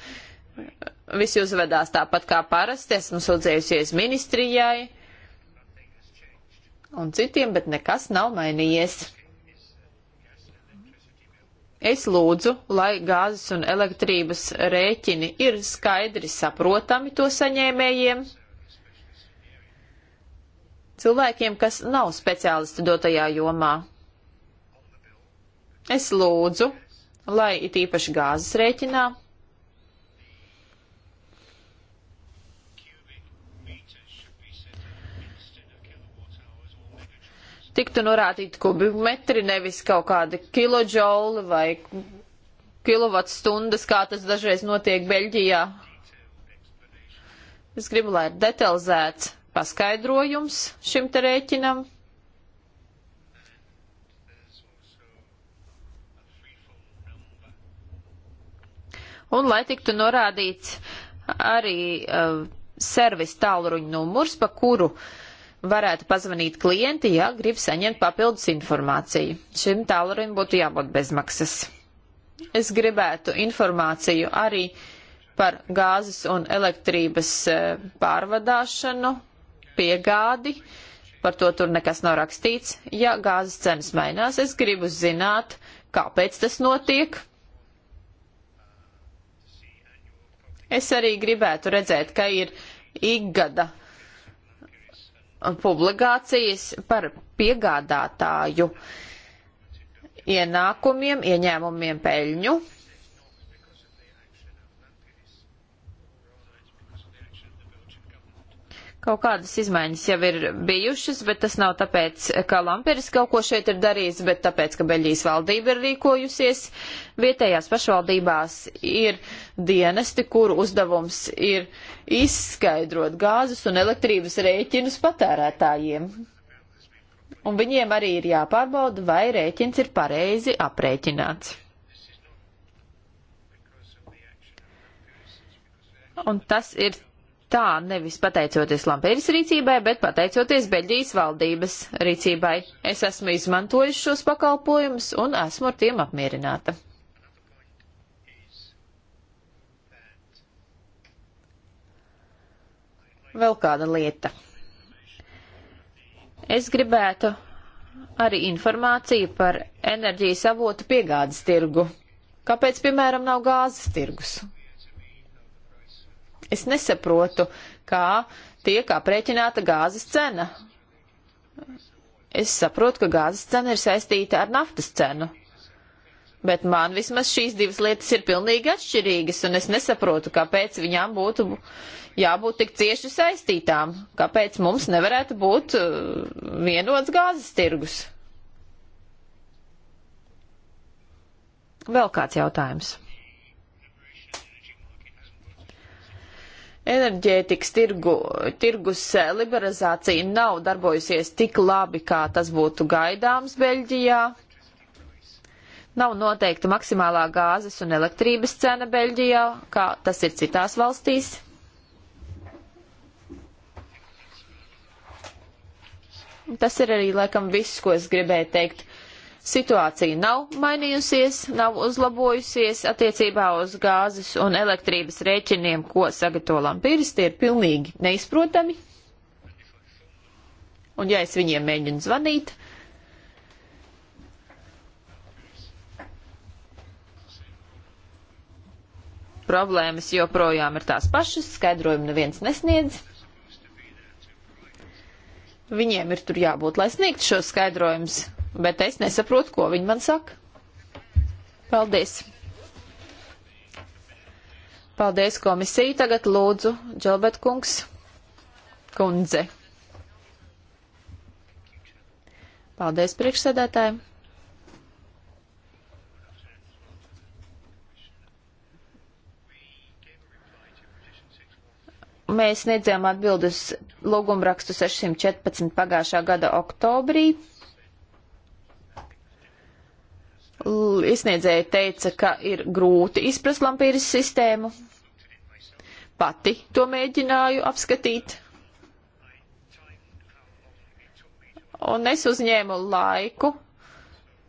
[SPEAKER 3] Visi uzvedās tāpat kā parasti. Esmu sūdzējusies ministrijai un citiem, bet nekas nav mainījies. Es lūdzu, lai gāzes un elektrības rēķini ir skaidri saprotami to saņēmējiem cilvēkiem, kas nav speciālisti dotajā jomā. Es lūdzu, lai it īpaši gāzes rēķinā tiktu norādīti kubikmetri, nevis kaut kādi kiloģoli vai kilovatstundas, kā tas dažreiz notiek Beļģijā. Es gribu, lai ir detalizēts paskaidrojums šim te rēķinam. Un lai tiktu norādīts arī uh, servis tālruņa numurs, pa kuru varētu pazvanīt klienti, ja grib saņemt papildus informāciju. Šim tālruņam būtu jābūt bezmaksas. Es gribētu informāciju arī par gāzes un elektrības uh, pārvadāšanu piegādi, par to tur nekas nav rakstīts. Ja gāzes cenas mainās, es gribu zināt, kāpēc tas notiek. Es arī gribētu redzēt, ka ir ikgada publikācijas par piegādātāju ienākumiem, ieņēmumiem, peļņu. Kaut kādas izmaiņas jau ir bijušas, bet tas nav tāpēc, ka Lamperis kaut ko šeit ir darījis, bet tāpēc, ka Beļģijas valdība ir rīkojusies. Vietējās pašvaldībās ir dienesti, kuru uzdevums ir izskaidrot gāzes un elektrības rēķinus patērētājiem. Un viņiem arī ir jāpārbauda, vai rēķins ir pareizi aprēķināts. Un tas ir tā, nevis pateicoties Lampēras rīcībai, bet pateicoties Beļģijas valdības rīcībai. Es esmu izmantojis šos pakalpojumus un esmu ar tiem apmierināta. Vēl kāda lieta. Es gribētu arī informāciju par enerģijas avotu piegādes tirgu. Kāpēc, piemēram, nav gāzes tirgus? Es nesaprotu, kā tiek aprēķināta gāzes cena. Es saprotu, ka gāzes cena ir saistīta ar naftas cenu. Bet man vismaz šīs divas lietas ir pilnīgi atšķirīgas, un es nesaprotu, kāpēc viņām būtu jābūt tik cieši saistītām. Kāpēc mums nevarētu būt uh, vienots gāzes tirgus? Vēl kāds jautājums. enerģētikas tirgu, tirgus eh, liberalizācija nav darbojusies tik labi, kā tas būtu gaidāms Beļģijā. Nav noteikta maksimālā gāzes un elektrības cena Beļģijā, kā tas ir citās valstīs. Tas ir arī, laikam, viss, ko es gribēju teikt. Situācija nav mainījusies, nav uzlabojusies attiecībā uz gāzes un elektrības rēķiniem, ko sagatavo lampīris, tie ir pilnīgi neizprotami. Un ja es viņiem mēģinu zvanīt, problēmas joprojām ir tās pašas, skaidrojumu neviens nesniedz. Viņiem ir tur jābūt, lai sniegtu šo skaidrojumus bet es nesaprotu, ko viņi man saka. Paldies! Paldies komisiju. Tagad lūdzu, Dželbet kungs, kundze. Paldies priekšsēdētājiem. Mēs sniedzām atbildus lūgumrakstu 614 pagājušā gada oktobrī izsniedzēja teica, ka ir grūti izprast lampīras sistēmu. Pati to mēģināju apskatīt. Un es uzņēmu laiku,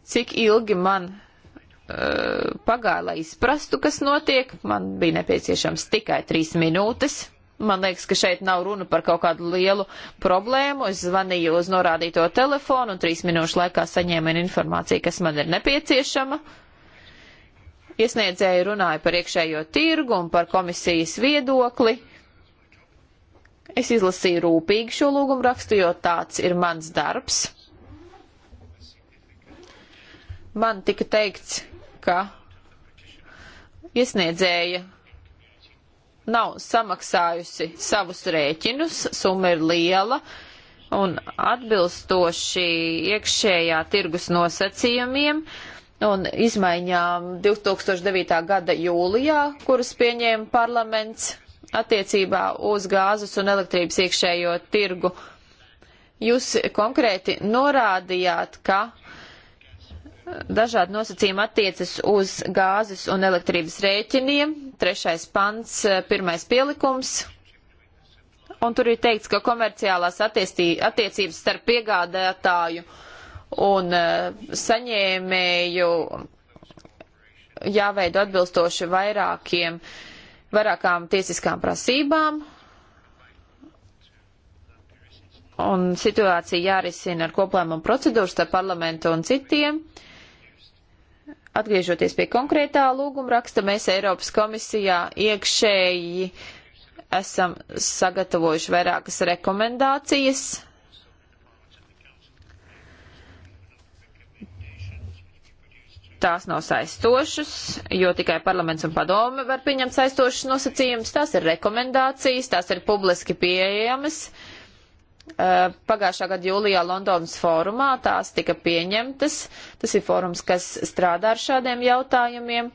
[SPEAKER 3] cik ilgi man uh, pagāja, lai izprastu, kas notiek. Man bija nepieciešams tikai trīs minūtes. Man liekas, ka šeit nav runa par kaut kādu lielu problēmu. Es zvanīju uz norādīto telefonu un trīs minūšu laikā saņēmu informāciju, kas man ir nepieciešama. Iesniedzēji runāja par iekšējo tirgu un par komisijas viedokli. Es izlasīju rūpīgi šo lūgumu rakstu, jo tāds ir mans darbs. Man tika teikts, ka iesniedzēja nav samaksājusi savus rēķinus, summa ir liela un atbilstoši iekšējā tirgus nosacījumiem un izmaiņām 2009. gada jūlijā, kuras pieņēma parlaments attiecībā uz gāzes un elektrības iekšējo tirgu. Jūs konkrēti norādījāt, ka Dažādi nosacījumi attiecas uz gāzes un elektrības rēķiniem. Trešais pants, eh, pirmais pielikums. Un tur ir teikts, ka komerciālās attiecības starp piegādātāju un eh, saņēmēju jāveido atbilstoši vairākiem, vairākām tiesiskām prasībām. Un situācija jārisina ar koplēmumu procedūru starp parlamentu un citiem. Uh, Atgriežoties pie konkrētā lūguma raksta, mēs Eiropas komisijā iekšēji esam sagatavojuši vairākas rekomendācijas. Tās nav saistošas, jo tikai parlaments un padome var pieņemt saistošas nosacījumus. Tās ir rekomendācijas, tās ir publiski pieejamas. Uh, Eh, pagājušā gada jūlijā Londonas fórumā tās tika pieņemtas. Tas ir fórums, kas strādā ar šādiem jautājumiem.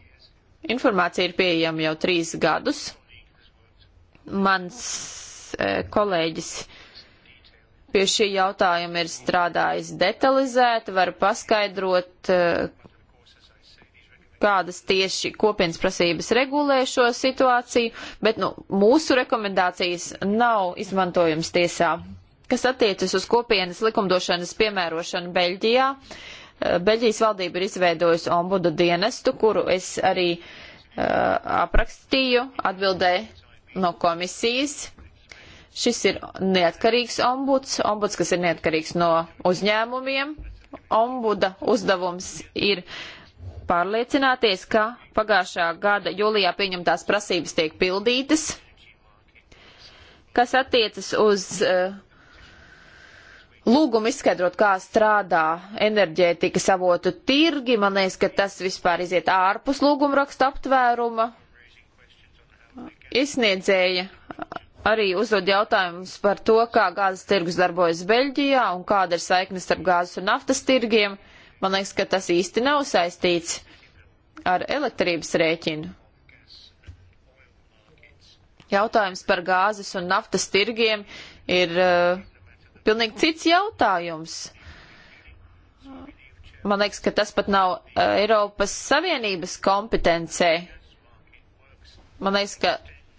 [SPEAKER 3] Informācija ir pieejama jau trīs gadus. Mans eh, kolēģis pie šī jautājuma ir strādājis detalizēti, var paskaidrot, eh, kādas tieši kopienas prasības regulē šo situāciju, bet nu, mūsu rekomendācijas nav izmantojams tiesā kas attiecas uz kopienas likumdošanas piemērošanu Beļģijā. Eh, Beļģijas valdība ir izveidojusi ombudu dienestu, kuru es arī uh, aprakstīju atbildē no komisijas. Šis ir neatkarīgs ombuds, ombuds, kas ir neatkarīgs no uzņēmumiem. Ombuda uzdevums ir pārliecināties, ka pagājušā gada jūlijā pieņemtās prasības tiek pildītas. Kas attiecas uz uh, lūgumu izskaidrot, kā strādā enerģētikas avotu tirgi. Man liekas, ka tas vispār iziet ārpus lūgumu raksta aptvēruma. Izsniedzēja arī uzdod jautājumus par to, kā gāzes tirgus darbojas Beļģijā un kāda ir saiknes starp gāzes un naftas tirgiem. Man liekas, ka tas īsti nav saistīts ar elektrības rēķinu. Jautājums par gāzes un naftas tirgiem ir uh, pilnīgi cits jautājums. Man liekas, ka tas pat nav eh, Eiropas Savienības kompetencē. Man liekas, ka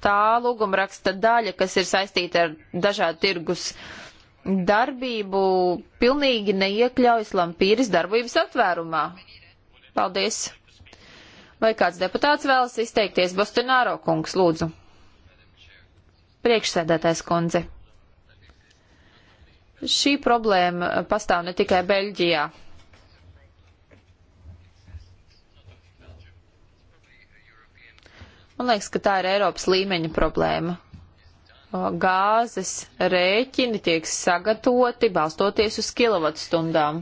[SPEAKER 3] tā lūgumraksta daļa, kas ir saistīta ar dažādu tirgus darbību, pilnīgi neiekļaujas Lampīras darbības atvērumā. Paldies! Vai kāds deputāts vēlas izteikties? Bostonāro kungs, lūdzu. Priekšsēdētājs kundze. Šī problēma pastāv ne tikai Beļģijā. Man liekas, ka tā ir Eiropas līmeņa problēma. Gāzes rēķini tiek sagatavoti balstoties uz kilovatstundām.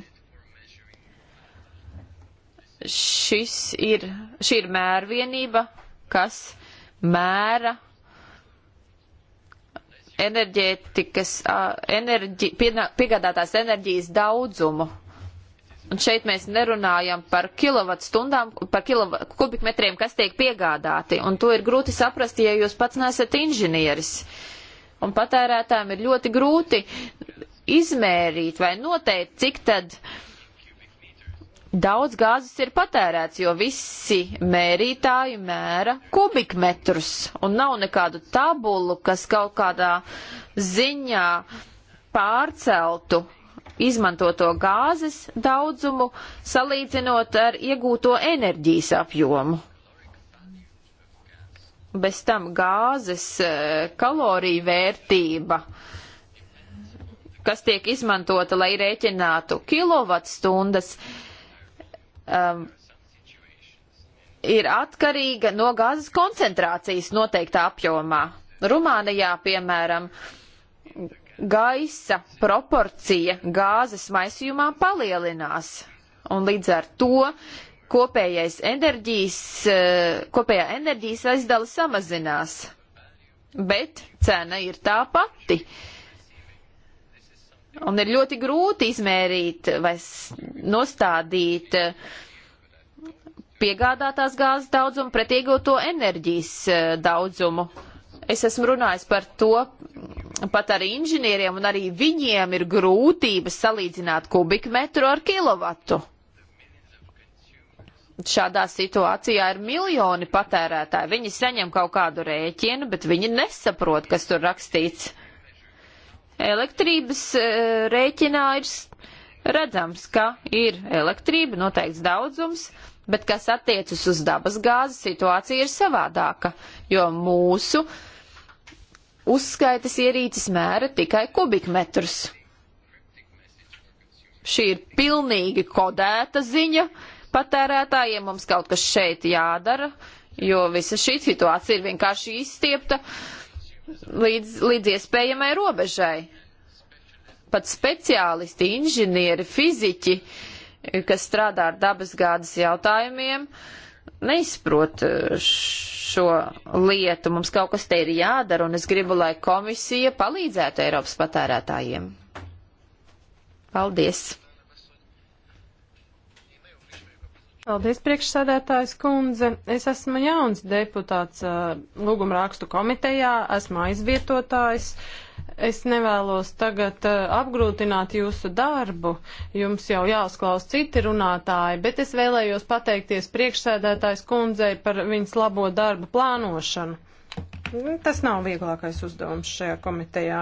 [SPEAKER 3] Šis ir, šī ir mērvienība, kas mēra enerģētikas, enerģi, piegādātās enerģijas daudzumu. Un šeit mēs nerunājam par kilovatstundām, par kilovat, kubikmetriem, kas tiek piegādāti. Un to ir grūti saprast, ja jūs pats nesat inženieris. Un patērētājiem ir ļoti grūti izmērīt vai noteikt, cik tad uh, daudz gāzes ir patērēts, jo visi mērītāji mēra kubikmetrus, un nav nekādu tabulu, kas kaut kādā ziņā pārceltu izmantoto gāzes daudzumu, salīdzinot ar iegūto enerģijas apjomu. Bez tam gāzes e, kaloriju vērtība uh, kas tiek izmantota, lai rēķinātu kilovatstundas, um, ir atkarīga no gāzes koncentrācijas noteiktā apjomā. Rumānijā, piemēram, gaisa proporcija gāzes maisījumā palielinās, un līdz ar to kopējais enerģijas, eh, kopējā enerģijas aizdala samazinās, bet cena ir tā pati. Uh, Un ir ļoti grūti izmērīt vai nostādīt eh, piegādātās gāzes daudzumu pret iegūto enerģijas eh, daudzumu. Es esmu runājis par to pat ar inženieriem, un arī viņiem ir grūtības salīdzināt kubikmetru ar kilovatu. Šādā situācijā ir miljoni patērētāji. Viņi saņem kaut kādu rēķinu, bet viņi nesaprot, kas tur rakstīts elektrības e, rēķinā ir redzams, ka ir elektrība, noteikts daudzums, bet kas attiecas uz dabas gāzi, situācija ir savādāka, jo mūsu uzskaitas ierīces mēra tikai kubikmetrus. Šī ir pilnīgi kodēta ziņa patērētājiem, mums kaut kas šeit jādara, jo visa šī situācija ir vienkārši izstiepta. Uh, līdz, līdz iespējamai robežai. Pat speciālisti, inženieri, fiziķi, kas strādā ar dabas gādas jautājumiem, neizprot eh, šo lietu. Mums kaut kas te ir jādara, un es gribu, lai komisija palīdzētu Eiropas
[SPEAKER 4] patērētājiem. Paldies! Paldies, priekšsādētājs kundze. Es esmu jauns deputāts uh, lūgumrakstu komitejā, esmu aizvietotājs. Es nevēlos tagad uh, apgrūtināt jūsu darbu, jums jau jāuzklaus citi runātāji, bet es vēlējos pateikties priekšsēdētājs kundzei par viņas labo darbu plānošanu. Tas nav vieglākais uzdevums šajā komitejā.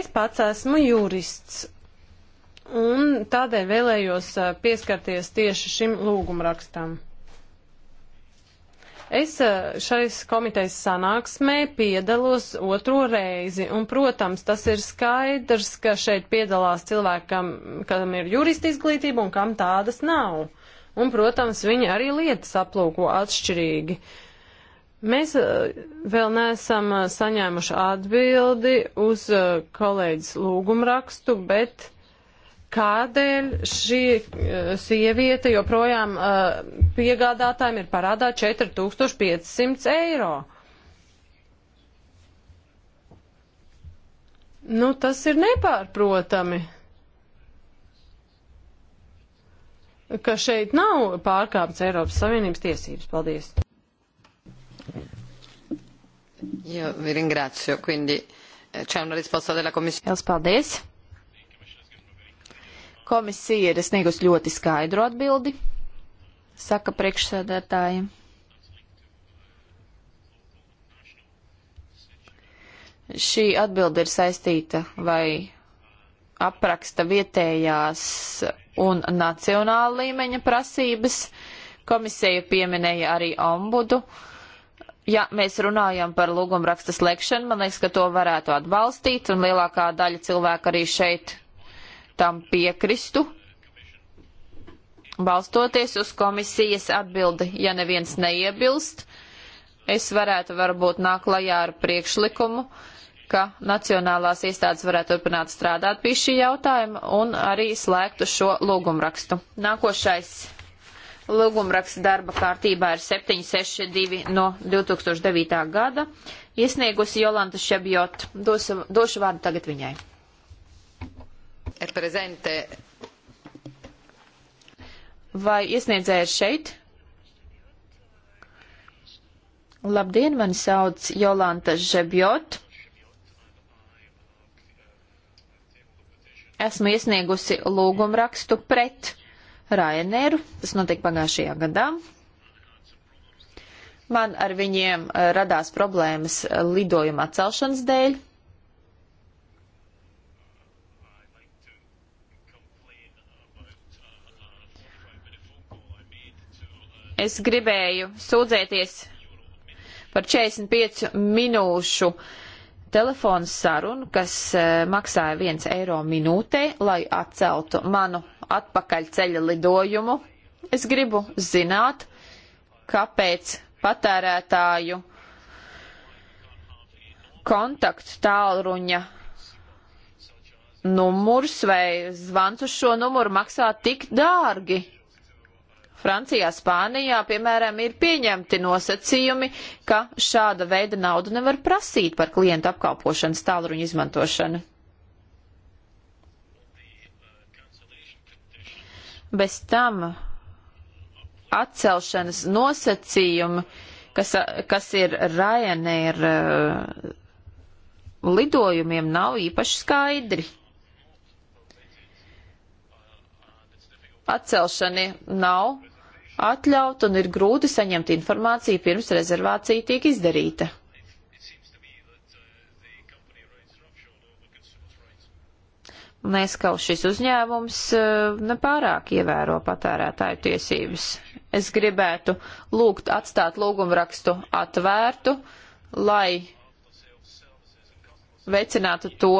[SPEAKER 4] Es pats esmu jurists, Un tādēļ vēlējos pieskarties tieši šim lūgumrakstam. Es šais komitejas sanāksmē piedalos otro reizi, un, protams, tas ir skaidrs, ka šeit piedalās cilvēkam, kam ir jurista izglītība un kam tādas nav. Un, protams, viņi arī lietas aplūko atšķirīgi. Mēs vēl neesam saņēmuši atbildi uz kolēģis lūgumrakstu, bet kādēļ šī eh, sieviete joprojām eh, piegādātājiem ir parādā 4500 eiro. Nu, tas ir nepārprotami, ka šeit nav pārkāpts Eiropas Savienības tiesības. Paldies. Io vi ringrazio, quindi eh, c'è una
[SPEAKER 1] risposta
[SPEAKER 3] della Commissione. Paldies. Komisija ir sniegus ļoti skaidru atbildi, saka priekšsēdētāji. Šī atbilde ir saistīta vai apraksta vietējās un nacionāla līmeņa prasības. Komisija pieminēja arī ombudu. Ja mēs runājam par lūgumraksta slēgšanu, man liekas, ka to varētu atbalstīt, un lielākā daļa cilvēku arī šeit tam piekristu, balstoties uz komisijas atbildi, ja neviens neiebilst, es varētu varbūt nāk klajā ar priekšlikumu, ka nacionālās iestādes varētu turpināt strādāt pie šī jautājuma un arī slēgtu šo lūgumrakstu. Nākošais lūgumraksts darba kārtībā ir 762 no 2009. gada. Iesniegusi Jolanta Šebjot. Došu, došu vārdu tagad viņai ir prezente. Vai iesniedzējs šeit? Labdien, mani sauc Jolanta Žebjot. Esmu iesniegusi lūgumrakstu pret Ryanairu. Tas notika pagājušajā gadā. Man ar viņiem radās problēmas lidojuma atcelšanas dēļ. Es gribēju sūdzēties par 45 minūšu telefonu sarunu, kas e, maksāja 1 eiro minūtē, lai atceltu manu atpakaļceļa lidojumu. Es gribu zināt, kāpēc patērētāju kontaktu tālruņa numurs vai zvans uz šo numuru maksā tik dārgi. Francijā, Spānijā, piemēram, ir pieņemti nosacījumi, ka šāda veida naudu nevar prasīt par klientu apkalpošanas tālruņu izmantošanu. Bez tam atcelšanas nosacījumi, kas, kas ir Ryanair eh, lidojumiem, nav īpaši skaidri. atcelšana nav atļauta un ir grūti saņemt informāciju pirms rezervācija tiek izdarīta. Mēs kaut šis uzņēmums eh, nepārāk ievēro patērētāju tiesības. Es gribētu lūgt atstāt lūgumrakstu atvērtu, lai veicinātu to,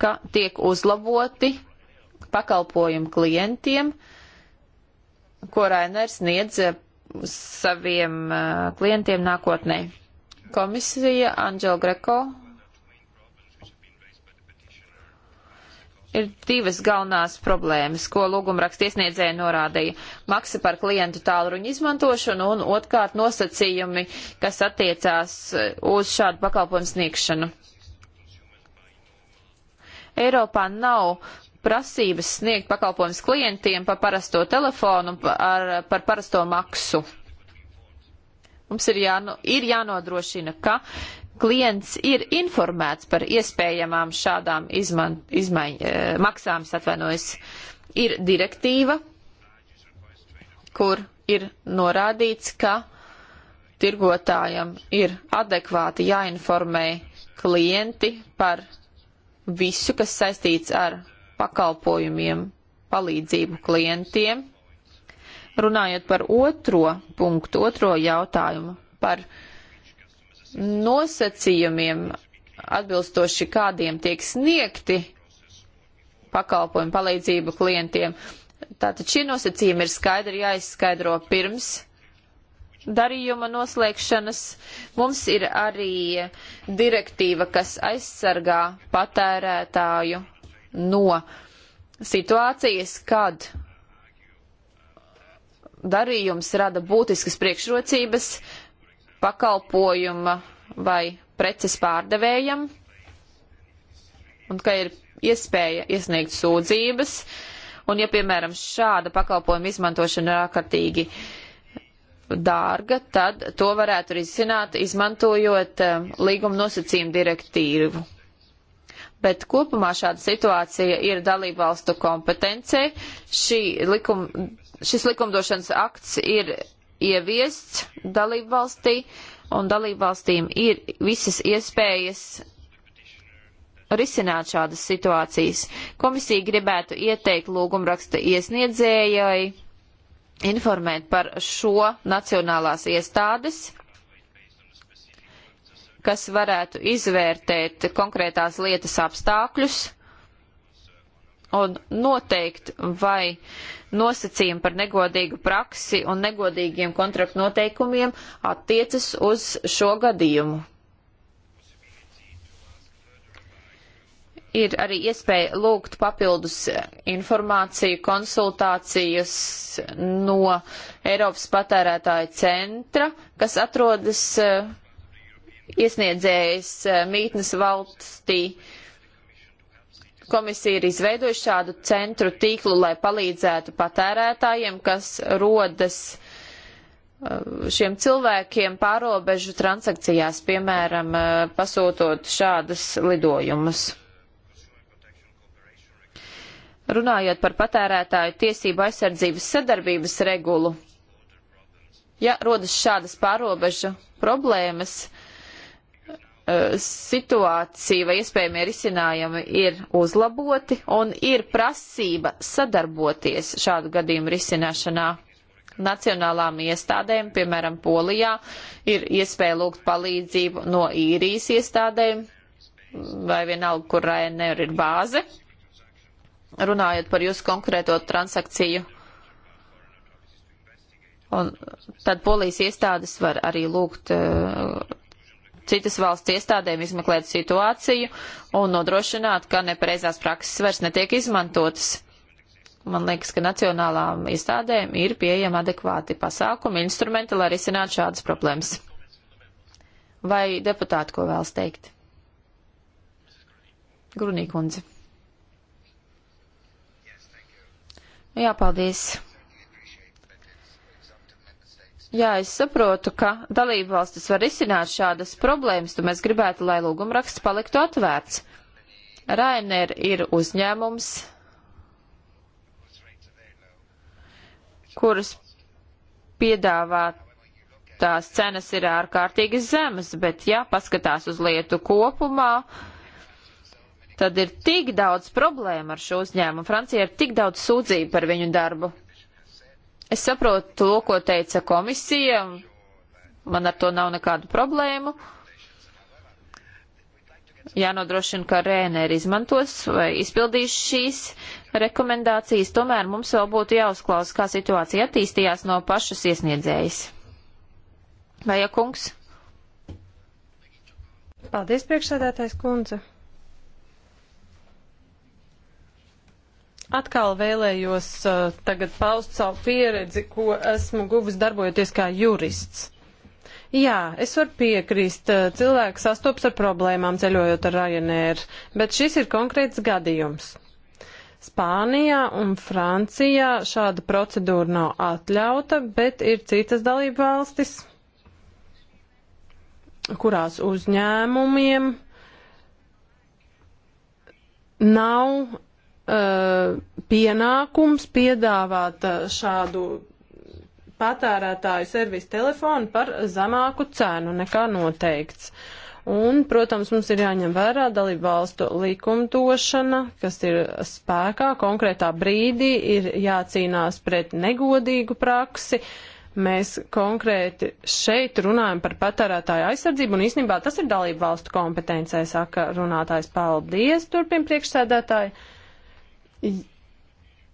[SPEAKER 3] ka tiek uzlaboti pakalpojumu klientiem, ko Rainers sniedz eh, saviem eh, klientiem nākotnē. Komisija Anģela Greko ir divas galvenās problēmas, ko lūgumraksta iesniedzēja norādīja. Maksa par klientu tālruņu izmantošanu un otrkārt nosacījumi, kas attiecās eh, uz šādu pakalpojumu sniegšanu. Eiropā nav prasības sniegt pakalpojums klientiem par parasto telefonu, par, par parasto maksu. Mums ir, jāno, nu, ir jānodrošina, ka klients ir informēts par iespējamām šādām izman, izmaiņ, eh, maksām, atvainojas, ir direktīva, kur ir norādīts, ka tirgotājam ir adekvāti jāinformē klienti par visu, kas saistīts ar pakalpojumiem, palīdzību klientiem. Runājot par otro punktu, otro jautājumu par nosacījumiem, atbilstoši kādiem tiek sniegti pakalpojumi, palīdzību klientiem. Tātad šie nosacījumi ir skaidri jāizskaidro pirms darījuma noslēgšanas. Mums ir arī direktīva, kas aizsargā patērētāju no situācijas, kad darījums rada būtiskas priekšrocības pakalpojuma vai preces pārdevējam, un ka ir iespēja iesniegt sūdzības, un ja, piemēram, šāda pakalpojuma izmantošana ir ārkārtīgi dārga, tad to varētu risināt, izmantojot eh, līguma nosacījumu direktīvu bet kopumā šāda situācija ir dalībvalstu kompetencē. Šī likum, šis likumdošanas akts ir ieviests dalībvalstī, un dalībvalstīm ir visas iespējas risināt šādas situācijas. Komisija gribētu ieteikt lūgumraksta iesniedzējai informēt par šo nacionālās iestādes kas varētu izvērtēt konkrētās lietas apstākļus un noteikt, vai nosacījumi par negodīgu praksi un negodīgiem kontraktu noteikumiem attiecas uz šo gadījumu. ir arī iespēja lūgt papildus informāciju, konsultācijas no Eiropas patērētāja centra, kas atrodas eh, iesniedzējs eh, mītnes valstī. Komisija ir izveidojusi šādu centru tīklu, lai palīdzētu patērētājiem, kas rodas eh, šiem cilvēkiem pārobežu transakcijās, piemēram, eh, pasūtot šādas lidojumus. Runājot par patērētāju tiesību aizsardzības sadarbības regulu, ja rodas šādas pārobežu problēmas, Eh, situācija vai iespējamie risinājumi ir uzlaboti un ir prasība sadarboties šādu gadījumu risināšanā. Nacionālām iestādēm, piemēram, Polijā, ir iespēja lūgt palīdzību no īrijas iestādēm vai vienalga, kur Ryanair ir bāze. Runājot par jūsu konkrēto transakciju Un tad polijas iestādes var arī lūgt uh, citas valsts iestādēm izmeklēt situāciju un nodrošināt, ka nepareizās prakses vairs netiek izmantotas. Man liekas, ka nacionālām iestādēm ir pieejama adekvāti pasākumi, instrumenti, lai risinātu šādas problēmas. Vai deputāti ko vēlas teikt? Grunīkundze. Jā, paldies. Jā, es saprotu, ka dalībvalstis var izsināt šādas problēmas, un mēs gribētu, lai lūgumraksts paliktu atvērts. Rainer ir uzņēmums, kuras piedāvātās cenas ir ārkārtīgi zemas, bet ja paskatās uz lietu kopumā, tad ir tik daudz problēma ar šo uzņēmumu. Francija ir tik daudz sūdzību par viņu darbu. Es saprotu to, ko teica komisija, man ar to nav nekādu problēmu. Jānodrošina, ka Rēneri izmantos vai izpildīs šīs rekomendācijas, tomēr mums vēl būtu jāuzklausa, kā situācija attīstījās no pašas iesniedzējas. Vai, ja kungs?
[SPEAKER 4] Paldies, priekšsēdētājs kundze. atkal vēlējos uh, tagad paust savu pieredzi, ko esmu guvis darbojoties kā jurists. Jā, es varu piekrist, uh, cilvēks sastops ar problēmām ceļojot ar Ryanair, bet šis ir konkrēts gadījums. Spānijā un Francijā šāda procedūra nav atļauta, bet ir citas dalība valstis, kurās uzņēmumiem nav Uh, pienākums piedāvāt uh, šādu patērētāju servisu telefonu par zemāku cenu nekā noteikts. Un, protams, mums ir jāņem vērā dalību valstu likumdošana, kas ir spēkā konkrētā brīdī, ir jācīnās pret negodīgu praksi. Mēs konkrēti šeit runājam par patērētāju aizsardzību, un īstenībā tas ir dalību valstu kompetencē, saka runātājs. Paldies, turpin priekšsēdētāji.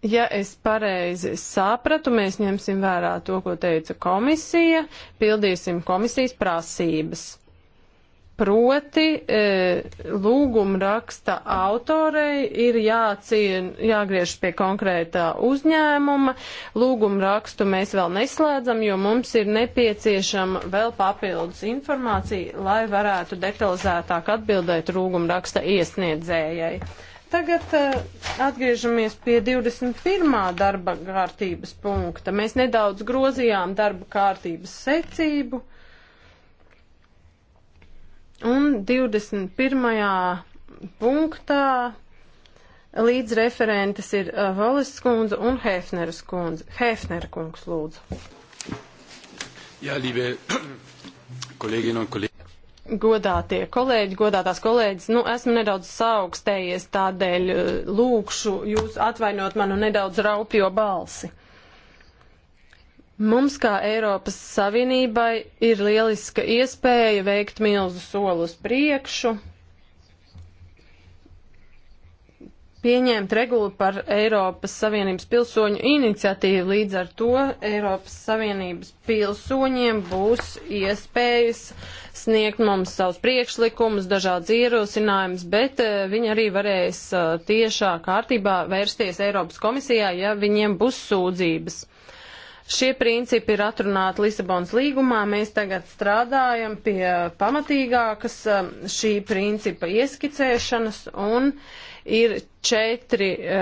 [SPEAKER 4] Ja es pareizi sapratu, mēs ņemsim vērā to, ko teica komisija, pildīsim komisijas prasības. Proti, e, lūguma raksta autorei ir jācien, jāgriež pie konkrētā uzņēmuma. Lūguma rakstu mēs vēl neslēdzam, jo mums ir nepieciešama vēl papildus informācija, lai varētu detalizētāk atbildēt lūguma raksta iesniedzējai tagad uh, atgriežamies pie 21. darba kārtības punkta. Mēs nedaudz grozījām darba kārtības secību. Un 21. punktā līdz referentes ir uh, eh, Valis skundze un Hefneras skundze. Hefnera kungs lūdzu.
[SPEAKER 5] Jā, liebe kolēģi un kolēģi.
[SPEAKER 4] Godātie kolēģi, godātās kolēģis, nu esmu nedaudz saaugstējies, tādēļ eh, lūkšu jūs atvainot manu nedaudz raupjo balsi. Mums kā Eiropas Savienībai ir lieliska iespēja veikt milzu solus priekšu, pieņēmt regulu par Eiropas Savienības pilsoņu iniciatīvu. Līdz ar to Eiropas Savienības pilsoņiem būs iespējas sniegt mums savus priekšlikumus, dažādas ierosinājumus, bet eh, viņi arī varēs eh, tiešā kārtībā vērsties Eiropas komisijā, ja viņiem būs sūdzības. Šie principi ir atrunāti Lisabonas līgumā. Mēs tagad strādājam pie pamatīgākas eh, šī principa ieskicēšanas un uh, ir četri uh,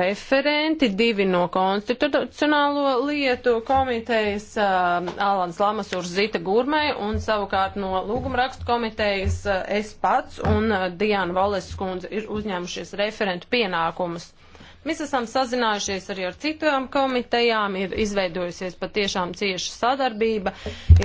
[SPEAKER 4] referenti, divi no konstitucionālo lietu komitejas uh, Alans Lamasurs Zita Gurmai un savukārt no lūgumrakstu komitejas uh, es pats un uh, Diana Valeskundze ir uzņēmušies referentu pienākumus. Mēs esam sazinājušies arī ar citām komitejām, ir izveidojusies patiešām cieša sadarbība,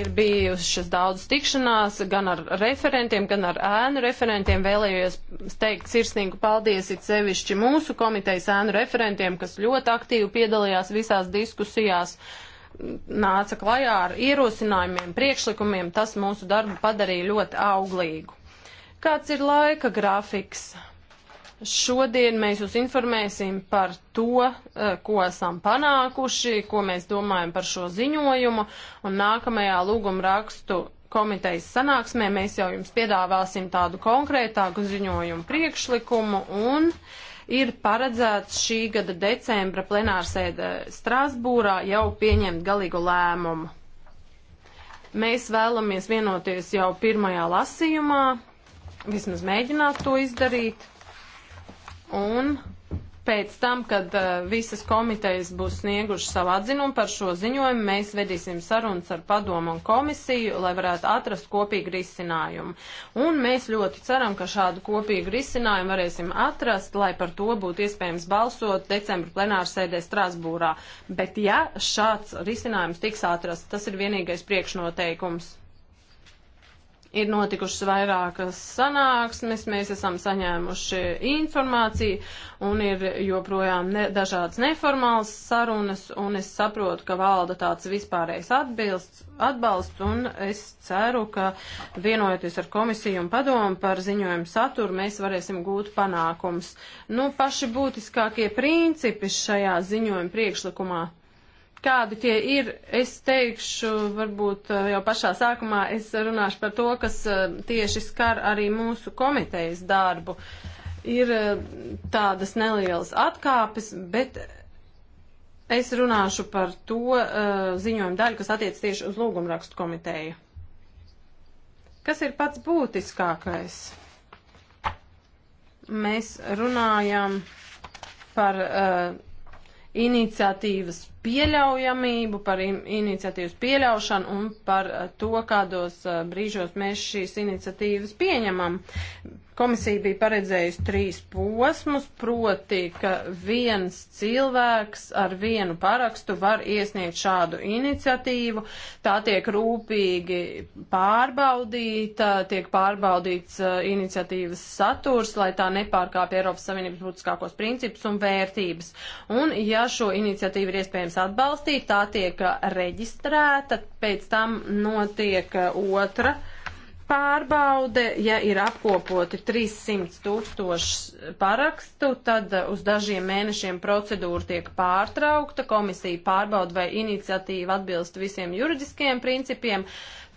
[SPEAKER 4] ir bijušas daudz tikšanās gan ar referentiem, gan ar ēnu referentiem. Vēlējos teikt sirsnīgu paldies it sevišķi mūsu komitejas ēnu referentiem, kas ļoti aktīvi piedalījās visās diskusijās nāca klajā ar ierosinājumiem, priekšlikumiem, tas mūsu darbu padarīja ļoti auglīgu. Kāds ir laika grafiks? Šodien mēs jūs informēsim par to, eh, ko esam panākuši, ko mēs domājam par šo ziņojumu, un nākamajā lūguma rakstu komitejas sanāksmē mēs jau jums piedāvāsim tādu konkrētāku ziņojumu priekšlikumu un ir paredzēts šī gada decembra plenārsēde Strasbūrā jau pieņemt galīgu lēmumu. Mēs vēlamies vienoties jau pirmajā lasījumā, vismaz mēģināt to izdarīt un pēc tam, kad uh, visas komitejas būs snieguši savu atzinumu par šo ziņojumu, mēs vedīsim sarunas ar padomu un komisiju, lai varētu atrast kopīgu risinājumu. Un mēs ļoti ceram, ka šādu kopīgu risinājumu varēsim atrast, lai par to būtu iespējams balsot decembra plenāru sēdē Strasbūrā. Bet ja šāds risinājums tiks atrasts, tas ir vienīgais priekšnoteikums. Ir notikušas vairākas sanāksmes, mēs esam saņēmuši informāciju un ir joprojām ne, dažādas neformālas sarunas un es saprotu, ka valda tāds vispārējais atbilsts, atbalsts un es ceru, ka vienojoties ar komisiju un padomu par ziņojumu saturu mēs varēsim gūt panākums. Nu, paši būtiskākie principi šajā ziņojuma priekšlikumā kādi tie ir, es teikšu, varbūt eh, jau pašā sākumā es runāšu par to, kas eh, tieši skar arī mūsu komitejas darbu. Ir eh, tādas nelielas atkāpes, bet es runāšu par to ziņojumu daļu, kas attiec tieši uz lūgumrakstu komiteju. Kas ir pats būtiskākais? Mēs runājam par uh, iniciatīvas pieļaujamību, par iniciatīvas pieļaušanu un par eh, to, kādos eh, brīžos mēs šīs iniciatīvas pieņemam. Komisija bija paredzējusi trīs posmus, proti, ka viens cilvēks ar vienu parakstu var iesniegt šādu iniciatīvu. Tā tiek rūpīgi pārbaudīta, tiek pārbaudīts iniciatīvas saturs, lai tā nepārkāpja Eiropas Savienības būtiskākos principus un vērtības. Un, ja šo iniciatīvu ir iespējams atbalstīt, tā tiek reģistrēta, pēc tam notiek otra pārbaude, ja ir apkopoti 300 tūkstoši parakstu, tad uh, uz dažiem mēnešiem procedūra tiek pārtraukta, komisija pārbauda, vai iniciatīva atbilst visiem juridiskajiem principiem,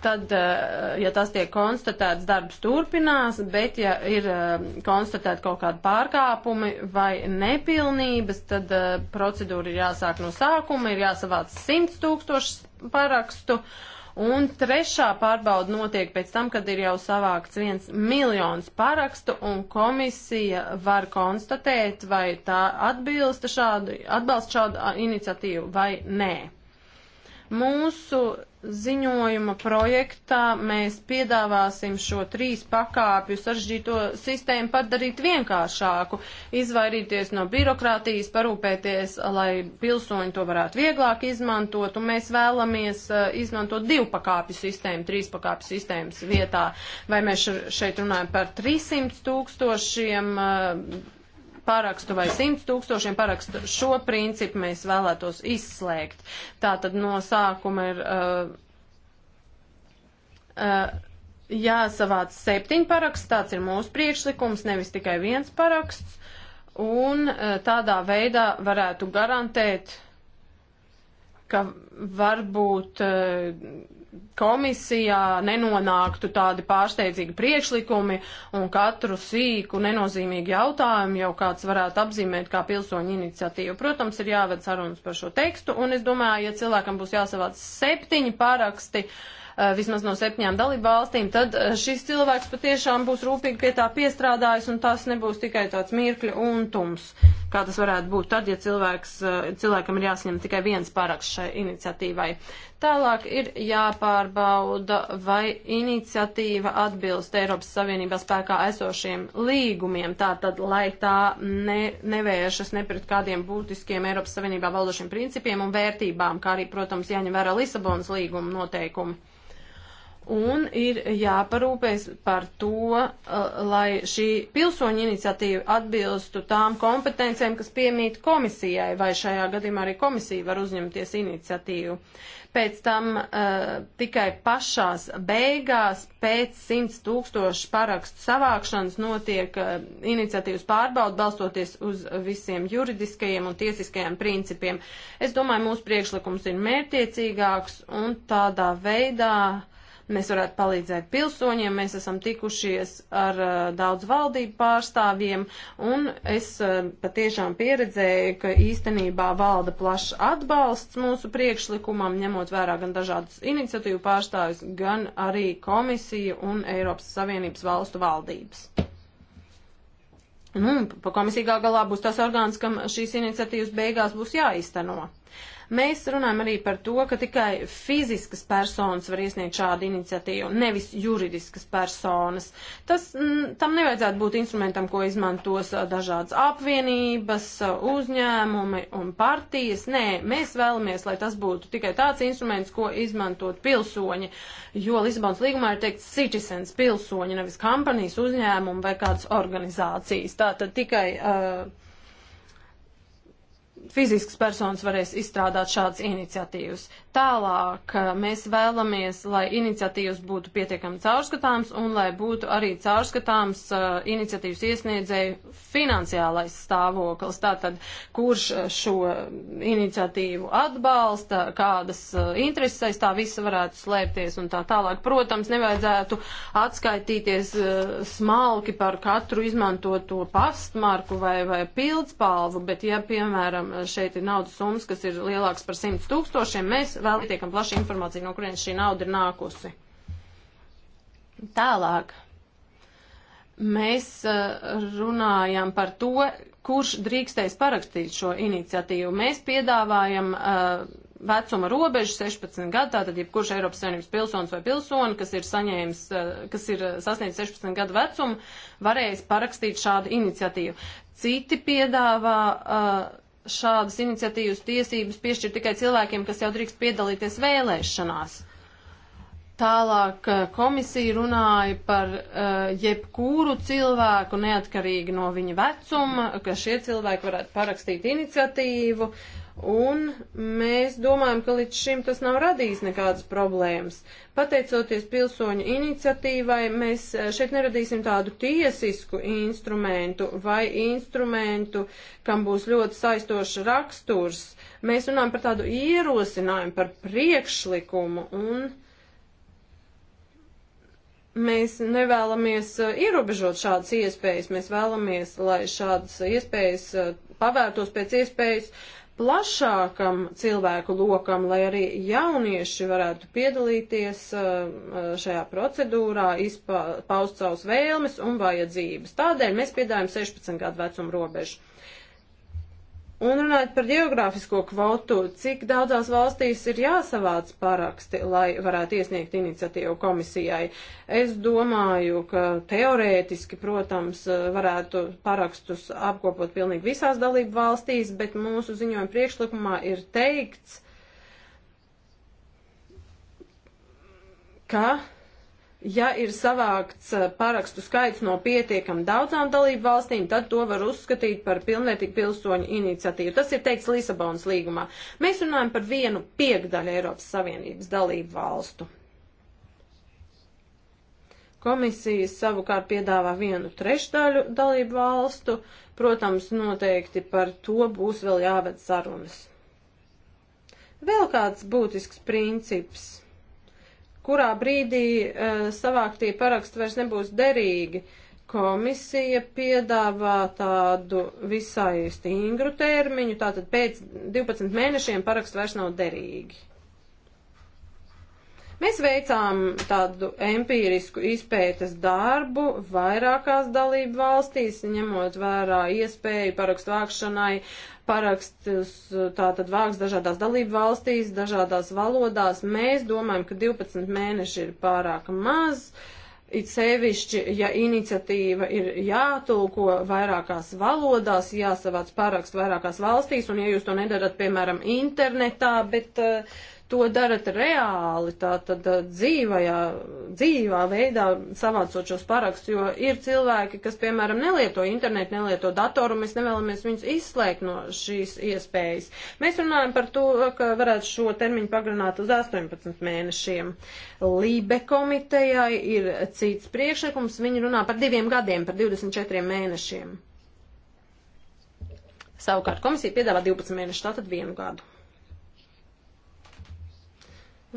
[SPEAKER 4] tad, uh, ja tas tiek konstatēts, darbs turpinās, bet ja ir uh, konstatēti kaut kādi pārkāpumi vai nepilnības, tad procedūra ir jāsāk no sākuma, ir jāsavāc 100 tūkstoši parakstu Un trešā pārbauda notiek pēc tam, kad ir jau savākts viens miljons parakstu, un komisija var konstatēt, vai tā atbilst šādu, atbalst šādu iniciatīvu vai nē. Mūsu ziņojuma projektā mēs piedāvāsim šo trīs pakāpju saržģīto sistēmu padarīt vienkāršāku, izvairīties no birokrātijas, parūpēties, lai pilsoņi to varētu vieglāk izmantot, un mēs vēlamies eh, izmantot divu pakāpju sistēmu, trīs pakāpju sistēmas vietā. Vai mēs šeit runājam par 300 tūkstošiem eh, parakstu vai simts tūkstošiem parakstu. Šo principu mēs vēlētos izslēgt. Tā tad no sākuma ir. Uh, uh, Jāsavāc septiņi paraksts, tāds ir mūsu priekšlikums, nevis tikai viens paraksts, un uh, tādā veidā varētu garantēt, ka varbūt uh, komisijā nenonāktu tādi pārsteidzīgi priekšlikumi un katru sīku nenozīmīgu jautājumu jau kāds varētu apzīmēt kā pilsoņu iniciatīvu. Protams, ir jāved sarunas par šo tekstu, un es domāju, ja cilvēkam būs jāsavāc septiņi paraksti, uh, Eh, vismaz no septiņām dalību valstīm, tad eh, šis cilvēks patiešām būs rūpīgi pie tā piestrādājis un tas nebūs tikai tāds mirkļa untums, kā tas varētu būt tad, ja cilvēks, eh, cilvēkam ir jāsaņem tikai viens paraksts šai iniciatīvai. Tālāk ir jāpārbauda, vai iniciatīva atbilst Eiropas Savienībā spēkā esošiem līgumiem, tātad, lai tā ne, nevēršas ne pret kādiem būtiskiem Eiropas Savienībā valdošiem principiem un vērtībām, kā arī, protams, jāņem vērā Lisabonas līguma noteikumi un ir jāparūpēs par to, uh, lai šī pilsoņa iniciatīva atbilstu tām kompetencijām, kas piemīt komisijai, vai šajā gadījumā arī komisija var uzņemties iniciatīvu. Pēc tam uh, tikai pašās beigās, pēc 100 tūkstošu parakstu savākšanas, notiek uh, iniciatīvas pārbauda, balstoties uz visiem juridiskajiem un tiesiskajiem principiem. Es domāju, mūsu priekšlikums ir mērtiecīgāks un tādā veidā uh, mēs varētu palīdzēt pilsoņiem. Mēs esam tikušies ar uh, daudz valdību pārstāvjiem, un es uh, patiešām pieredzēju, ka īstenībā valda plašs atbalsts mūsu priekšlikumam, ņemot vērā gan dažādus iniciatīvu pārstāvjus, gan arī komisiju un Eiropas Savienības valstu valdības. Nu, komisija galā būs tas orgāns, kam šīs iniciatīvas beigās būs jāizteno. Mēs runājam arī par to, ka tikai fiziskas personas var iesniegt šādu iniciatīvu, nevis juridiskas personas. Tas, m, mm, tam nevajadzētu būt instrumentam, ko izmantos dažādas apvienības, uzņēmumi un partijas. Nē, mēs vēlamies, lai tas būtu tikai tāds instruments, ko izmantot pilsoņi, jo Lisabons līgumā ir teikts citizens pilsoņi, nevis kampanijas uzņēmumi vai kādas organizācijas. Tātad tikai uh, fizisks personas varēs izstrādāt šādas iniciatīvas. Tālāk eh, mēs vēlamies, lai iniciatīvas būtu pietiekami caurskatāms un lai būtu arī caurskatāms uh, iniciatīvas iesniedzēju finansiālais stāvoklis. Tātad, kurš eh, šo iniciatīvu atbalsta, kādas uh, intereses aiz tā visa varētu slēpties un tā tālāk. Protams, nevajadzētu atskaitīties uh, smalki par katru izmantoto pastmarku vai, vai pildspalvu, bet ja, piemēram, šeit ir naudas summas, kas ir lielāks par 100 tūkstošiem, mēs vēl pietiekam plaša informācija, no kurienes šī nauda ir nākusi. Tālāk. Mēs eh, runājam par to, kurš drīkstēs parakstīt šo iniciatīvu. Mēs piedāvājam uh, vecuma robežu 16 gadu, tātad jebkurš Eiropas Savienības pilsonis vai pilsoni, kas ir saņēmis, eh, kas ir sasniedzis 16 gadu vecumu, varēs parakstīt šādu iniciatīvu. Citi piedāvā uh, šādas iniciatīvas tiesības piešķir tikai cilvēkiem, kas jau drīkst piedalīties vēlēšanās. Tālāk eh, komisija runāja par uh, jebkuru cilvēku, neatkarīgi no viņa vecuma, ka šie cilvēki varētu parakstīt iniciatīvu. Uh, Un mēs domājam, ka līdz šim tas nav radījis nekādas problēmas. Pateicoties pilsoņu iniciatīvai, mēs eh, šeit neradīsim tādu tiesisku instrumentu vai instrumentu, kam būs ļoti saistošs raksturs. Mēs runājam par tādu ierosinājumu, par priekšlikumu un mēs nevēlamies eh, ierobežot šādas iespējas. Mēs vēlamies, lai šādas iespējas eh, pavērtos pēc iespējas uh, plašākam cilvēku lokam, lai arī jaunieši varētu piedalīties uh, uh, šajā procedūrā, izpaust savus vēlmes un vajadzības. Tādēļ mēs piedāvājam 16 gadu vecumu robežu. Un runājot par geogrāfisko kvotu, cik daudzās valstīs ir jāsavāc paraksti, lai varētu iesniegt iniciatīvu komisijai? Es domāju, ka teorētiski, protams, varētu parakstus apkopot pilnīgi visās dalību valstīs, bet mūsu ziņojuma priekšlikumā ir teikts, ka Ja ir savākts eh, parakstu skaits no pietiekam daudzām dalību valstīm, tad to var uzskatīt par pilnvērtīgu pilsoņu iniciatīvu. Tas ir teikts Lisabonas līgumā. Mēs runājam par vienu piekdaļu Eiropas Savienības dalību valstu. Komisija savukārt piedāvā vienu trešdaļu dalību valstu. Protams, noteikti par to būs vēl jāved sarunas. Vēl kāds būtisks princips kurā brīdī uh, eh, savāktie paraksti vairs nebūs derīgi. Komisija piedāvā tādu visai stingru termiņu, tātad pēc 12 mēnešiem paraksti vairs nav derīgi. Mēs veicām tādu empīrisku izpētes darbu vairākās dalību valstīs, ņemot vērā iespēju parakstu vākšanai, parakstus tātad vāks dažādās dalību valstīs, dažādās valodās. Mēs domājam, ka 12 mēneši ir pārāk maz. It sevišķi, ja iniciatīva ir jātulko vairākās valodās, jāsavāc paraksts vairākās valstīs, un ja jūs to nedarat, piemēram, internetā, bet uh, to darat reāli, tā tad uh, dzīvajā, dzīvā veidā savācot šos parakstus, jo ir cilvēki, kas, piemēram, nelieto internetu, nelieto datoru, mēs nevēlamies viņus izslēgt no šīs iespējas. Mēs runājam par to, ka varētu šo termiņu pagarināt uz 18 mēnešiem. Lībe komitejai ir cits priekšlikums, viņi runā par diviem gadiem, par 24 mēnešiem. Savukārt komisija piedāvā 12 mēnešus, tātad vienu gadu.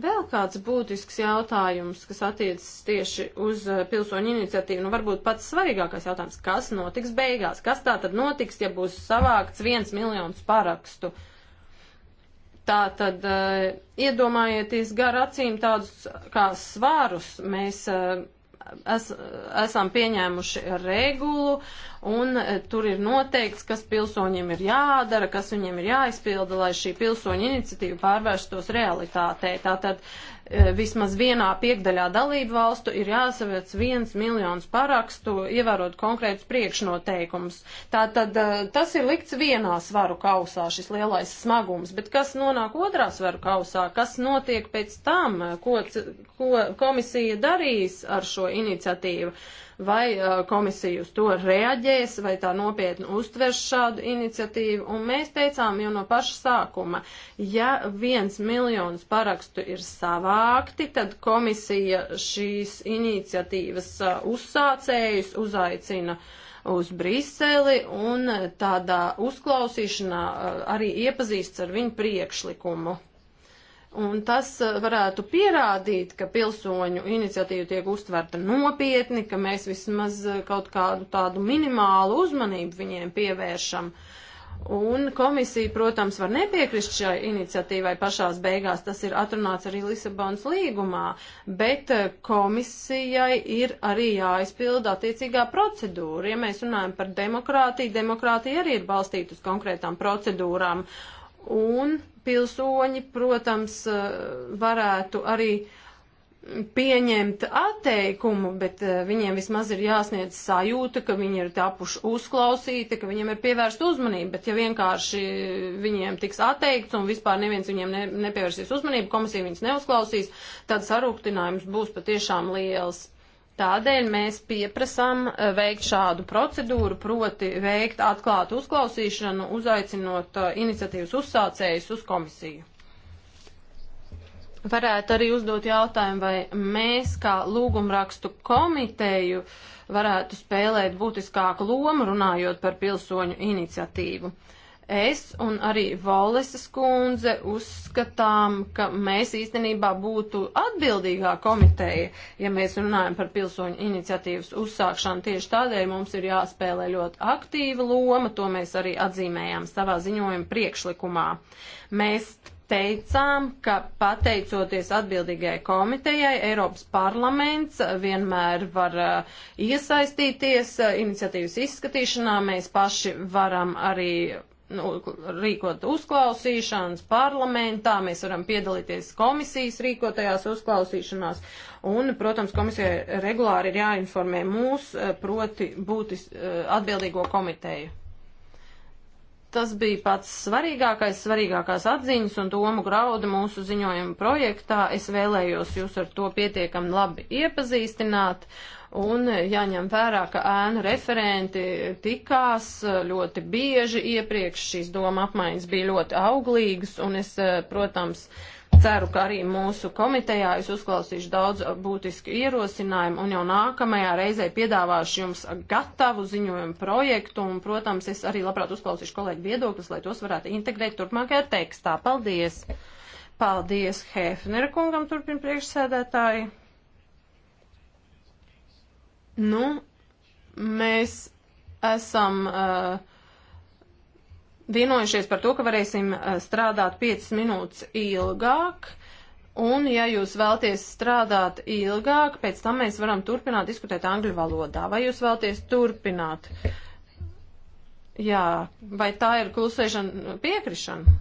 [SPEAKER 4] Vēl kāds būtisks jautājums, kas attiecas tieši uz uh, pilsoņu iniciatīvu, nu varbūt pats svarīgākais jautājums, kas notiks beigās, kas tā tad notiks, ja būs savākts viens miljons parakstu. Tā tad uh, iedomājieties gar acīm tādus kā svarus, mēs uh, es, esam pieņēmuši regulu, un e, tur ir noteikts, kas pilsoņiem ir jādara, kas viņiem ir jāizpilda, lai šī pilsoņa iniciatīva pārvērstos realitātē. Tātad E, vismaz vienā piekdaļā dalību valstu ir jāsavēc viens miljons parakstu, ievērot konkrētus priekšnoteikumus. Tātad e, tas ir likts vienā svaru kausā, šis lielais smagums, bet kas nonāk otrā svaru kausā, kas notiek pēc tam, ko, ko komisija darīs ar šo iniciatīvu? vai uh, komisija uz to reaģēs, vai tā nopietni uztvers šādu iniciatīvu. Un mēs teicām jau no paša sākuma, ja viens miljons parakstu ir savākti, tad komisija šīs iniciatīvas uh, uzsācējus uzaicina uz Briseli un tādā uzklausīšanā uh, arī iepazīsts ar viņu priekšlikumu. Un tas eh, varētu pierādīt, ka pilsoņu iniciatīva tiek uztverta nopietni, ka mēs vismaz eh, kaut kādu tādu minimālu uzmanību viņiem pievēršam. Un komisija, protams, var nepiekrist šai iniciatīvai pašās beigās, tas ir atrunāts arī Lisabonas līgumā, bet eh, komisijai ir arī jāizpilda attiecīgā procedūra. Ja mēs runājam par demokrātiju, demokrātija arī ir balstīta uz konkrētām procedūrām. Un pilsoņi, protams, eh, varētu arī pieņemt atteikumu, bet eh, viņiem vismaz ir jāsniedz sajūta, ka viņi ir tapuši uzklausīti, ka viņiem ir pievērsta uzmanība, bet ja vienkārši viņiem tiks atteikts un vispār neviens viņiem ne, nepievērsīs uzmanību, komisija viņus neuzklausīs, tad sarūktinājums būs patiešām liels. Tādēļ mēs pieprasām eh, veikt šādu procedūru, proti veikt atklātu uzklausīšanu, uzaicinot eh, iniciatīvas uzsācējus uz komisiju. Varētu arī uzdot jautājumu, vai mēs kā lūgumrakstu komiteju varētu spēlēt būtiskāku lomu runājot par pilsoņu iniciatīvu. Uh, es un arī Valesas kundze uzskatām, ka mēs īstenībā būtu atbildīgā komiteja, ja mēs runājam par pilsoņu iniciatīvas uzsākšanu. Tieši tādēļ mums ir jāspēlē ļoti aktīva loma, to mēs arī atzīmējām savā ziņojuma priekšlikumā. Mēs teicām, ka pateicoties atbildīgajai komitejai, Eiropas parlaments vienmēr var uh, iesaistīties uh, iniciatīvas izskatīšanā. Mēs paši varam arī nu, rīkot uzklausīšanas parlamentā, mēs varam piedalīties komisijas rīkotajās uzklausīšanās, un, protams, komisijai regulāri ir jāinformē mūs, eh, proti būtis eh, atbildīgo komiteju. Tas bija pats svarīgākais, svarīgākās atziņas un domu grauda mūsu ziņojuma projektā. Es vēlējos jūs ar to pietiekami labi iepazīstināt. Uh, un jāņem vērā, ka ēnu referenti tikās eh, ļoti bieži iepriekš, šīs doma apmaiņas bija ļoti auglīgas, un es, eh, protams, ceru, ka arī mūsu komitejā es uzklausīšu daudz būtisku ierosinājumu un jau nākamajā reizē piedāvāšu jums gatavu ziņojumu projektu un, protams, es arī labprāt uzklausīšu kolēģu viedokļus, lai tos varētu integrēt turpmākajā tekstā. Paldies! Paldies Hefnera kungam turpin priekšsēdētāji! Nu, mēs esam uh, vienojušies par to, ka varēsim uh, strādāt 5 minūtes ilgāk. Un, ja jūs vēlties strādāt ilgāk, pēc tam mēs varam turpināt diskutēt angļu valodā. Vai jūs vēlties turpināt? Jā, vai tā ir klusēšana piekrišana?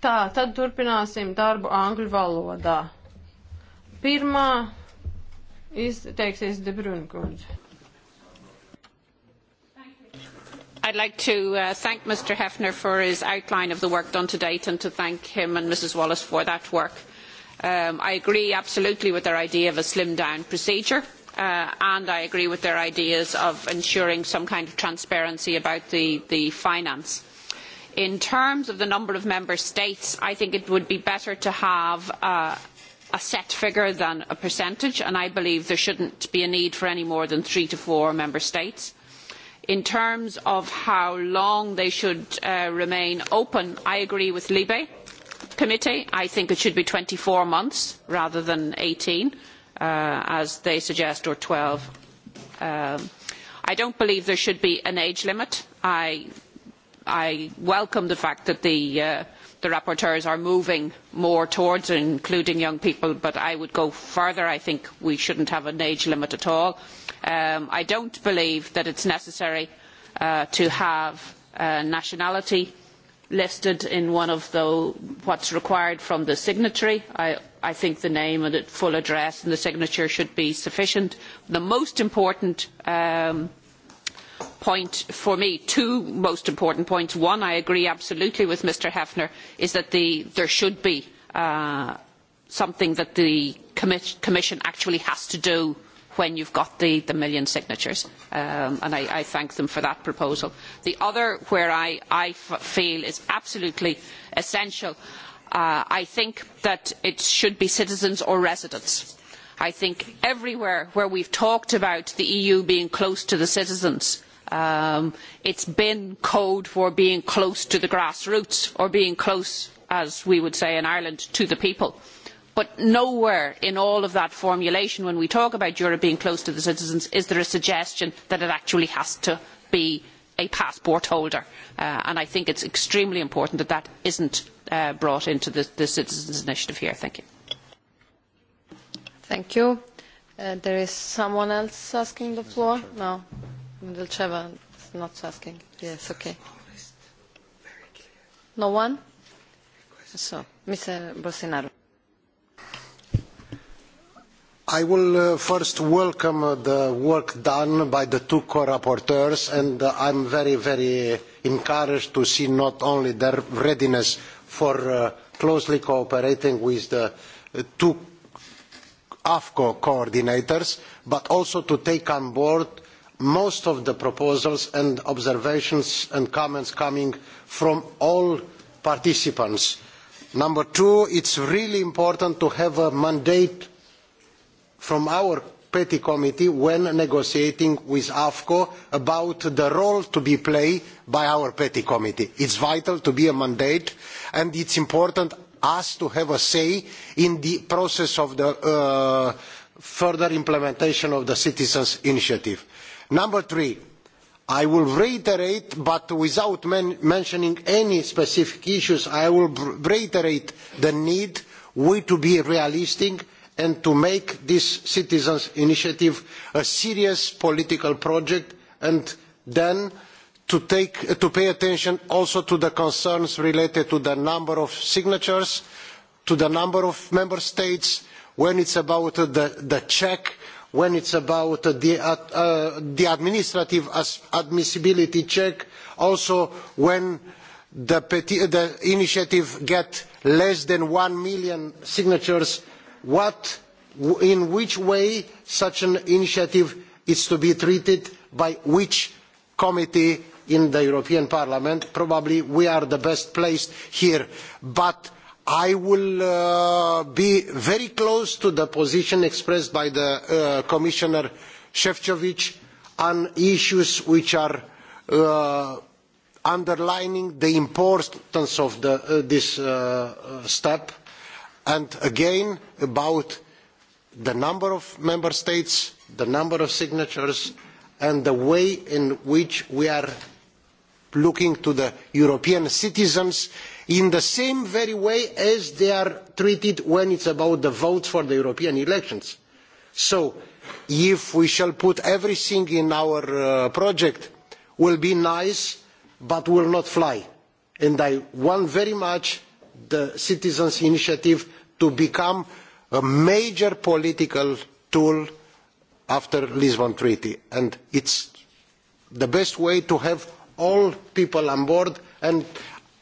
[SPEAKER 4] Tā, tad turpināsim darbu angļu valodā. Pirmā izteiksies Debrunkurģi.
[SPEAKER 7] I'd like to uh, thank Mr Hefner for his outline of the work done to date and to thank him and Mrs Wallace for that work. Um, I agree absolutely with their idea of a slimmed down procedure uh, and I agree with their ideas of ensuring some kind of transparency about the, the finance. In terms of the number of member states, I think it would be better to have uh, a set figure than a percentage, and I believe there shouldn't be a need for any more than three to four member states. In terms of how long they should uh, remain open, I agree with Libe committee. I think it should be 24 months rather than 18, uh, as they suggest, or 12. Um, I don't believe there should be an age limit. I, I welcome the fact that the uh, the rapporteurs are moving more towards including young people, but I would go further. I think we shouldn't have an age limit at all. Um, I don't believe that it's necessary uh, to have uh, nationality listed in one of the what's required from the signatory. I, I think the name and the full address and the signature should be sufficient. The most important um, point for me two most important points one i agree absolutely with mr hefner is that the, there should be uh, something that the commit, commission actually has to do when you've got the, the million signatures um, and I, I thank them for that proposal the other where i, I f- feel is absolutely essential uh, i think that it should be citizens or residents i think everywhere where we've talked about the eu being close to the citizens Um, it's been code for being close to the grassroots or being close, as we would say in Ireland, to the people. But nowhere in all of that formulation, when we talk about Europe being close to the citizens, is there a suggestion that it actually has to be a passport holder. Uh, and I think it's extremely important that that isn't uh, brought into the, the Citizens' Initiative here. Thank you.
[SPEAKER 1] Thank you. Uh, there is someone else asking the floor? No. Vilcheva is not asking. Yes, okay. No one? So, Mr. Bolsonaro.
[SPEAKER 5] I will uh, first welcome uh, the work done by the two co-rapporteurs and uh, I'm very, very encouraged to see not only their readiness for uh, closely cooperating with the uh, two AFCO coordinators, but also to take on board uh, most of the proposals and observations and comments coming from all participants. number two it is really important to have a mandate from our peti committee when negotiating with afco about the role to be played by our peti committee. it is vital to be a mandate and it is important us to have a say in the process of the uh, further implementation of the citizens' initiative number three i will reiterate but without men mentioning any specific issues i will reiterate the need to be realistic and to make this citizens' initiative a serious political project and then to, take, to pay attention also to the concerns related to the number of signatures to the number of member states when it is about the, the check when it is about the, uh, the administrative admissibility check also when the, the initiative gets less than one million signatures what, in which way such an initiative is to be treated by which committee in the european parliament probably we are the best placed here but I will uh, be very close to the position expressed by the uh, Commissioner Shevchovich on issues which are uh, underlining the importance of the, uh, this uh, step and again about the number of member states, the number of signatures and the way in which we are looking to the European citizens in the same very way as they are treated when it's about the vote for the European elections. So if we shall put everything in our uh, project, will be nice, but will not fly. And I want very much the citizens' initiative to become a major political tool after the Lisbon Treaty. And it's the best way to have all people on board and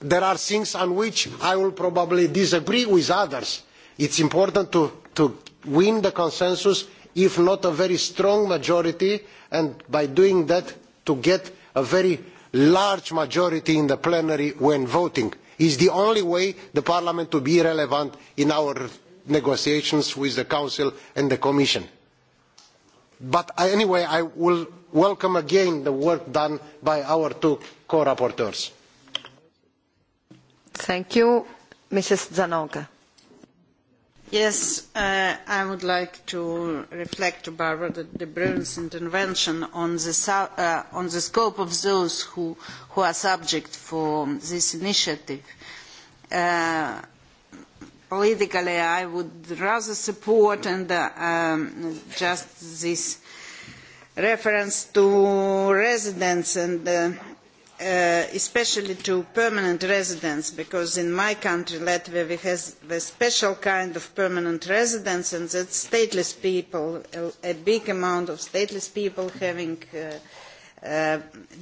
[SPEAKER 5] there are things on which i will probably disagree with others. it is important to, to win the consensus if not a very strong majority and by doing that to get a very large majority in the plenary when voting is the only way the parliament to be relevant in our negotiations with the council and the commission but I, anyway i will welcome again the work done by our two co rapporteurs.
[SPEAKER 1] thank you. mrs zanoga.
[SPEAKER 6] yes, uh, i would like to reflect to barbara de, de bruin's intervention on the, uh, on the scope of those who, who are subject for this initiative. Uh, politically I would rather support and uh, um, just this reference to residents and uh, uh, especially to permanent residents because in my country Latvia we have a special kind of permanent residents and that's stateless people, a, a big amount of stateless people having uh, Uh,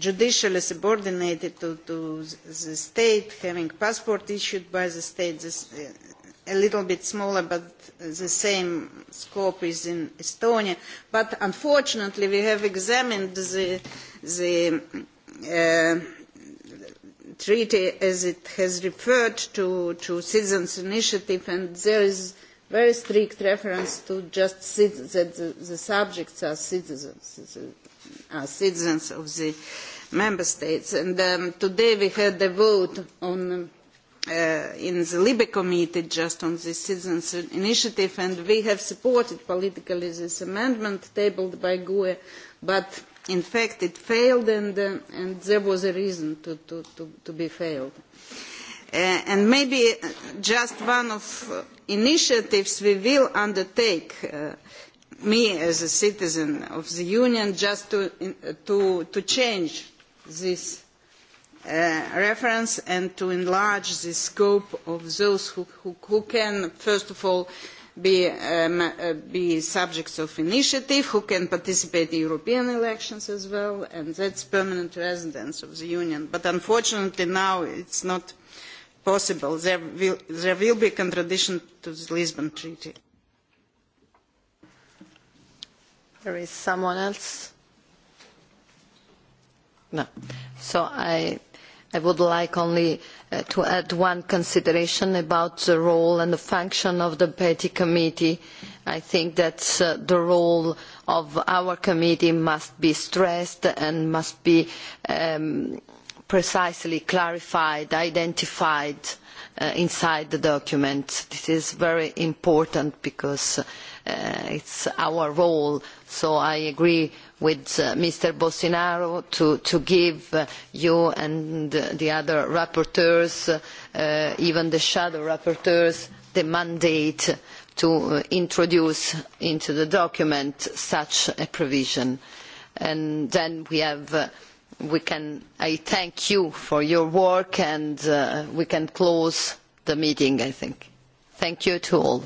[SPEAKER 6] judicially subordinated to, to the state, having passport issued by the state. This, uh, a little bit smaller, but the same scope is in Estonia. But unfortunately, we have examined the, the uh, treaty as it has referred to, to citizens' initiative, and there is very strict reference to just that the, the subjects are citizens, are citizens of the member states. And um, today we had a vote on uh, in the Libe committee just on the citizens initiative and we have supported politically this amendment tabled by GUE but in fact it failed and, uh, and there was a reason to, to, to, to be failed. Uh, and maybe just one of uh, initiatives we will undertake uh, me as a citizen of the union just to, uh, to, to change this Uh, reference and to enlarge the scope of those who, who, who can, first of all, be, um, uh, be subjects of initiative, who can participate in European elections as well, and that's permanent residents of the Union. But unfortunately now it's not possible. There will, there will be a contradiction to the Lisbon Treaty.
[SPEAKER 1] There is someone else? No. So I I would like only uh, to add one consideration about the role and the function of the Petty Committee. I think that uh, the role of our committee must be stressed and must be um, precisely clarified, identified uh, inside the document. This is very important because uh, it's our role So I agree with uh, Mr. Bolsonaro to, to give uh, you and uh, the other rapporteurs, uh, uh, even the shadow rapporteurs, the mandate to uh, introduce into the document such a provision. And then we have uh, we can i thank you for your work and uh, we can close the meeting i think thank you to all